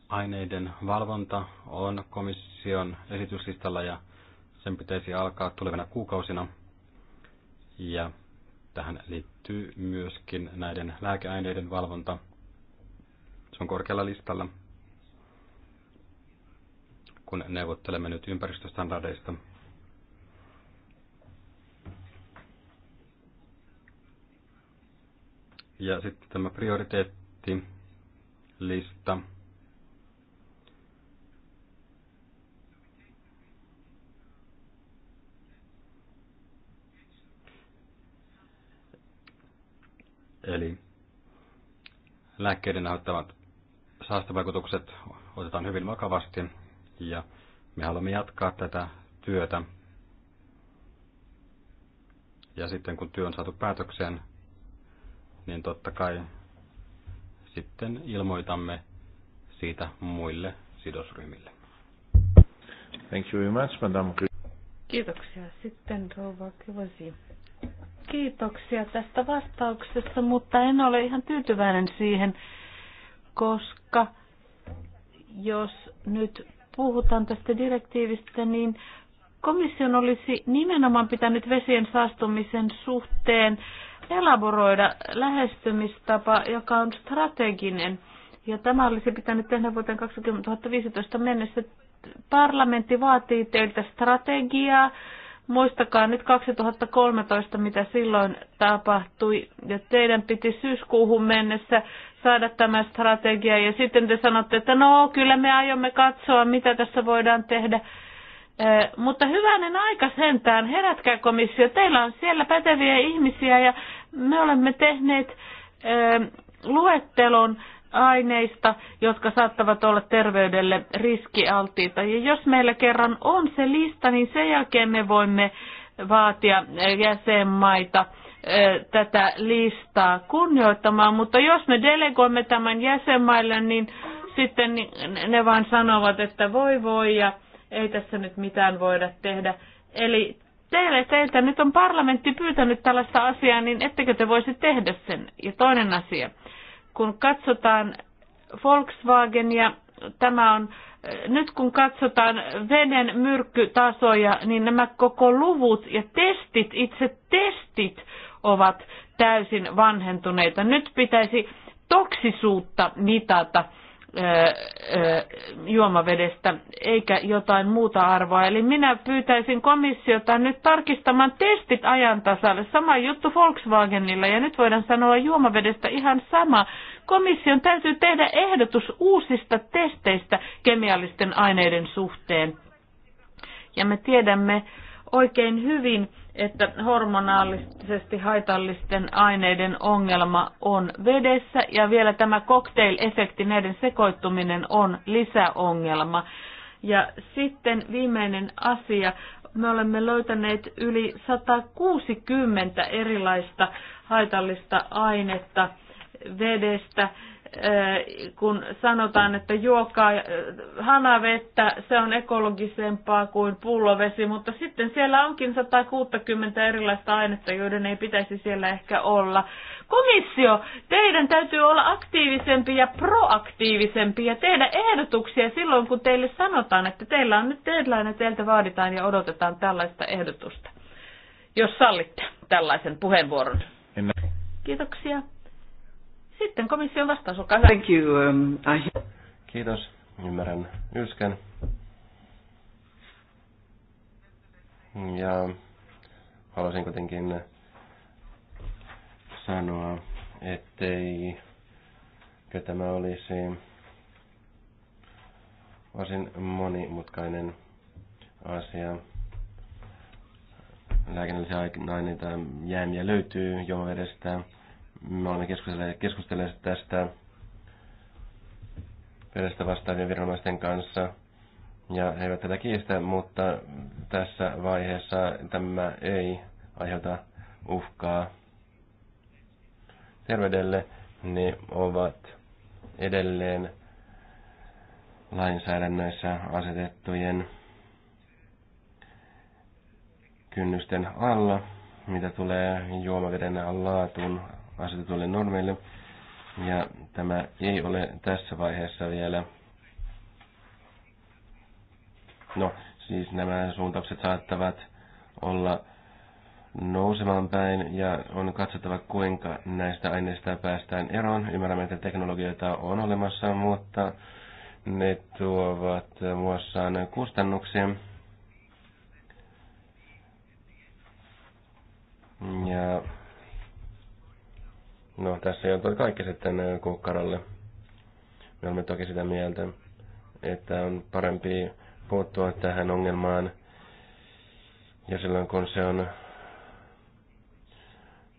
aineiden valvonta on komission esityslistalla ja sen pitäisi alkaa tulevina kuukausina. Ja tähän liittyy myöskin näiden lääkeaineiden valvonta. Se on korkealla listalla, kun neuvottelemme nyt ympäristöstandardeista. Ja sitten tämä prioriteettilista. lista Eli lääkkeiden aiheuttavat säästövaikutukset otetaan hyvin vakavasti ja me haluamme jatkaa tätä työtä. Ja sitten kun työ on saatu päätökseen, niin totta kai sitten ilmoitamme siitä muille sidosryhmille. Thank you very much, Madame. Kiitoksia. Sitten rouva Kivasi. Kiitoksia tästä vastauksesta, mutta en ole ihan tyytyväinen siihen, koska jos nyt puhutaan tästä direktiivistä, niin komission olisi nimenomaan pitänyt vesien saastumisen suhteen elaboroida lähestymistapa, joka on strateginen. Ja tämä olisi pitänyt tehdä vuoteen 2015 mennessä. Parlamentti vaatii teiltä strategiaa, Muistakaa nyt 2013, mitä silloin tapahtui, ja teidän piti syyskuuhun mennessä saada tämä strategia, ja sitten te sanotte, että no, kyllä me aiomme katsoa, mitä tässä voidaan tehdä. Eh, mutta hyvänen aika sentään, herätkää komissio, teillä on siellä päteviä ihmisiä, ja me olemme tehneet eh, luettelon aineista, jotka saattavat olla terveydelle riskialtiita. Ja jos meillä kerran on se lista, niin sen jälkeen me voimme vaatia jäsenmaita tätä listaa kunnioittamaan, mutta jos me delegoimme tämän jäsenmaille, niin sitten ne vaan sanovat, että voi voi ja ei tässä nyt mitään voida tehdä. Eli teille, teiltä nyt on parlamentti pyytänyt tällaista asiaa, niin ettekö te voisi tehdä sen? Ja toinen asia kun katsotaan Volkswagenia, tämä on, nyt kun katsotaan veden myrkkytasoja, niin nämä koko luvut ja testit, itse testit ovat täysin vanhentuneita. Nyt pitäisi toksisuutta mitata juomavedestä eikä jotain muuta arvoa. Eli minä pyytäisin komissiota nyt tarkistamaan testit ajan tasalle. Sama juttu Volkswagenilla ja nyt voidaan sanoa juomavedestä ihan sama. Komission täytyy tehdä ehdotus uusista testeistä kemiallisten aineiden suhteen. Ja me tiedämme oikein hyvin, että hormonaalisesti haitallisten aineiden ongelma on vedessä ja vielä tämä cocktail-efekti, näiden sekoittuminen on lisäongelma. Ja sitten viimeinen asia, me olemme löytäneet yli 160 erilaista haitallista ainetta vedestä kun sanotaan, että juokaa hanavettä, se on ekologisempaa kuin pullovesi, mutta sitten siellä onkin 160 erilaista ainetta, joiden ei pitäisi siellä ehkä olla. Komissio, teidän täytyy olla aktiivisempi ja proaktiivisempi ja tehdä ehdotuksia silloin, kun teille sanotaan, että teillä on nyt deadline ja teiltä vaaditaan ja odotetaan tällaista ehdotusta. Jos sallitte tällaisen puheenvuoron. Kiitoksia. Sitten komission vastaus, olkaa hyvä. Thank you. Um, I... Kiitos, ymmärrän yskän. Ja haluaisin kuitenkin sanoa, ettei tämä olisi varsin monimutkainen asia. Lääkinnällisiä aineita jäämiä löytyy edestään me no, olemme keskustelleet, keskustelleet tästä perästä vastaavien viranomaisten kanssa, ja he eivät tätä kiistä, mutta tässä vaiheessa tämä ei aiheuta uhkaa terveydelle, ne ovat edelleen lainsäädännöissä asetettujen kynnysten alla, mitä tulee juomaveden laatuun, asetetulle normeille. Ja tämä ei ole tässä vaiheessa vielä. No, siis nämä suuntaukset saattavat olla nousemaan päin ja on katsottava, kuinka näistä aineista päästään eroon. Ymmärrämme, että teknologioita on olemassa, mutta ne tuovat muassaan kustannuksia. Ja No tässä on kaikki sitten kukkaralle. Me olemme toki sitä mieltä, että on parempi puuttua tähän ongelmaan ja silloin kun se on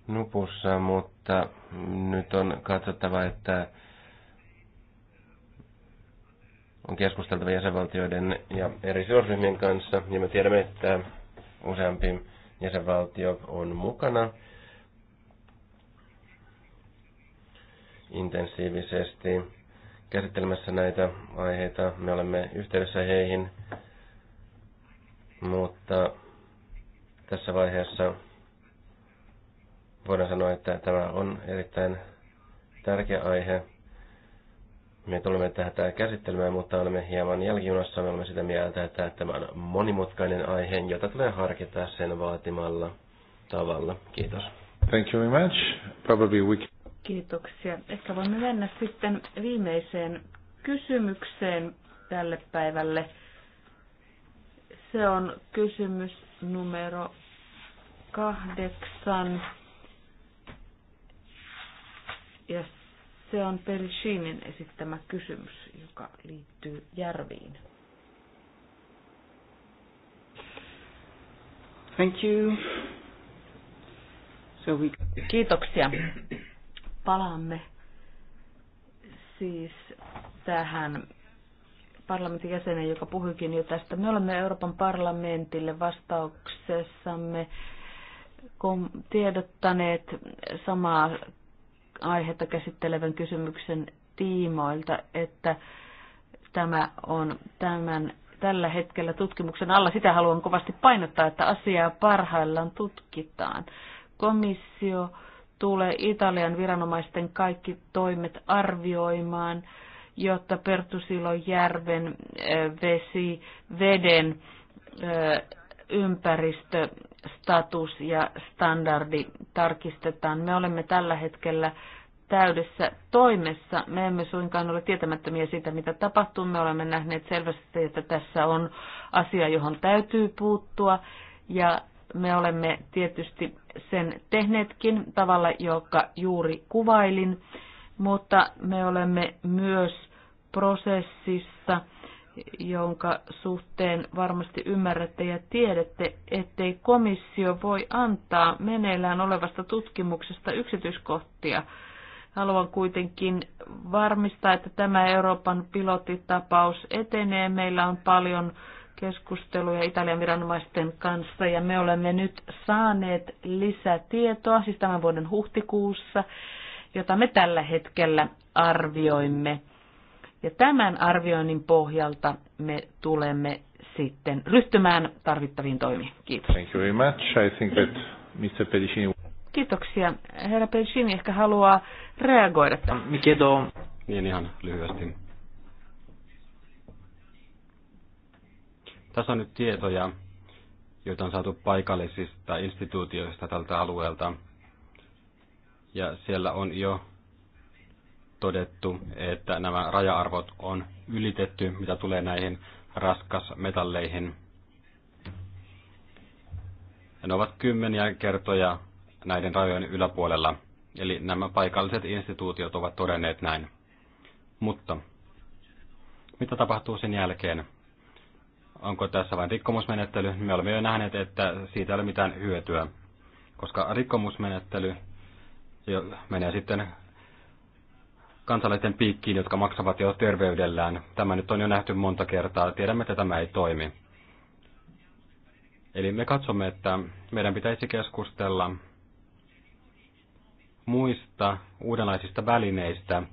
nupussa, mutta nyt on katsottava, että on keskusteltava jäsenvaltioiden ja eri sidosryhmien kanssa, ja me tiedämme, että useampi jäsenvaltio on mukana intensiivisesti käsittelemässä näitä aiheita. Me olemme yhteydessä heihin, mutta tässä vaiheessa voidaan sanoa, että tämä on erittäin tärkeä aihe. Me tulemme tähän käsittelemään, mutta olemme hieman jälkijunassa. Me olemme sitä mieltä, että tämä on monimutkainen aihe, jota tulee harkita sen vaatimalla tavalla. Kiitos. Thank you very much. Probably we can... Kiitoksia. Ehkä voimme mennä sitten viimeiseen kysymykseen tälle päivälle. Se on kysymys numero kahdeksan. Ja se on Perishinin esittämä kysymys, joka liittyy järviin. Thank you. So we... Kiitoksia palaamme siis tähän parlamentin jäsenen, joka puhuikin jo tästä. Me olemme Euroopan parlamentille vastauksessamme tiedottaneet samaa aihetta käsittelevän kysymyksen tiimoilta, että tämä on tämän, tällä hetkellä tutkimuksen alla. Sitä haluan kovasti painottaa, että asiaa parhaillaan tutkitaan. Komissio tulee Italian viranomaisten kaikki toimet arvioimaan, jotta Pertusilojärven eh, vesi, veden eh, ympäristöstatus ja standardi tarkistetaan. Me olemme tällä hetkellä täydessä toimessa. Me emme suinkaan ole tietämättömiä siitä, mitä tapahtuu. Me olemme nähneet selvästi, että tässä on asia, johon täytyy puuttua. Ja me olemme tietysti sen tehneetkin tavalla, joka juuri kuvailin, mutta me olemme myös prosessissa, jonka suhteen varmasti ymmärrätte ja tiedätte, ettei komissio voi antaa meneillään olevasta tutkimuksesta yksityiskohtia. Haluan kuitenkin varmistaa, että tämä Euroopan pilottitapaus etenee. Meillä on paljon keskusteluja Italian viranomaisten kanssa ja me olemme nyt saaneet lisätietoa, siis tämän vuoden huhtikuussa, jota me tällä hetkellä arvioimme. Ja tämän arvioinnin pohjalta me tulemme sitten ryhtymään tarvittaviin toimiin. Kiitos. Thank you very much. I think that Mr. Pedicini... Kiitoksia. Herra Pedicini ehkä haluaa reagoida. Mikedo. Niin ihan lyhyesti Tässä on nyt tietoja, joita on saatu paikallisista instituutioista tältä alueelta. Ja siellä on jo todettu, että nämä raja-arvot on ylitetty, mitä tulee näihin raskasmetalleihin. Ja ne ovat kymmeniä kertoja näiden rajojen yläpuolella, eli nämä paikalliset instituutiot ovat todenneet näin. Mutta mitä tapahtuu sen jälkeen? onko tässä vain rikkomusmenettely. Me olemme jo nähneet, että siitä ei ole mitään hyötyä, koska rikkomusmenettely menee sitten kansalaisten piikkiin, jotka maksavat jo terveydellään. Tämä nyt on jo nähty monta kertaa. Tiedämme, että tämä ei toimi. Eli me katsomme, että meidän pitäisi keskustella muista uudenlaisista välineistä,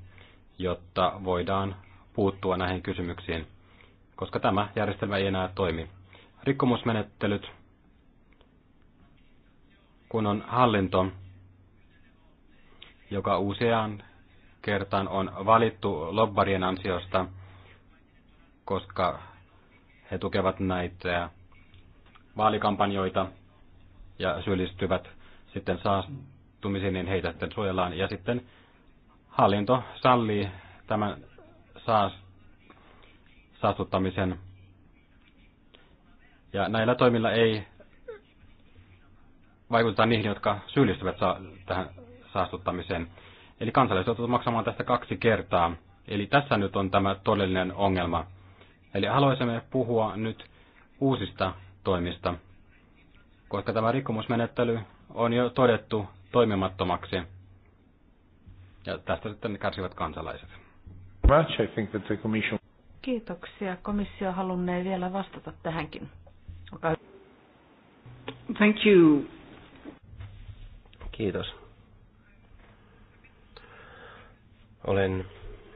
jotta voidaan puuttua näihin kysymyksiin koska tämä järjestelmä ei enää toimi. Rikkomusmenettelyt, kun on hallinto, joka useaan kertaan on valittu lobbarien ansiosta, koska he tukevat näitä vaalikampanjoita ja syyllistyvät sitten saastumisiin, niin heitä sitten suojellaan. Ja sitten hallinto sallii tämän saastumisen saastuttamisen. Ja näillä toimilla ei vaikuteta niihin, jotka syyllistyvät sa- tähän saastuttamiseen. Eli kansalaiset joutuvat maksamaan tästä kaksi kertaa. Eli tässä nyt on tämä todellinen ongelma. Eli haluaisimme puhua nyt uusista toimista, koska tämä rikkomusmenettely on jo todettu toimimattomaksi. Ja tästä sitten kärsivät kansalaiset. Much, I think that the commission... Kiitoksia. Komissio halunnee vielä vastata tähänkin. Olkaa hyvä. Thank you. Kiitos. Olen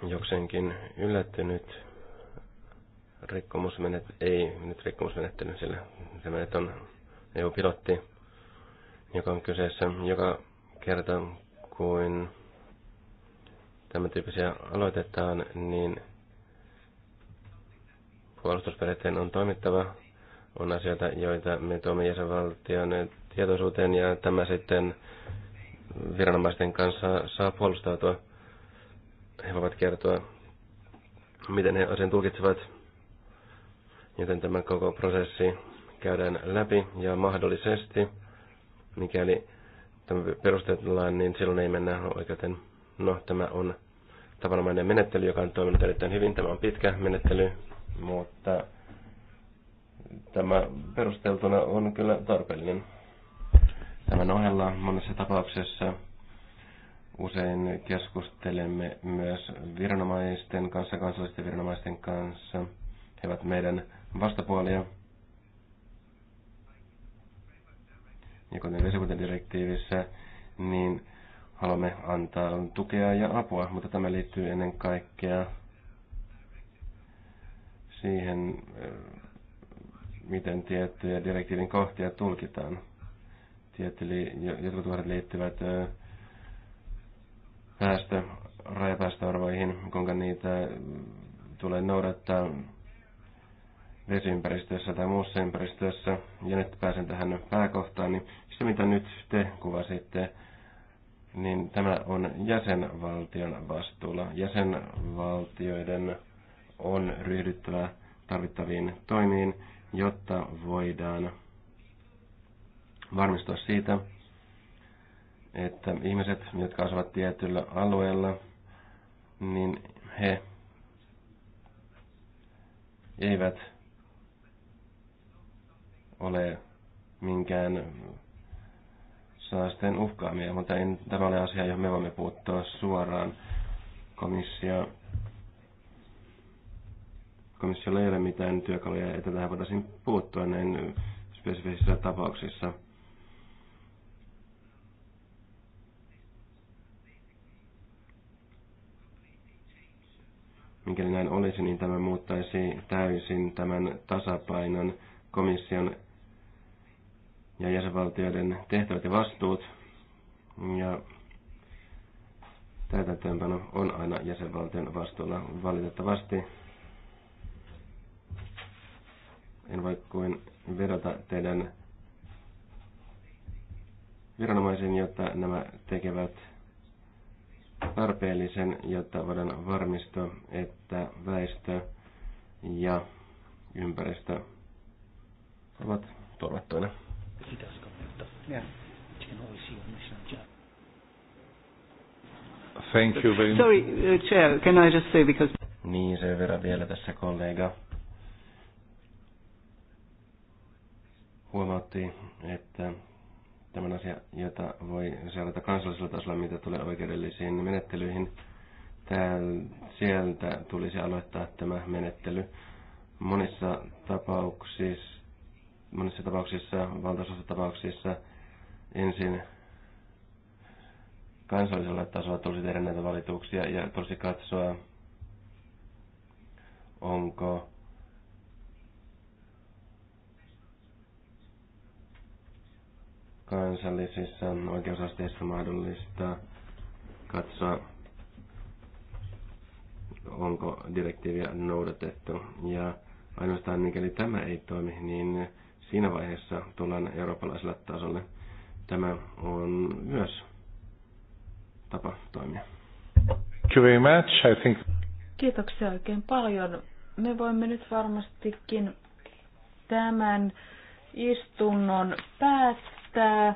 jokseenkin yllättynyt rikkomusmenet, ei nyt rikkomusmenettely, sillä tämä menet on EU-pilotti, joka on kyseessä joka kerta, kuin tämän tyyppisiä aloitetaan, niin puolustusperinteen on toimittava, on asioita, joita me tuomme jäsenvaltion tietoisuuteen ja tämä sitten viranomaisten kanssa saa puolustautua. He voivat kertoa, miten he asian tulkitsevat, joten tämä koko prosessi käydään läpi ja mahdollisesti, mikäli tämä perustellaan, niin silloin ei mennä oikeuteen. No, tämä on tavanomainen menettely, joka on toiminut erittäin hyvin. Tämä on pitkä menettely, mutta tämä perusteltuna on kyllä tarpeellinen. Tämän ohella monessa tapauksessa usein keskustelemme myös viranomaisten kanssa, kansallisten viranomaisten kanssa. He ovat meidän vastapuolia. Ja kuten vesipuitedirektiivissä, niin haluamme antaa tukea ja apua, mutta tämä liittyy ennen kaikkea siihen, eh, miten tiettyjä direktiivin kohtia tulkitaan. Tietysti jotkut kohdat liittyvät eh, päästö, rajapäästöarvoihin, kuinka niitä eh, tulee noudattaa vesiympäristössä tai muussa ympäristössä. Ja nyt pääsen tähän pääkohtaan, niin se mitä nyt te kuvasitte, niin tämä on jäsenvaltion vastuulla. Jäsenvaltioiden on ryhdyttävä tarvittaviin toimiin, jotta voidaan varmistua siitä, että ihmiset, jotka asuvat tietyllä alueella, niin he eivät ole minkään saasteen uhkaamia, mutta en, tämä ole asia, johon me voimme puuttua suoraan. Komissio komissiolla ei ole mitään työkaluja, että tähän voitaisiin puuttua näin spesifisissä tapauksissa. Mikäli näin olisi, niin tämä muuttaisi täysin tämän tasapainon komission ja jäsenvaltioiden tehtävät ja vastuut. Ja täytäntöönpano on aina jäsenvaltion vastuulla. Valitettavasti En voi kuin vedota teidän viranomaisiin, jotta nämä tekevät tarpeellisen, jotta voidaan varmistua, että väestö ja ympäristö ovat turvattuina. Thank you very much. Sorry, uh, Chair, can I just say because... Niin, sen verran vielä tässä kollega. huomautti, että tämän asia, jota voi seurata kansallisella tasolla, mitä tulee oikeudellisiin menettelyihin, tääl, sieltä tulisi aloittaa tämä menettely. Monissa tapauksissa, monissa tapauksissa, valtaosassa tapauksissa ensin kansallisella tasolla tulisi tehdä näitä valituksia ja tulisi katsoa, onko kansallisissa oikeusasteissa mahdollista katsoa, onko direktiiviä noudatettu. Ja ainoastaan mikäli tämä ei toimi, niin siinä vaiheessa tullaan eurooppalaiselle tasolle. Tämä on myös tapa toimia. I think... Kiitoksia oikein paljon. Me voimme nyt varmastikin tämän istunnon päättää estää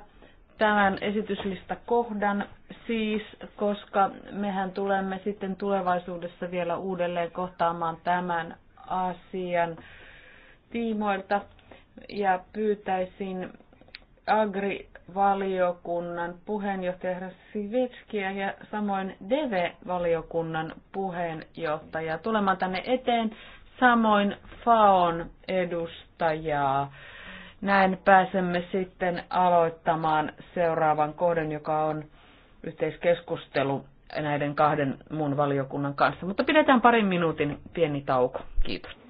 tämän esityslistakohdan siis, koska mehän tulemme sitten tulevaisuudessa vielä uudelleen kohtaamaan tämän asian tiimoilta ja pyytäisin Agri-valiokunnan puheenjohtaja Sivitskiä ja samoin DEVE-valiokunnan puheenjohtajaa tulemaan tänne eteen, samoin FAON edustajaa näin pääsemme sitten aloittamaan seuraavan kohden, joka on yhteiskeskustelu näiden kahden muun valiokunnan kanssa. Mutta pidetään parin minuutin pieni tauko. Kiitos.